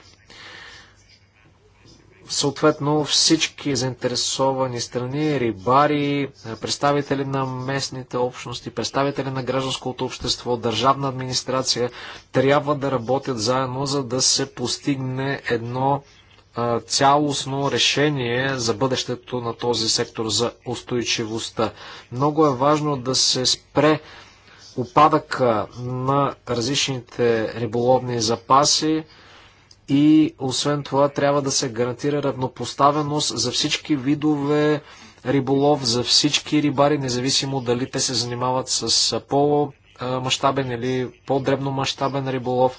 Съответно всички заинтересовани страни, рибари, представители на местните общности, представители на гражданското общество, държавна администрация трябва да работят заедно, за да се постигне едно цялостно решение за бъдещето на този сектор, за устойчивостта. Много е важно да се спре опадъка на различните риболовни запаси и освен това трябва да се гарантира равнопоставеност за всички видове риболов, за всички рибари, независимо дали те се занимават с по-масштабен или по-дребно мащабен риболов.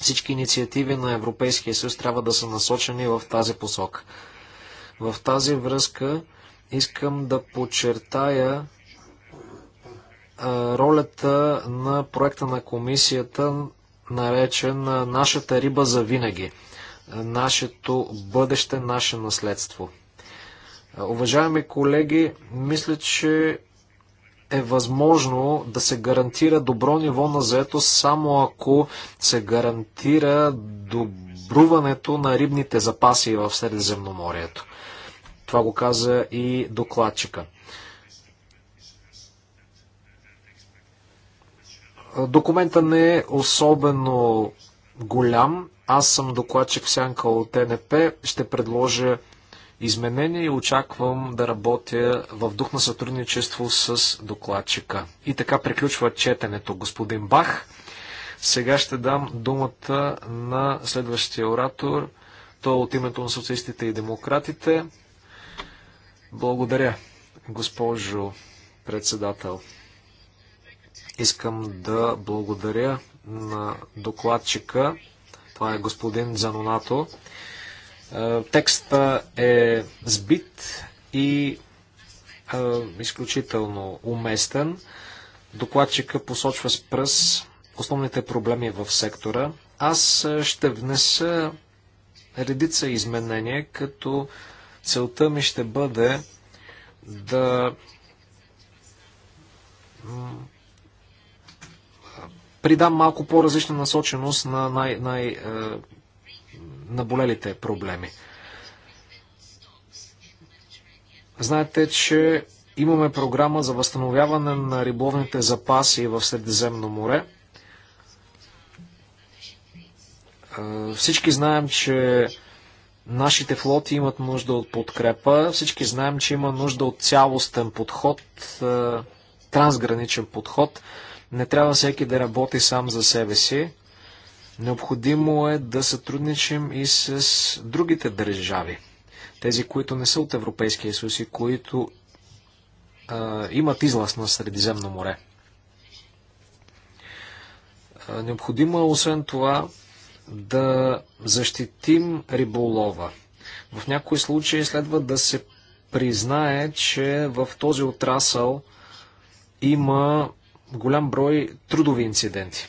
Всички инициативи на Европейския съюз трябва да са насочени в тази посока. В тази връзка искам да подчертая ролята на проекта на комисията наречен нашата риба за винаги, нашето бъдеще, наше наследство. Уважаеми колеги, мисля, че е възможно да се гарантира добро ниво на заето само ако се гарантира добруването на рибните запаси в Средиземноморието. Това го каза и докладчика. Документа не е особено голям. Аз съм докладчик в сянка от НП. Ще предложа изменения и очаквам да работя в дух на сътрудничество с докладчика. И така приключва четенето, господин Бах. Сега ще дам думата на следващия оратор. Той е от името на социалистите и демократите. Благодаря, госпожо председател. Искам да благодаря на докладчика. Това е господин Занонато. Е, текста е сбит и е, изключително уместен. Докладчика посочва с пръс основните проблеми в сектора. Аз е, ще внеса редица изменения, като целта ми ще бъде да придам малко по-различна насоченост на най-, най е, наболелите проблеми. Знаете, че имаме програма за възстановяване на рибовните запаси в Средиземно море. Е, всички знаем, че нашите флоти имат нужда от подкрепа. Всички знаем, че има нужда от цялостен подход, е, трансграничен подход. Не трябва всеки да работи сам за себе си. Необходимо е да сътрудничим и с другите държави. Тези, които не са от Европейския съюз и които а, имат излаз на Средиземно море. Необходимо е, освен това, да защитим риболова. В някои случаи следва да се признае, че в този отрасъл има голям брой трудови инциденти.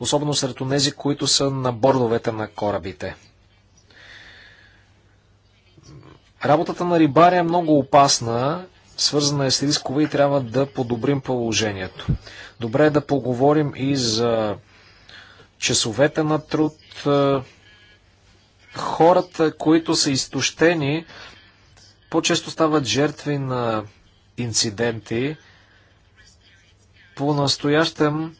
Особено сред тези, които са на бордовете на корабите. Работата на рибаря е много опасна, свързана е с рискове, и трябва да подобрим положението. Добре е да поговорим и за часовете на труд, хората, които са изтощени, по-често стават жертви на инциденти, по-настоящем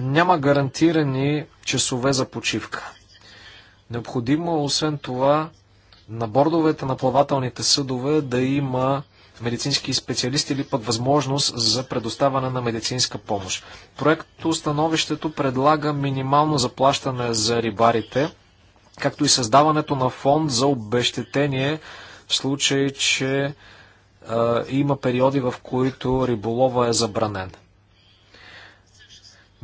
няма гарантирани часове за почивка. Необходимо, е, освен това, на бордовете на плавателните съдове да има медицински специалисти или пък възможност за предоставяне на медицинска помощ. Проекто становището предлага минимално заплащане за рибарите, както и създаването на фонд за обещетение в случай, че е, има периоди, в които риболова е забранен.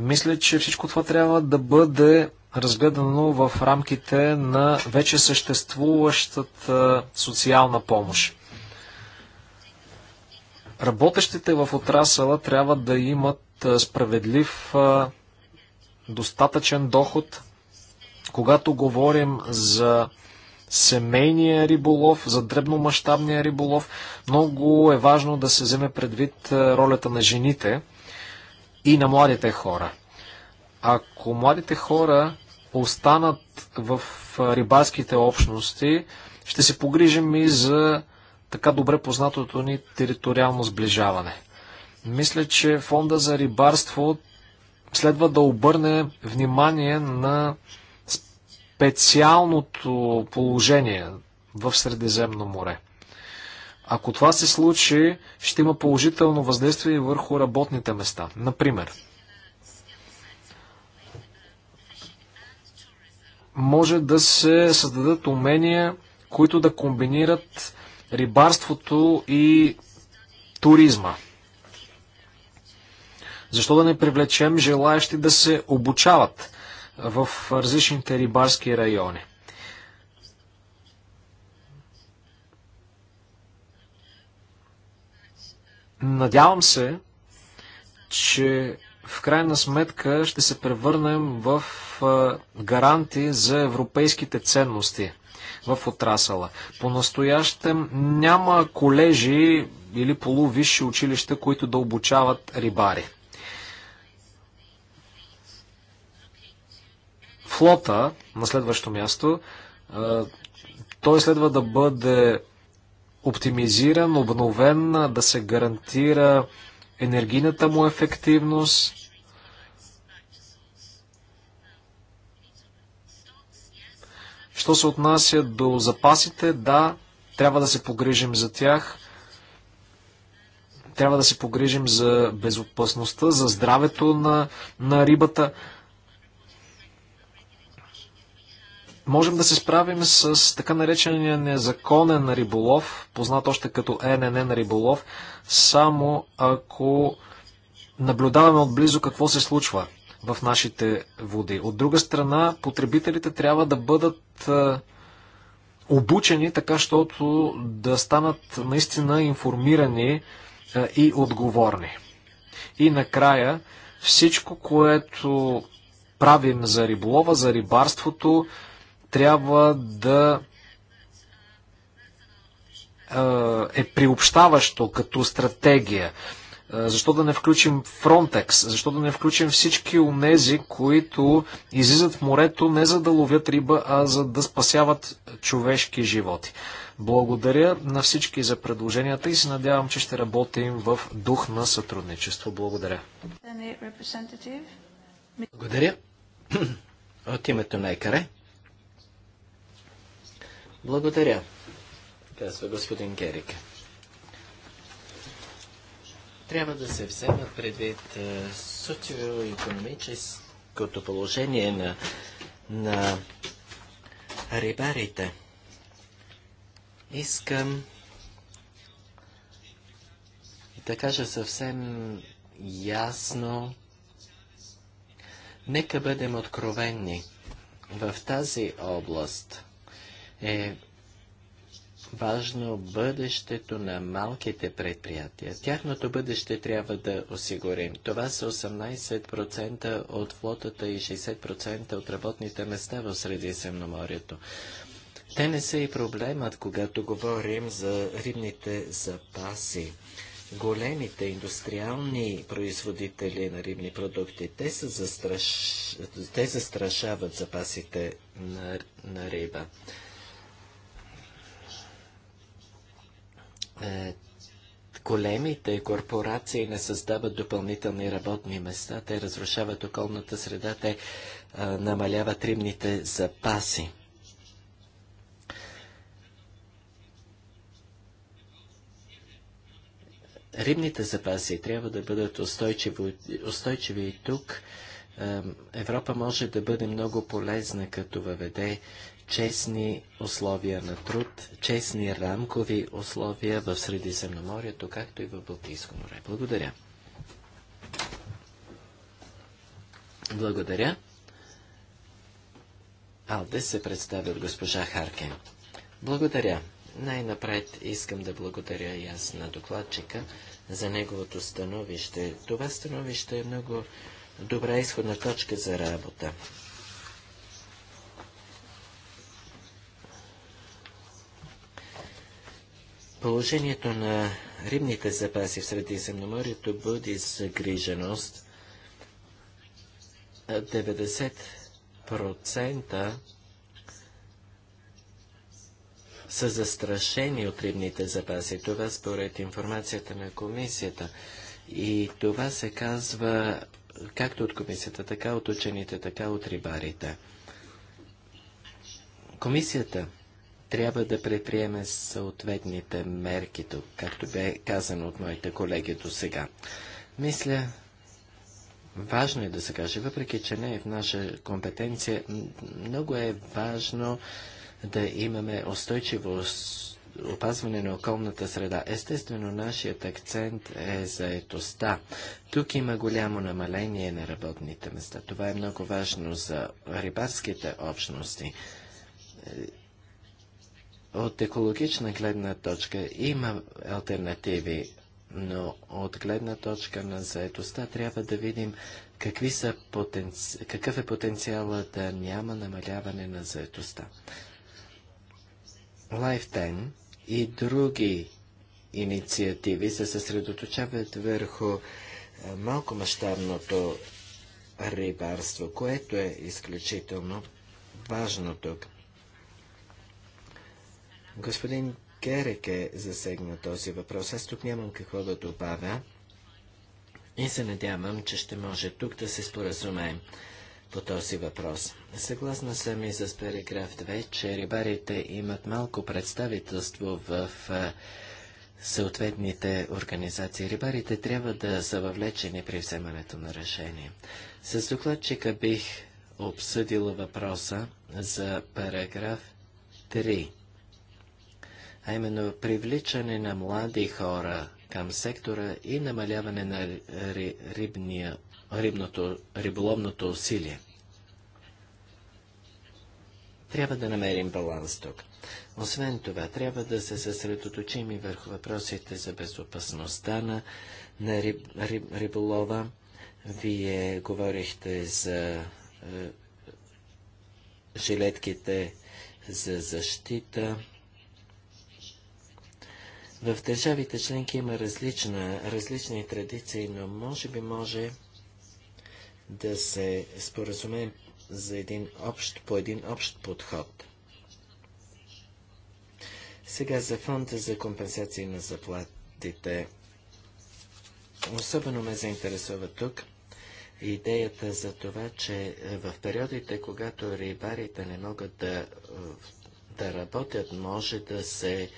Мисля, че всичко това трябва да бъде разгледано в рамките на вече съществуващата социална помощ. Работещите в отрасъла трябва да имат справедлив, достатъчен доход. Когато говорим за семейния риболов, за дребномащабния риболов, много е важно да се вземе предвид ролята на жените и на младите хора. Ако младите хора останат в рибарските общности, ще се погрижим и за така добре познатото ни териториално сближаване. Мисля, че фонда за рибарство следва да обърне внимание на специалното положение в Средиземно море. Ако това се случи, ще има положително въздействие върху работните места. Например, може да се създадат умения, които да комбинират рибарството и туризма. Защо да не привлечем желаящи да се обучават в различните рибарски райони? Надявам се, че в крайна сметка ще се превърнем в гаранти за европейските ценности в отрасала. По-настоящем няма колежи или полувисши училища, които да обучават рибари. Флота, на следващо място, той следва да бъде оптимизиран, обновен, да се гарантира енергийната му ефективност. Що се отнася до запасите, да, трябва да се погрижим за тях. Трябва да се погрижим за безопасността, за здравето на, на рибата. Можем да се справим с така наречения незаконен риболов, познат още като ННН риболов, само ако наблюдаваме отблизо какво се случва в нашите води. От друга страна, потребителите трябва да бъдат е, обучени така, щото да станат наистина информирани е, и отговорни. И накрая, всичко, което правим за риболова, за рибарството, трябва да е приобщаващо като стратегия. Защо да не включим Frontex? Защо да не включим всички унези, които излизат в морето не за да ловят риба, а за да спасяват човешки животи? Благодаря на всички за предложенията и се надявам, че ще работим в дух на сътрудничество. Благодаря. Благодаря. От името на ЕКАРЕ. Благодаря, казва господин Герик. Трябва да се взема предвид е, социо-економическото положение на, на рибарите. Искам да кажа съвсем ясно, нека бъдем откровенни. В тази област е важно бъдещето на малките предприятия. Тяхното бъдеще трябва да осигурим. Това са 18% от флотата и 60% от работните места в Средиземноморието. Те не са и проблемът, когато говорим за рибните запаси. Големите индустриални производители на рибни продукти, те, са застраш... те застрашават запасите на, на риба. Е, големите корпорации не създават допълнителни работни места, те разрушават околната среда, те намаляват рибните запаси. Рибните запаси трябва да бъдат устойчиви, устойчиви и тук. Европа може да бъде много полезна, като въведе честни условия на труд, честни рамкови условия в Средиземноморието, както и в Балтийско море. Благодаря. Благодаря. Алдес се представя от госпожа Харкен. Благодаря. Най-напред искам да благодаря и аз на докладчика за неговото становище. Това становище е много добра изходна точка за работа. Положението на рибните запаси в Средиземноморието буди загриженост. 90% са застрашени от рибните запаси. Това според информацията на комисията. И това се казва както от комисията, така от учените, така от рибарите. Комисията трябва да предприеме съответните мерки както бе казано от моите колеги до сега. Мисля, важно е да се каже, въпреки че не е в наша компетенция, много е важно да имаме устойчиво опазване на околната среда. Естествено, нашият акцент е за етоста. Тук има голямо намаление на работните места. Това е много важно за рибарските общности е, от екологична гледна точка има альтернативи, но от гледна точка на заедостта трябва да видим какви са потенци... какъв е потенциала да няма намаляване на заедостта. Лайфтайн и други инициативи се съсредоточават върху е, малко мащабното рибарство, което е изключително важно тук. Господин Керек е засегна този въпрос. Аз тук нямам какво да добавя и се надявам, че ще може тук да се споразумеем по този въпрос. Съгласна съм и с параграф 2, че рибарите имат малко представителство в съответните организации. Рибарите трябва да са въвлечени при вземането на решение. С докладчика бих обсъдила въпроса за параграф 3 а именно привличане на млади хора към сектора и намаляване на рибния, рибното, риболовното усилие. Трябва да намерим баланс тук. Освен това, трябва да се съсредоточим и върху въпросите за безопасността на, на риб, риб, риболова. Вие говорихте за е, жилетките за защита. В държавите членки има различна, различни традиции, но може би може да се споразумеем за един общ, по един общ подход. Сега за фонда за компенсации на заплатите. Особено ме заинтересува тук идеята за това, че в периодите, когато рибарите не могат да, да работят, може да се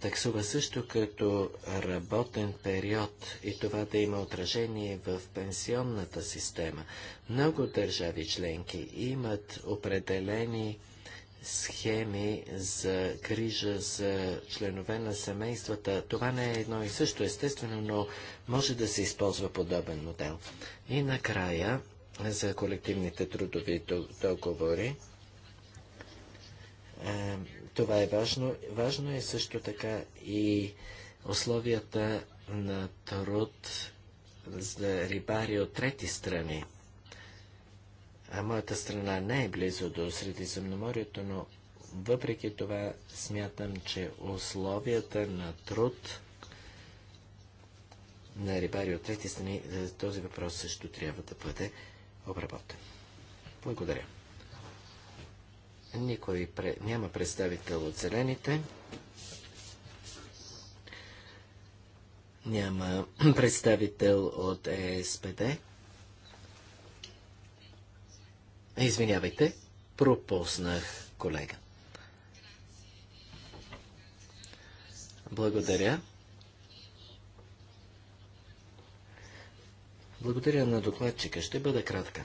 таксува също като работен период и това да има отражение в пенсионната система. Много държави членки имат определени схеми за грижа за членове на семействата. Това не е едно и също, естествено, но може да се използва подобен модел. И накрая, за колективните трудови договори. Това е важно. Важно е също така и условията на труд за рибари от трети страни. А моята страна не е близо до Средиземноморието, но въпреки това смятам, че условията на труд на рибари от трети страни, този въпрос също трябва да бъде обработен. Благодаря. Никой пре... няма представител от зелените. Няма представител от ЕСПД. Извинявайте, пропуснах колега. Благодаря. Благодаря на докладчика. Ще бъда кратка.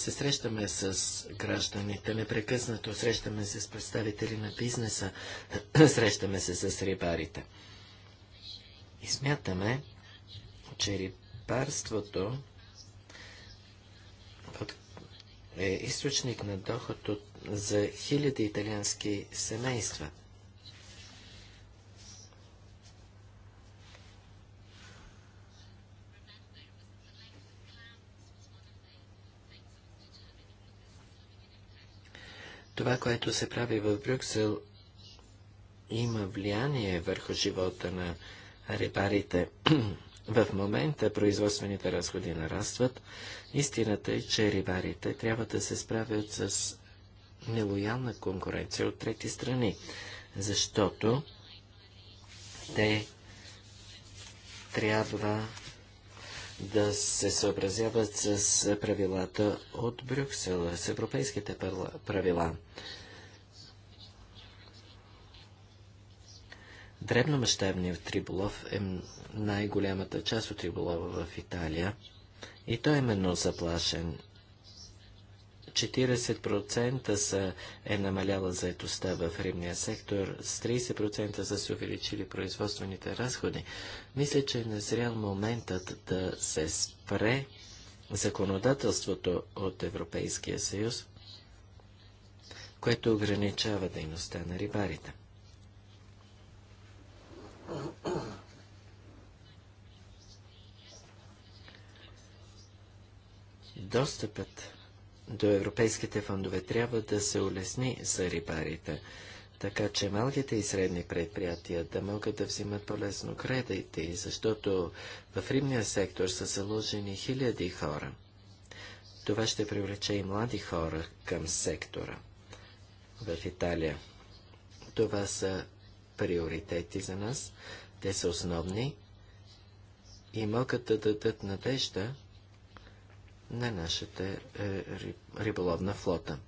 се срещаме с гражданите, непрекъснато срещаме се с представители на бизнеса, срещаме се с рибарите. И смятаме, че рибарството е източник на доход за хиляди италиански семейства. това, което се прави в Брюксел, има влияние върху живота на рибарите. в момента производствените разходи нарастват. Истината е, че рибарите трябва да се справят с нелоялна конкуренция от трети страни, защото те трябва да се съобразяват с правилата от Брюксел, с европейските правила. Дребномащабният триболов е най-голямата част от триболова в Италия и той е именно заплашен. 40% са, е намаляла заетостта в римния сектор, с 30% са се увеличили производствените разходи. Мисля, че е назрял моментът да се спре законодателството от Европейския съюз, което ограничава дейността на рибарите. Достъпът до европейските фондове трябва да се улесни за рибарите, така че малките и средни предприятия да могат да взимат по-лесно кредити, защото в рибния сектор са заложени хиляди хора. Това ще привлече и млади хора към сектора в Италия. Това са приоритети за нас, те са основни и могат да дадат надежда на нашата е, риболовна флота.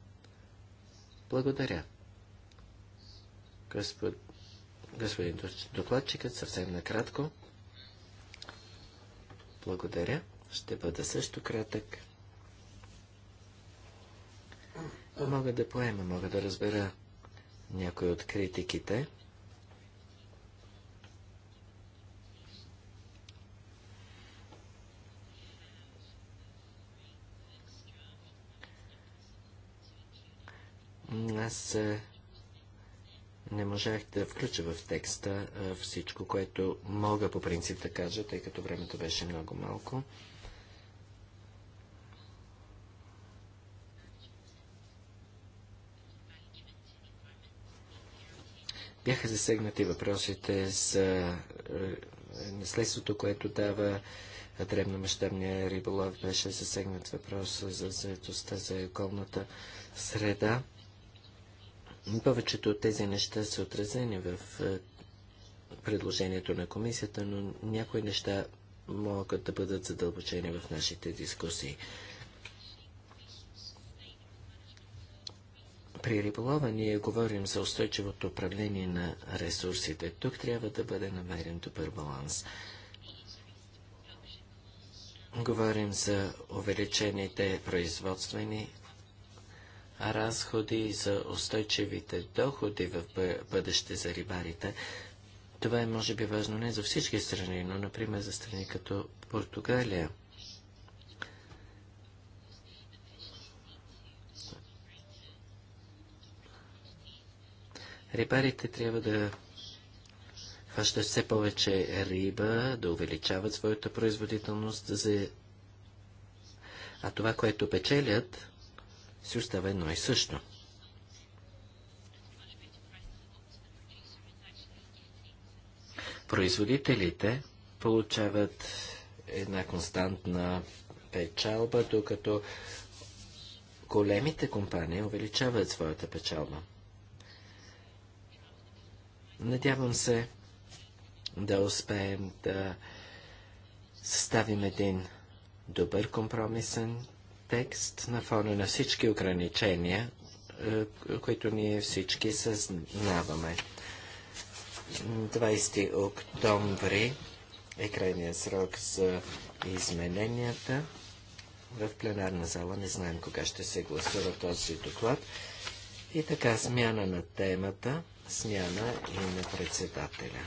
Благодаря. Господ... Господин докладчикът, съвсем накратко. Благодаря. Ще бъда също кратък. Мога да поема, мога да разбера някои от критиките. Аз не можах да включа в текста всичко, което мога по принцип да кажа, тъй като времето беше много малко. Бяха засегнати въпросите за наследството, което дава дребномащабния риболов. Беше засегнат въпрос за заедостта за околната среда. Повечето от тези неща са отразени в е, предложението на комисията, но някои неща могат да бъдат задълбочени в нашите дискусии. При риболова ние говорим за устойчивото управление на ресурсите. Тук трябва да бъде намерен добър баланс. Говорим за увеличените производствени разходи за устойчивите доходи в бъдеще за рибарите. Това е, може би, важно не за всички страни, но, например, за страни като Португалия. Рибарите трябва да хващат все повече риба, да увеличават своята производителност, за... а това, което печелят, се остава едно и също. Производителите получават една константна печалба, докато големите компании увеличават своята печалба. Надявам се да успеем да съставим един добър компромисен текст на фона на всички ограничения, е, които ние всички съзнаваме. 20 октомври е крайният срок за измененията. В пленарна зала не знаем кога ще се гласува този доклад. И така, смяна на темата, смяна и на председателя.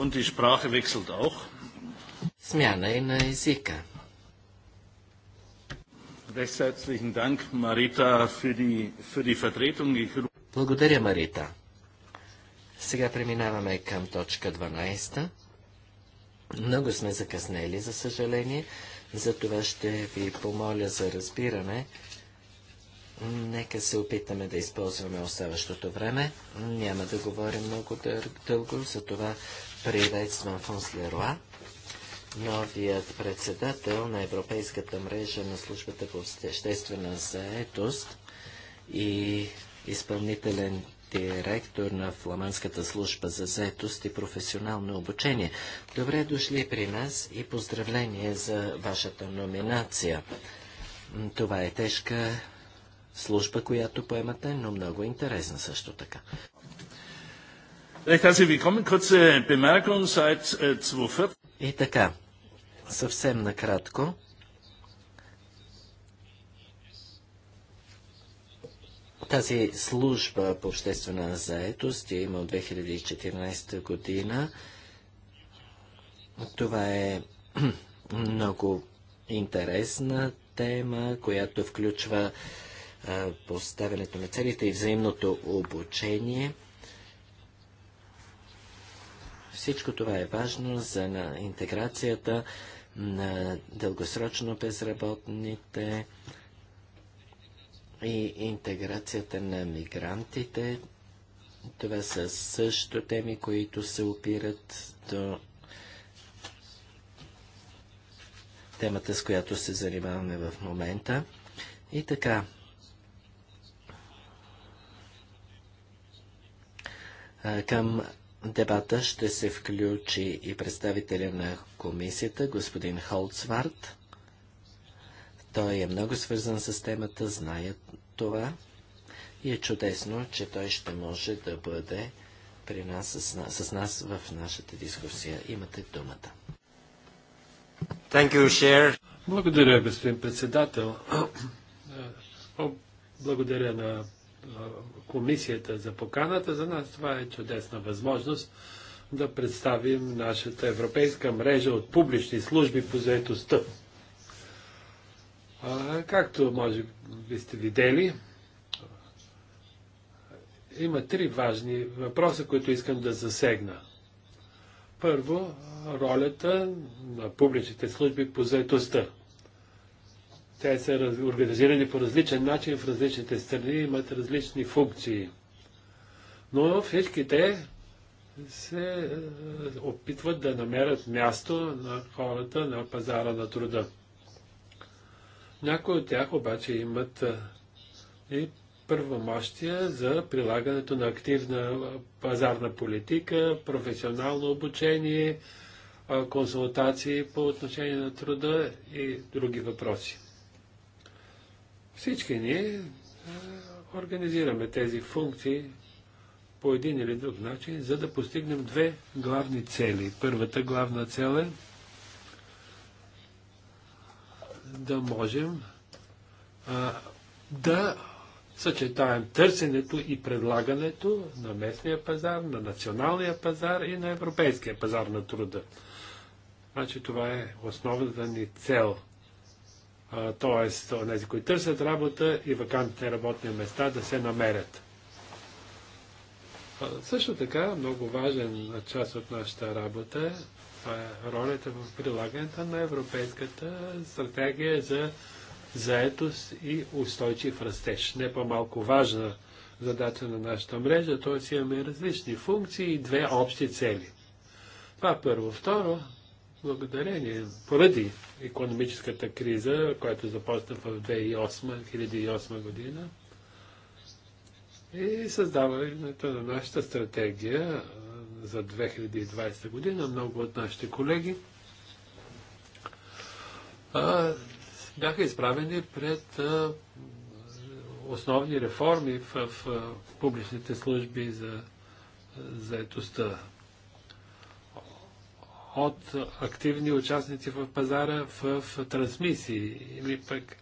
Und die Sprache wechselt auch. Смяна и на езика. Herzlichen Dank, Marita, für die, für die Vertretung. Благодаря, Марита. Сега преминаваме към точка 12. Много сме закъснели, за съжаление. Затова ще ви помоля за разбиране. Нека се опитаме да използваме оставащото време. Няма да говорим много дълго, дълго, затова Приветствам Фонс Леруа, новият председател на Европейската мрежа на службата по обществена заетост и изпълнителен директор на Фламандската служба за заетост и професионално обучение. Добре дошли при нас и поздравление за вашата номинация. Това е тежка служба, която поемате, но много интересна също така. Äh, и така, съвсем накратко. Тази служба по обществена заетост я има от 2014 година. Това е много интересна тема, която включва поставянето на целите и взаимното обучение – всичко това е важно за интеграцията на дългосрочно безработните и интеграцията на мигрантите. Това са също теми, които се опират до темата, с която се занимаваме в момента. И така, към дебата ще се включи и представителя на комисията, господин Холцварт. Той е много свързан с темата, знае това. И е чудесно, че той ще може да бъде при нас, с, нас, с нас в нашата дискусия. Имате думата. Thank you, Chair. Благодаря, господин председател. Благодаря на комисията за поканата. За нас това е чудесна възможност да представим нашата европейска мрежа от публични служби по заетостта. Както може би сте видели, има три важни въпроса, които искам да засегна. Първо, ролята на публичните служби по заетостта. Те са организирани по различен начин в различните страни, имат различни функции. Но всички те се е, опитват да намерят място на хората на пазара на труда. Някои от тях обаче имат е, и първомощия за прилагането на активна е, пазарна политика, професионално обучение, консултации по отношение на труда и други въпроси. Всички ние е, организираме тези функции по един или друг начин, за да постигнем две главни цели. Първата главна цел е да можем а, да съчетаем търсенето и предлагането на местния пазар, на националния пазар и на европейския пазар на труда. Значи това е основната ни цел – т.е. тези, които търсят работа и вакантните работни места да се намерят. също така, много важен част от нашата работа е, това е ролята в прилагането на Европейската стратегия за заетост и устойчив растеж. Не по-малко важна задача на нашата мрежа, т.е. имаме различни функции и две общи цели. Това първо. Второ, благодарение, поради економическата криза, която започна в 2008-2008 година, и създаването на нашата стратегия за 2020 година, много от нашите колеги а, бяха изправени пред а, основни реформи в, в публичните служби за заетостта от активни участници в пазара в, в трансмисии или пък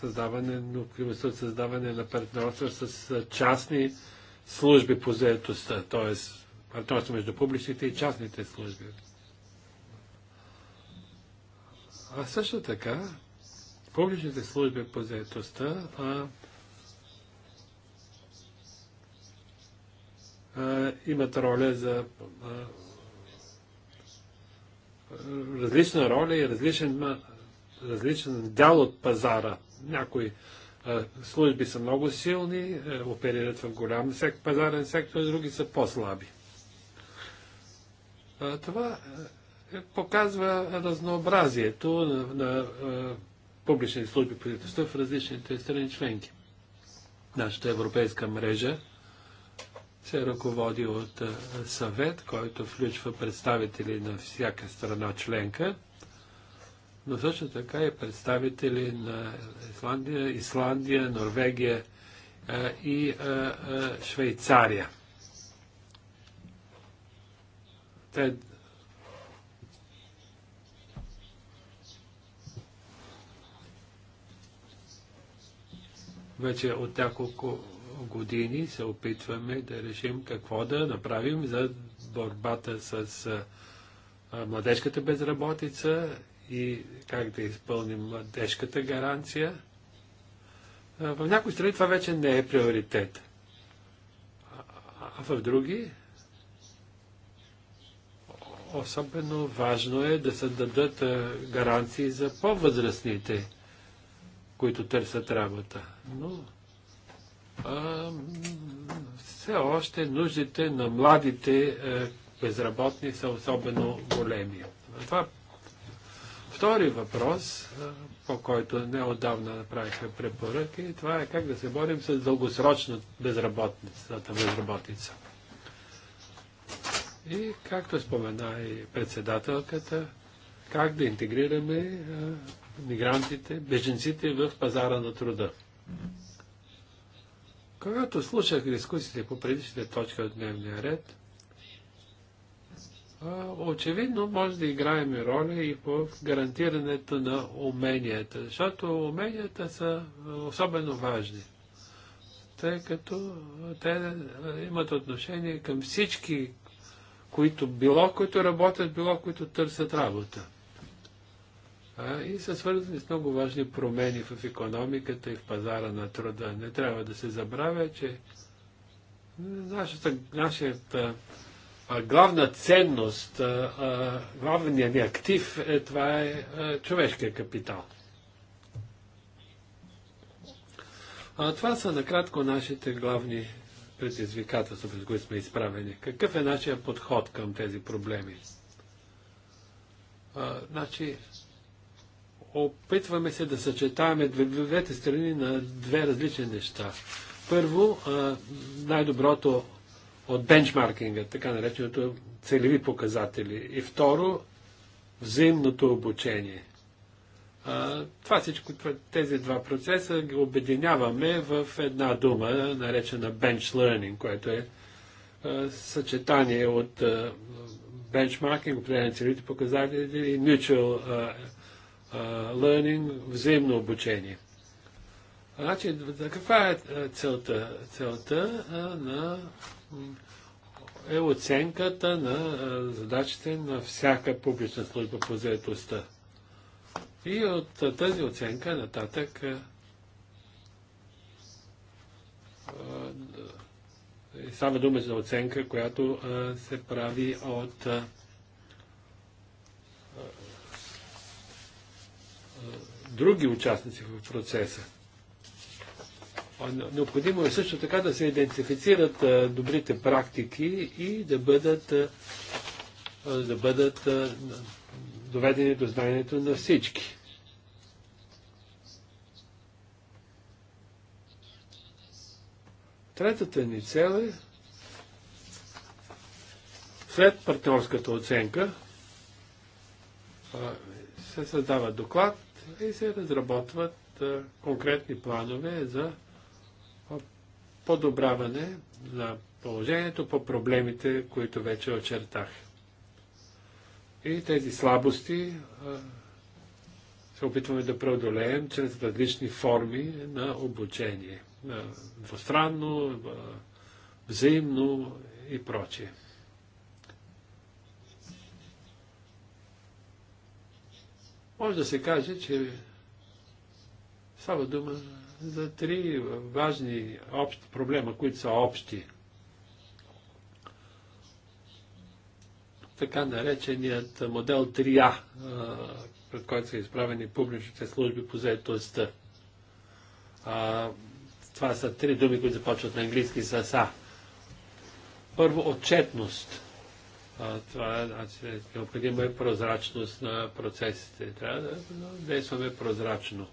създаване, необходимост от създаване на партньорства с частни служби по заедостта, т.е. партньорство между публичните и частните служби. А също така, публичните служби по заедостта а, а, имат роля за а, различна роля и различен, различен дял от пазара. Някои служби са много силни, е, оперират в голям сек, пазарен сектор, други са по-слаби. Това е, показва разнообразието на, на публични служби по в различните страни членки. Нашата европейска мрежа се ръководи от съвет, който включва представители на всяка страна членка, но също така и представители на Исландия, Исландия Норвегия и Швейцария. Те вече от няколко години се опитваме да решим какво да направим за борбата с а, младежката безработица и как да изпълним младежката гаранция. А, в някои страни това вече не е приоритет. А, а в други особено важно е да се дадат гаранции за по-възрастните, които търсят работа. Но все още нуждите на младите е, безработни са особено големи. Това втори въпрос, е, по който неодавна направиха препоръки, това е как да се борим с дългосрочно безработницата, безработица. И както спомена и председателката, как да интегрираме е, мигрантите, беженците в пазара на труда. Mm-hmm. Когато слушах дискусиите по предишните точки от дневния ред, очевидно може да играем и роля и в гарантирането на уменията, защото уменията са особено важни, тъй като те имат отношение към всички, които било, които работят, било, които търсят работа а, и са свързани с много важни промени в економиката и в пазара на труда. Не трябва да се забравя, че нашата, нашата а, главна ценност, а, главният ни актив е това е човешкия капитал. А, това са накратко нашите главни предизвикателства, през които сме изправени. Какъв е нашия подход към тези проблеми? А, значи, опитваме се да съчетаваме двете страни на две различни неща. Първо, най-доброто от бенчмаркинга, така нареченото целеви показатели. И второ, взаимното обучение. Това всичко, тези два процеса ги обединяваме в една дума, наречена bench learning, което е съчетание от бенчмаркинг, определени целевите показатели и mutual learning, взаимно обучение. Значи, каква е целта? Целта на, е оценката на задачите на всяка публична служба по заедостта. И от тази оценка нататък е, става дума за оценка, която се прави от други участници в процеса. Необходимо е също така да се идентифицират добрите практики и да бъдат, да бъдат доведени до знанието на всички. Третата ни цел е след партньорската оценка се създава доклад, и се разработват конкретни планове за подобряване на положението по проблемите, които вече очертах. И тези слабости се опитваме да преодолеем чрез различни форми на обучение. Двустранно, взаимно и прочие. Може да се каже, че става дума за три важни общи проблема, които са общи. Така нареченият модел 3А, пред който са изправени публичните служби по заедостта. Това са три думи, които започват на английски с А. Първо, отчетност – това значи, необходима е прозрачност на процесите. Трябва да действаме прозрачно.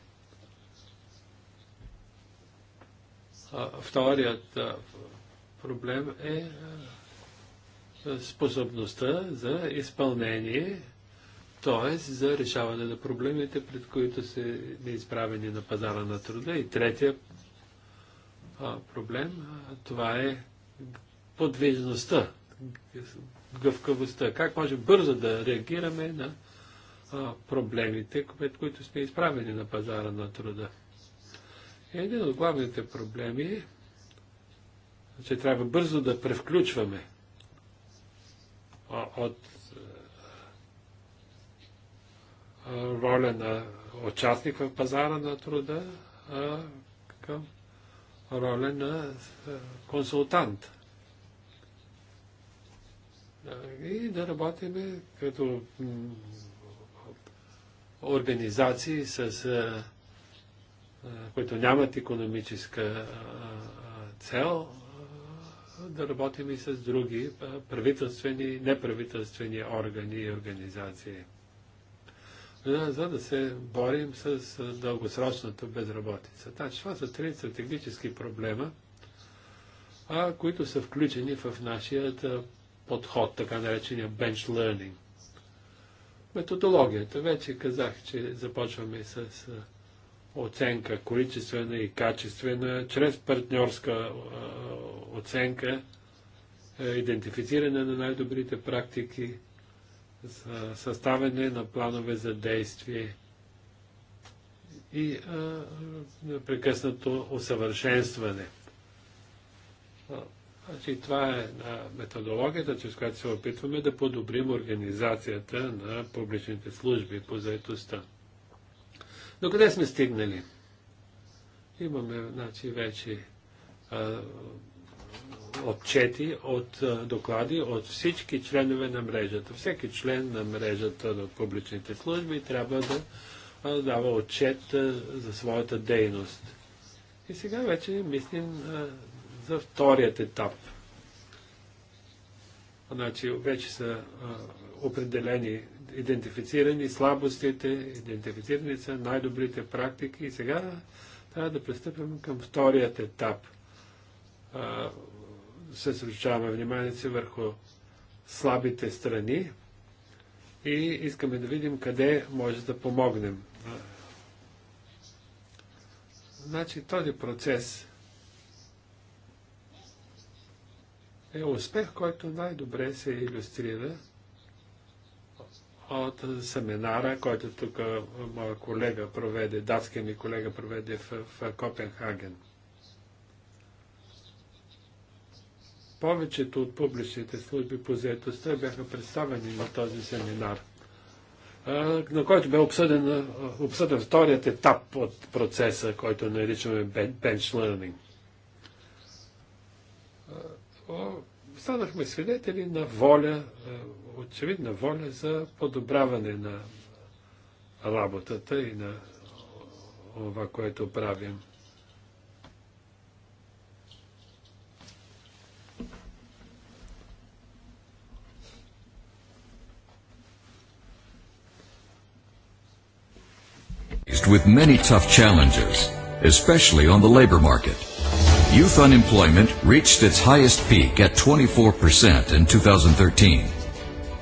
Вторият проблем е способността за изпълнение, т.е. за решаване на проблемите, пред които са изправени на пазара на труда. И третия проблем, това е подвижността, гъвкавостта, как може бързо да реагираме на а, проблемите, пред които сме изправени на пазара на труда. Един от главните проблеми е, че трябва бързо да превключваме от роля на участник в пазара на труда към роля на консултант и да работим като организации, с, които нямат економическа цел, да работим и с други правителствени, неправителствени органи и организации, за да се борим с дългосрочната безработица. Значи, това са три стратегически проблема, които са включени в нашия подход, така наречения bench learning. Методологията. Вече казах, че започваме с оценка, количествена и качествена, чрез партньорска оценка, е, идентифициране на най-добрите практики, съставяне на планове за действие и а, непрекъснато усъвършенстване. Значи, това е методологията, чрез която се опитваме да подобрим организацията на публичните служби по заедостта. До къде сме стигнали? Имаме значи, вече а, отчети от а, доклади от всички членове на мрежата. Всеки член на мрежата на публичните служби трябва да а, дава отчет а, за своята дейност. И сега вече мислим за вторият етап. Значи вече са определени, идентифицирани слабостите, идентифицирани са най-добрите практики и сега трябва да пристъпим към вторият етап. Се съсредоточаваме внимание си върху слабите страни и искаме да видим къде може да помогнем. Значи този процес е успех, който най-добре се иллюстрира от семинара, който тук моя колега проведе, датския ми колега проведе в, в Копенхаген. Повечето от публичните служби по заедостта бяха представени на този семинар, на който бе обсъден, обсъден вторият етап от процеса, който наричаме bench learning – станахме свидетели на воля, очевидна воля за подобраване на работата и на това, което правим. With many tough challenges, especially on the labor market. Youth unemployment reached its highest peak at 24% in 2013.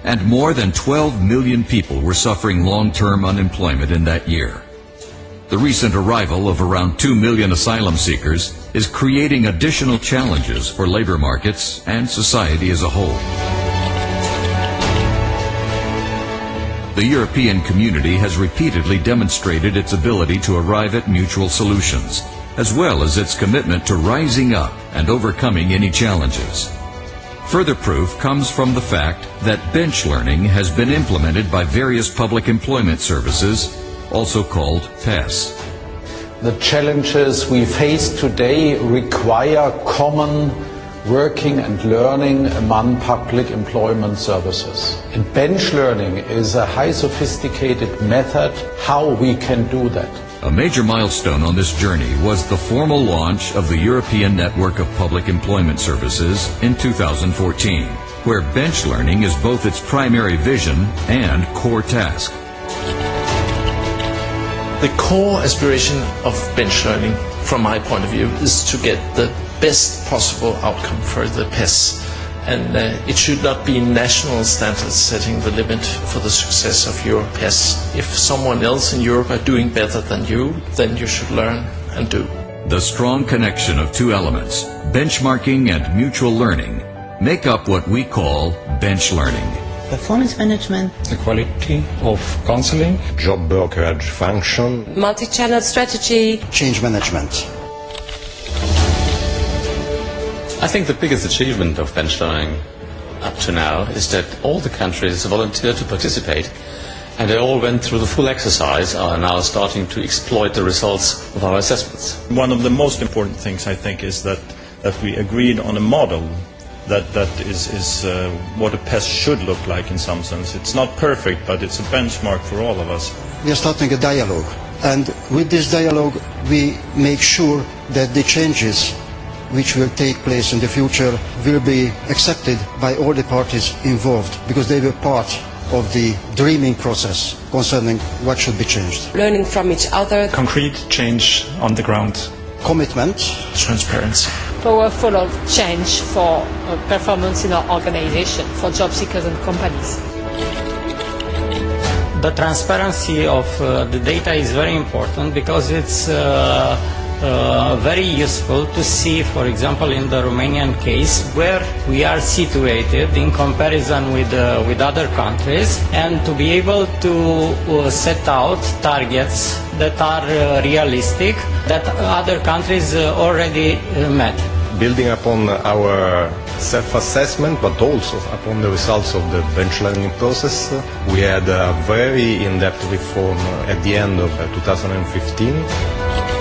And more than 12 million people were suffering long-term unemployment in that year. The recent arrival of around 2 million asylum seekers is creating additional challenges for labor markets and society as a whole. The European community has repeatedly demonstrated its ability to arrive at mutual solutions – as well as its commitment to rising up and overcoming any challenges. Further proof comes from the fact that bench learning has been implemented by various public employment services, also called PES. The challenges we face today require common working and learning among public employment services. And bench learning is a high sophisticated method how we can do that. A major milestone on this journey was the formal launch of the European Network of Public Employment Services in 2014, where bench learning is both its primary vision and core task. The core aspiration of bench learning, from my point of view, is to get the best possible outcome for the PES and uh, it should not be national standards setting the limit for the success of Europe. Yes, if someone else in Europe are doing better than you, then you should learn and do. The strong connection of two elements, benchmarking and mutual learning, make up what we call bench learning. Performance management, the quality of counseling, job brokerage function, multi channel strategy, change management. I think the biggest achievement of benchmarking up to now is that all the countries volunteered to participate and they all went through the full exercise and are now starting to exploit the results of our assessments. One of the most important things I think is that, that we agreed on a model that, that is, is uh, what a pest should look like in some sense. It's not perfect, but it's a benchmark for all of us. We are starting a dialogue, and with this dialogue, we make sure that the changes which will take place in the future will be accepted by all the parties involved because they were part of the dreaming process concerning what should be changed. Learning from each other. Concrete change on the ground. Commitment. Transparency. Powerful of change for uh, performance in our organization, for job seekers and companies. The transparency of uh, the data is very important because it's uh, uh, very useful to see, for example, in the Romanian case, where we are situated in comparison with, uh, with other countries, and to be able to uh, set out targets that are uh, realistic, that other countries uh, already uh, met building upon our self-assessment, but also upon the results of the bench learning process. We had a very in-depth reform at the end of 2015.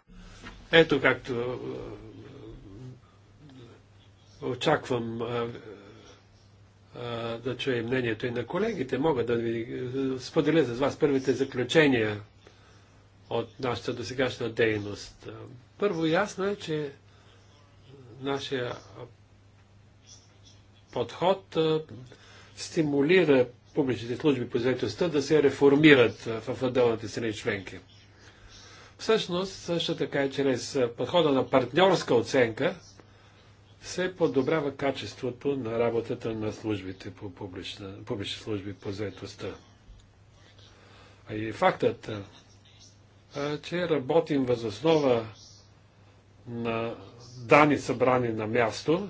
ето както е, очаквам е, е, да чуя мнението и на колегите. Мога да ви споделя с вас първите заключения от нашата досегашна дейност. Първо ясно е, че нашия подход стимулира публичните служби по заедостта да се реформират в отделните страни членки. Всъщност, също така и чрез подхода на партньорска оценка се подобрява качеството на работата на службите по публична, публични служби по заедостта. А и фактът, че работим възоснова на данни събрани на място,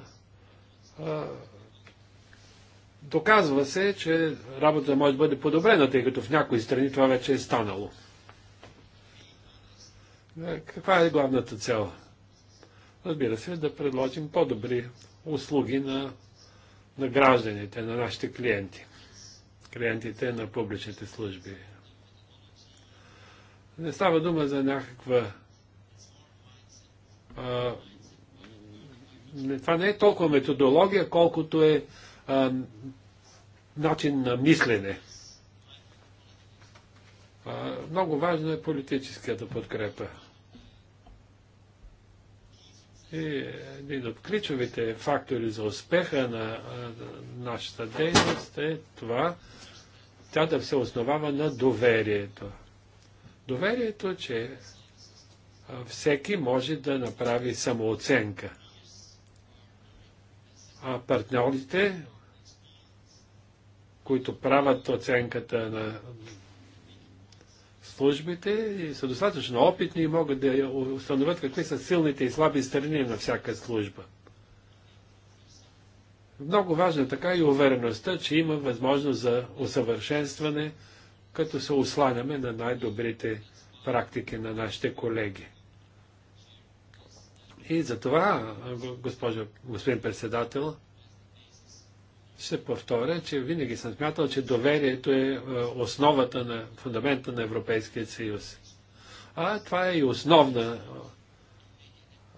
доказва се, че работата може да бъде подобрена, тъй като в някои страни това вече е станало. Е, каква е главната цел? Разбира се, да предложим по-добри услуги на, на гражданите, на нашите клиенти, клиентите на публичните служби. Не става дума за някаква. А, не, това не е толкова методология, колкото е а, начин на мислене. Много важно е политическата подкрепа. И един от ключовите фактори за успеха на нашата дейност е това, тя да се основава на доверието. Доверието, че всеки може да направи самооценка. А партньорите, които правят оценката на службите и са достатъчно опитни и могат да установят какви са силните и слаби страни на всяка служба. Много важна така е и увереността, че има възможност за усъвършенстване, като се осланяме на най-добрите практики на нашите колеги. И за това, господин председател, ще повторя, че винаги съм смятал, че доверието е, е основата на фундамента на Европейския съюз. А това е и основна,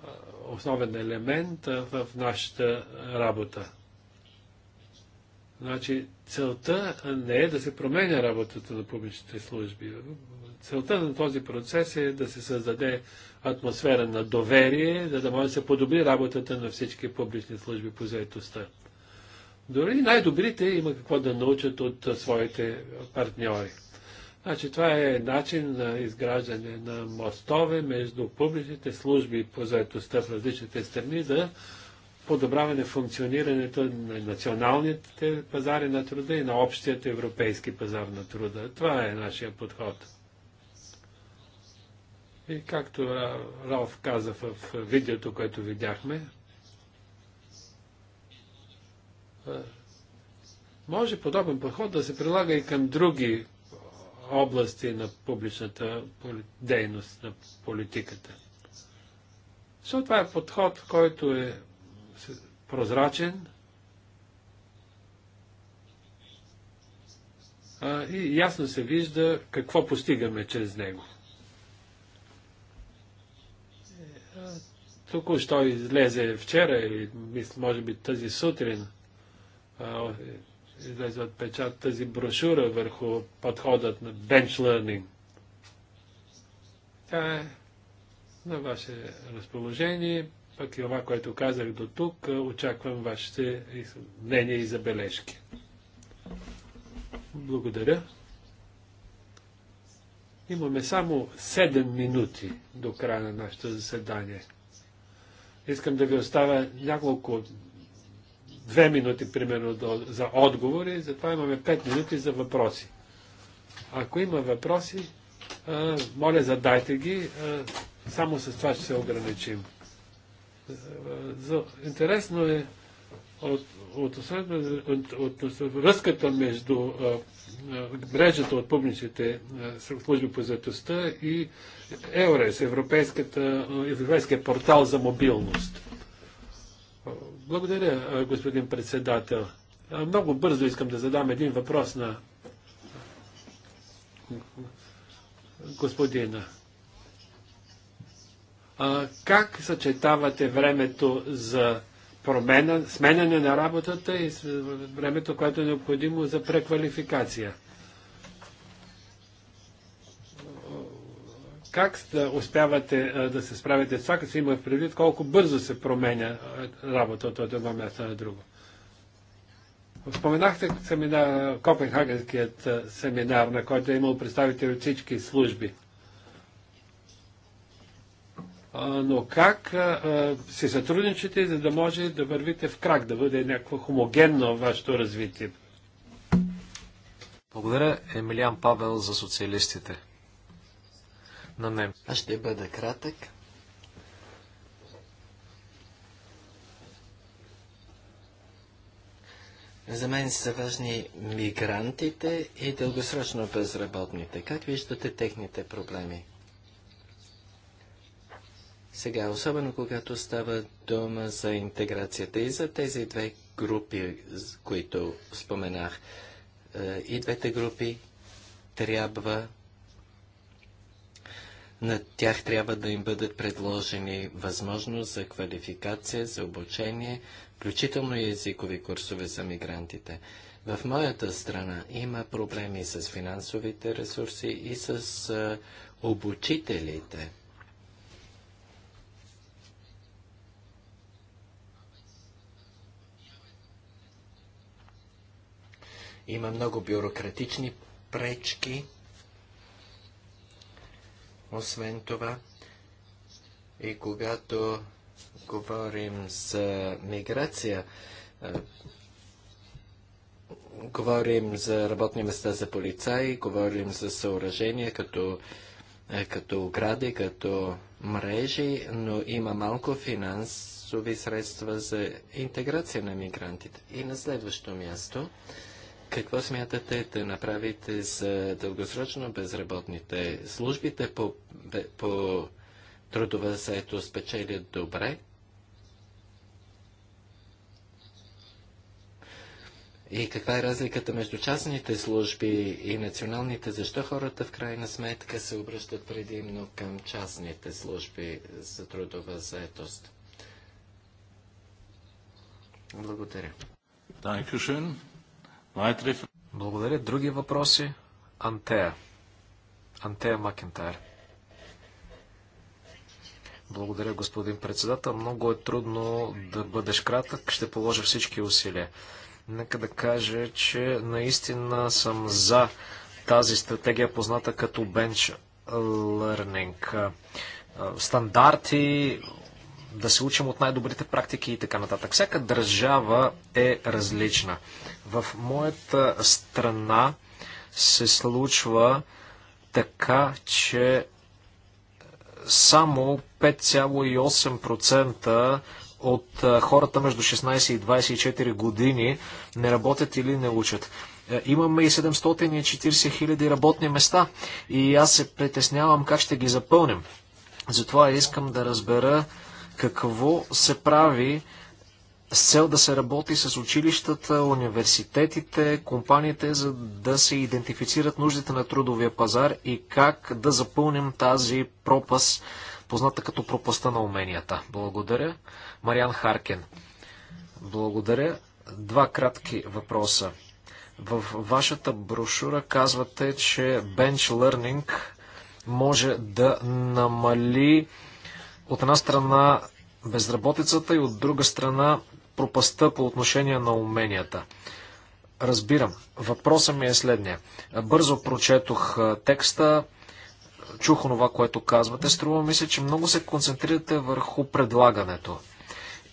е, основен елемент е, в нашата работа. Значи, целта не е да се променя работата на публичните служби. Целта на този процес е да се създаде атмосфера на доверие, за да може да се подобри работата на всички публични служби по заедостта. Дори най-добрите има какво да научат от своите партньори. Значи това е начин на изграждане на мостове между публичните служби по заедостта в различните страни за подобраване подобряване функционирането на националните пазари на труда и на общият европейски пазар на труда. Това е нашия подход. И както Ралф каза в видеото, което видяхме, може подобен подход да се прилага и към други области на публичната дейност, на политиката. Защото това е подход, който е прозрачен а, и ясно се вижда какво постигаме чрез него. Е, Тук, що излезе вчера или може би тази сутрин излезе от печат тази брошура върху подходът на Bench Learning. Тя е на ваше разположение. Пък и това, което казах до тук, очаквам вашите мнения и забележки. Благодаря. Имаме само 7 минути до края на нашето заседание. Искам да ви оставя няколко две минути, примерно, за отговори, затова имаме пет минути за въпроси. Ако има въпроси, моля, задайте ги. Само с това ще се ограничим. интересно е от, от, от, от, връзката между мрежата от публичните служби по заедостта и ЕОРЕС, Европейския портал за мобилност. Благодаря, господин председател. Много бързо искам да задам един въпрос на господина. как съчетавате времето за промена, сменяне на работата и времето, което е необходимо за преквалификация? Как успявате да се справите с това, като се има в предвид колко бързо се променя работата от едно място на друго? Споменахте семинар, Копенхагенският семинар, на който е имал представители от всички служби. Но как се сътрудничите, за да може да вървите в крак, да бъде някакво хомогенно вашето развитие? Благодаря, Емилиан Павел, за социалистите на немци. Аз ще бъда кратък. За мен са важни мигрантите и дългосрочно безработните. Как виждате техните проблеми? Сега, особено когато става дума за интеграцията и за тези две групи, които споменах, е, и двете групи трябва на тях трябва да им бъдат предложени възможност за квалификация, за обучение, включително и езикови курсове за мигрантите. В моята страна има проблеми с финансовите ресурси и с а, обучителите. Има много бюрократични пречки освен това, и когато говорим за миграция, говорим за работни места за полицаи, говорим за съоръжения като, като огради, като мрежи, но има малко финансови средства за интеграция на мигрантите. И на следващо място, какво смятате да направите за дългосрочно безработните? Службите по, по трудова заетост печелят добре? И каква е разликата между частните служби и националните? Защо хората в крайна сметка се обръщат предимно към частните служби за трудова заетост? Благодаря. Благодаря. Други въпроси? Антея. Антея Макентайр. Благодаря, господин председател. Много е трудно да бъдеш кратък. Ще положа всички усилия. Нека да кажа, че наистина съм за тази стратегия, позната като Bench Learning. Стандарти, да се учим от най-добрите практики и така нататък. Всяка държава е различна. В моята страна се случва така, че само 5,8% от хората между 16 и 24 години не работят или не учат. Е, имаме и 740 хиляди работни места и аз се притеснявам как ще ги запълним. Затова искам да разбера какво се прави с цел да се работи с училищата, университетите, компаниите, за да се идентифицират нуждите на трудовия пазар и как да запълним тази пропас, позната като пропаста на уменията. Благодаря. Мариан Харкен. Благодаря. Два кратки въпроса. В вашата брошура казвате, че Bench Learning може да намали от една страна безработицата и от друга страна пропаста по отношение на уменията. Разбирам. Въпросът ми е следния. Бързо прочетох текста, чух онова, което казвате. Струва ми се, че много се концентрирате върху предлагането.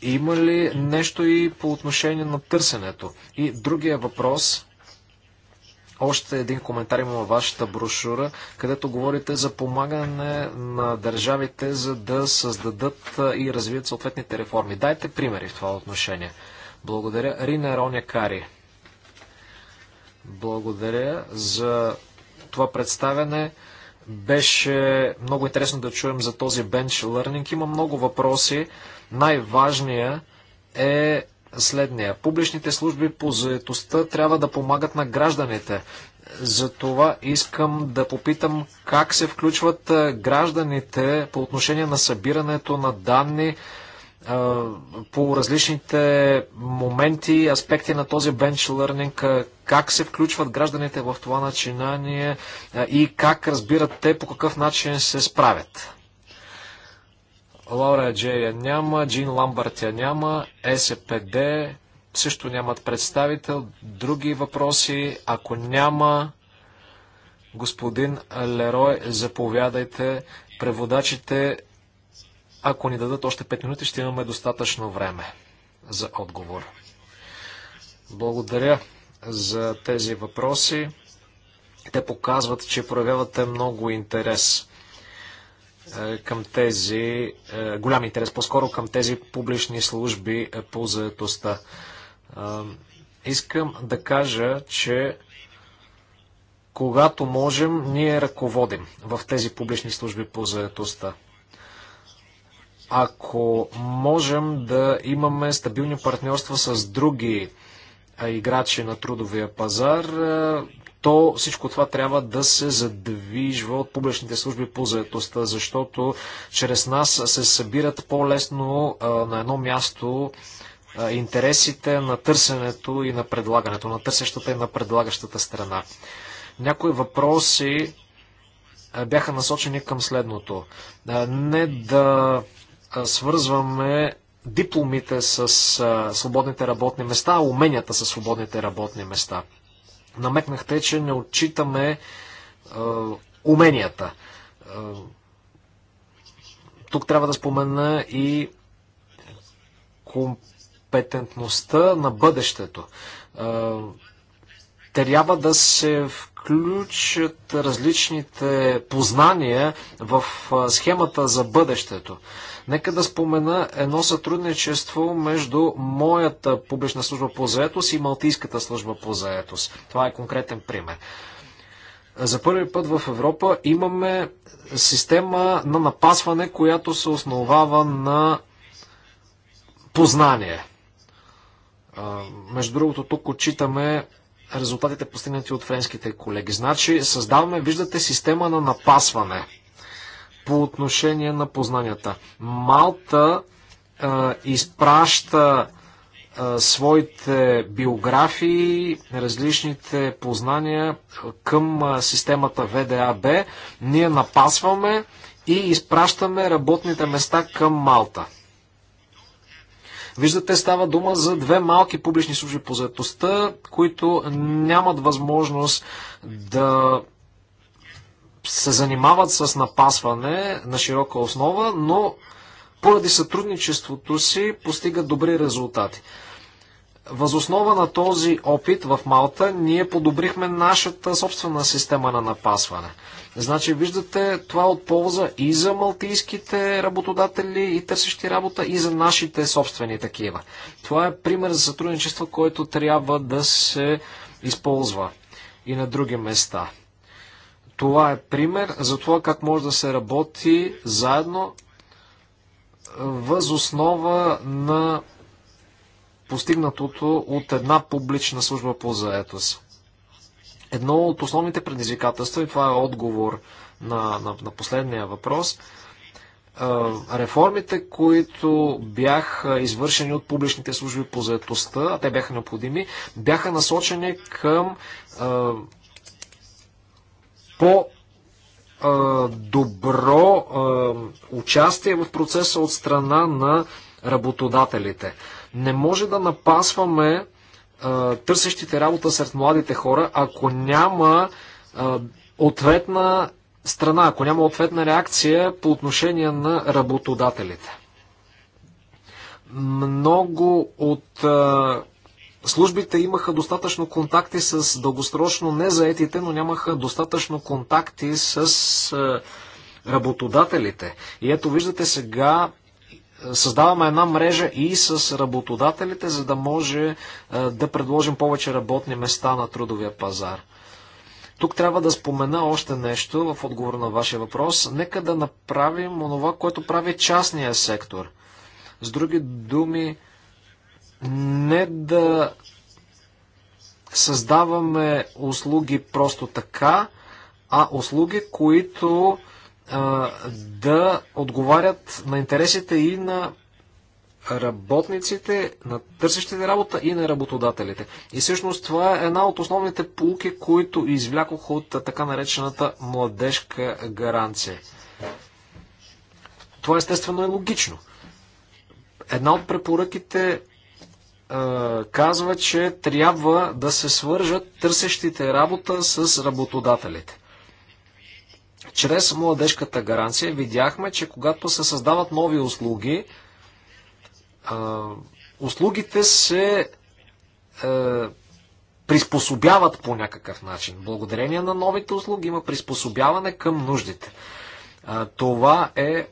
Има ли нещо и по отношение на търсенето? И другия въпрос още един коментар има във вашата брошура, където говорите за помагане на държавите, за да създадат и развият съответните реформи. Дайте примери в това отношение. Благодаря. Рина Роня Кари. Благодаря за това представяне. Беше много интересно да чуем за този бенч learning. Има много въпроси. Най-важният е следния. Публичните служби по заетостта трябва да помагат на гражданите. Затова искам да попитам как се включват гражданите по отношение на събирането на данни по различните моменти, аспекти на този бенч learning, как се включват гражданите в това начинание и как разбират те по какъв начин се справят. Лаура Джея няма, Джин Ламбарт я няма, СПД също нямат представител. Други въпроси, ако няма, господин Лерой, заповядайте. Преводачите, ако ни дадат още 5 минути, ще имаме достатъчно време за отговор. Благодаря за тези въпроси. Те показват, че проявявате много интерес е, към тези, е, голям интерес по-скоро към тези публични служби е, по заедостта. Искам да кажа, че когато можем, ние ръководим в тези публични служби по заедостта. Ако можем да имаме стабилни партньорства с други играчи на трудовия пазар, то всичко това трябва да се задвижва от публичните служби по заедостта, защото чрез нас се събират по-лесно на едно място интересите на търсенето и на предлагането, на търсещата и на предлагащата страна. Някои въпроси бяха насочени към следното. не да свързваме дипломите с а, свободните работни места, а уменията с свободните работни места. Намекнахте, че не отчитаме а, уменията. А, тук трябва да спомена и компетентността на бъдещето. А, трябва да се включат различните познания в схемата за бъдещето. Нека да спомена едно сътрудничество между моята публична служба по заетост и Малтийската служба по заетост. Това е конкретен пример. За първи път в Европа имаме система на напасване, която се основава на познание. Между другото, тук отчитаме резултатите постигнати от френските колеги. Значи, създаваме, виждате, система на напасване – по отношение на познанията. Малта а, изпраща а, своите биографии, различните познания към а, системата ВДАБ. Ние напасваме и изпращаме работните места към Малта. Виждате, става дума за две малки публични служби по заедостта, които нямат възможност да се занимават с напасване на широка основа, но поради сътрудничеството си постигат добри резултати. Възоснова на този опит в Малта ние подобрихме нашата собствена система на напасване. Значи, виждате, това е от полза и за малтийските работодатели и търсещи работа, и за нашите собствени такива. Това е пример за сътрудничество, което трябва да се използва и на други места. Това е пример за това как може да се работи заедно въз основа на постигнатото от една публична служба по заетост. Едно от основните предизвикателства, и това е отговор на, на, на последния въпрос, реформите, които бяха извършени от публичните служби по заетостта, а те бяха необходими, бяха насочени към по добро участие в процеса от страна на работодателите. Не може да напасваме търсещите работа сред младите хора, ако няма ответна страна, ако няма ответна реакция по отношение на работодателите. Много от Службите имаха достатъчно контакти с дългосрочно незаетите, но нямаха достатъчно контакти с е, работодателите. И ето виждате сега е, създаваме една мрежа и с работодателите, за да може е, да предложим повече работни места на трудовия пазар. Тук трябва да спомена още нещо в отговор на вашия въпрос. Нека да направим онова, което прави частния сектор. С други думи, не да създаваме услуги просто така, а услуги, които а, да отговарят на интересите и на работниците, на търсещите работа и на работодателите. И всъщност това е една от основните полуки, които извлякох от така наречената младежка гаранция. Това естествено е логично. Една от препоръките казва, че трябва да се свържат търсещите работа с работодателите. Чрез младежката гаранция видяхме, че когато се създават нови услуги, услугите се приспособяват по някакъв начин. Благодарение на новите услуги има приспособяване към нуждите. Това е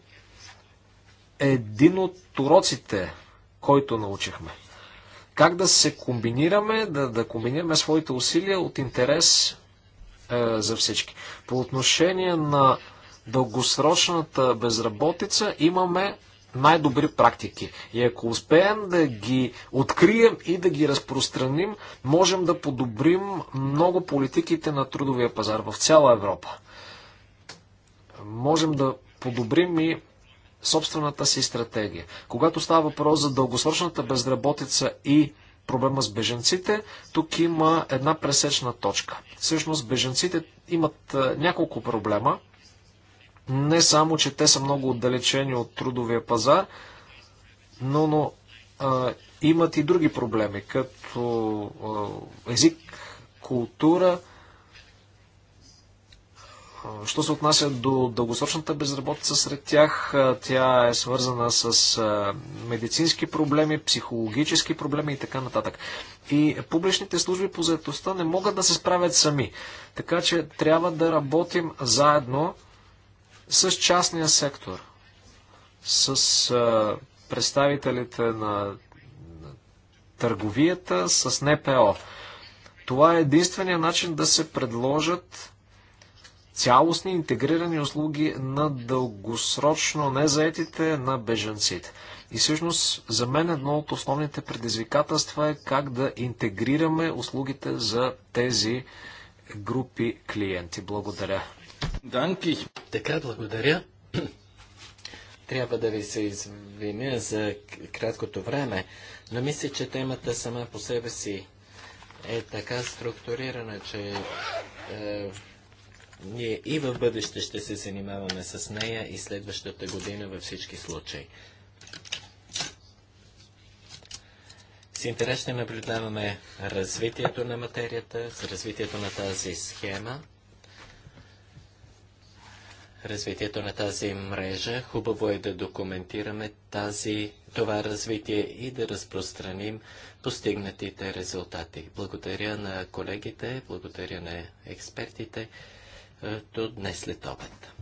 един от уроците, който научихме. Как да се комбинираме, да, да комбинираме своите усилия от интерес е, за всички. По отношение на дългосрочната безработица имаме най-добри практики. И ако успеем да ги открием и да ги разпространим, можем да подобрим много политиките на трудовия пазар в цяла Европа. Можем да подобрим и собствената си стратегия. Когато става въпрос за дългосрочната безработица и проблема с беженците, тук има една пресечна точка. Всъщност беженците имат няколко проблема. Не само, че те са много отдалечени от трудовия пазар, но, но а, имат и други проблеми, като а, език, култура, а, Що се отнася до дългосрочната безработица сред тях, тя е свързана с медицински проблеми, психологически проблеми и така нататък. И публичните служби по заедостта не могат да се справят сами. Така че трябва да работим заедно с частния сектор, с представителите на търговията, с НПО. Това е единствения начин да се предложат цялостни интегрирани услуги на дългосрочно незаетите на бежанците. И всъщност за мен едно от основните предизвикателства е как да интегрираме услугите за тези групи клиенти. Благодаря. Данки. Така, благодаря. Трябва да ви се извиня за краткото време, но мисля, че темата сама по себе си е така структурирана, че е, ние и в бъдеще ще се занимаваме с нея и следващата година във всички случаи. С интерес ще наблюдаваме развитието на материята, с развитието на тази схема, развитието на тази мрежа. Хубаво е да документираме тази, това развитие и да разпространим постигнатите резултати. Благодаря на колегите, благодаря на експертите до е, днес след обед.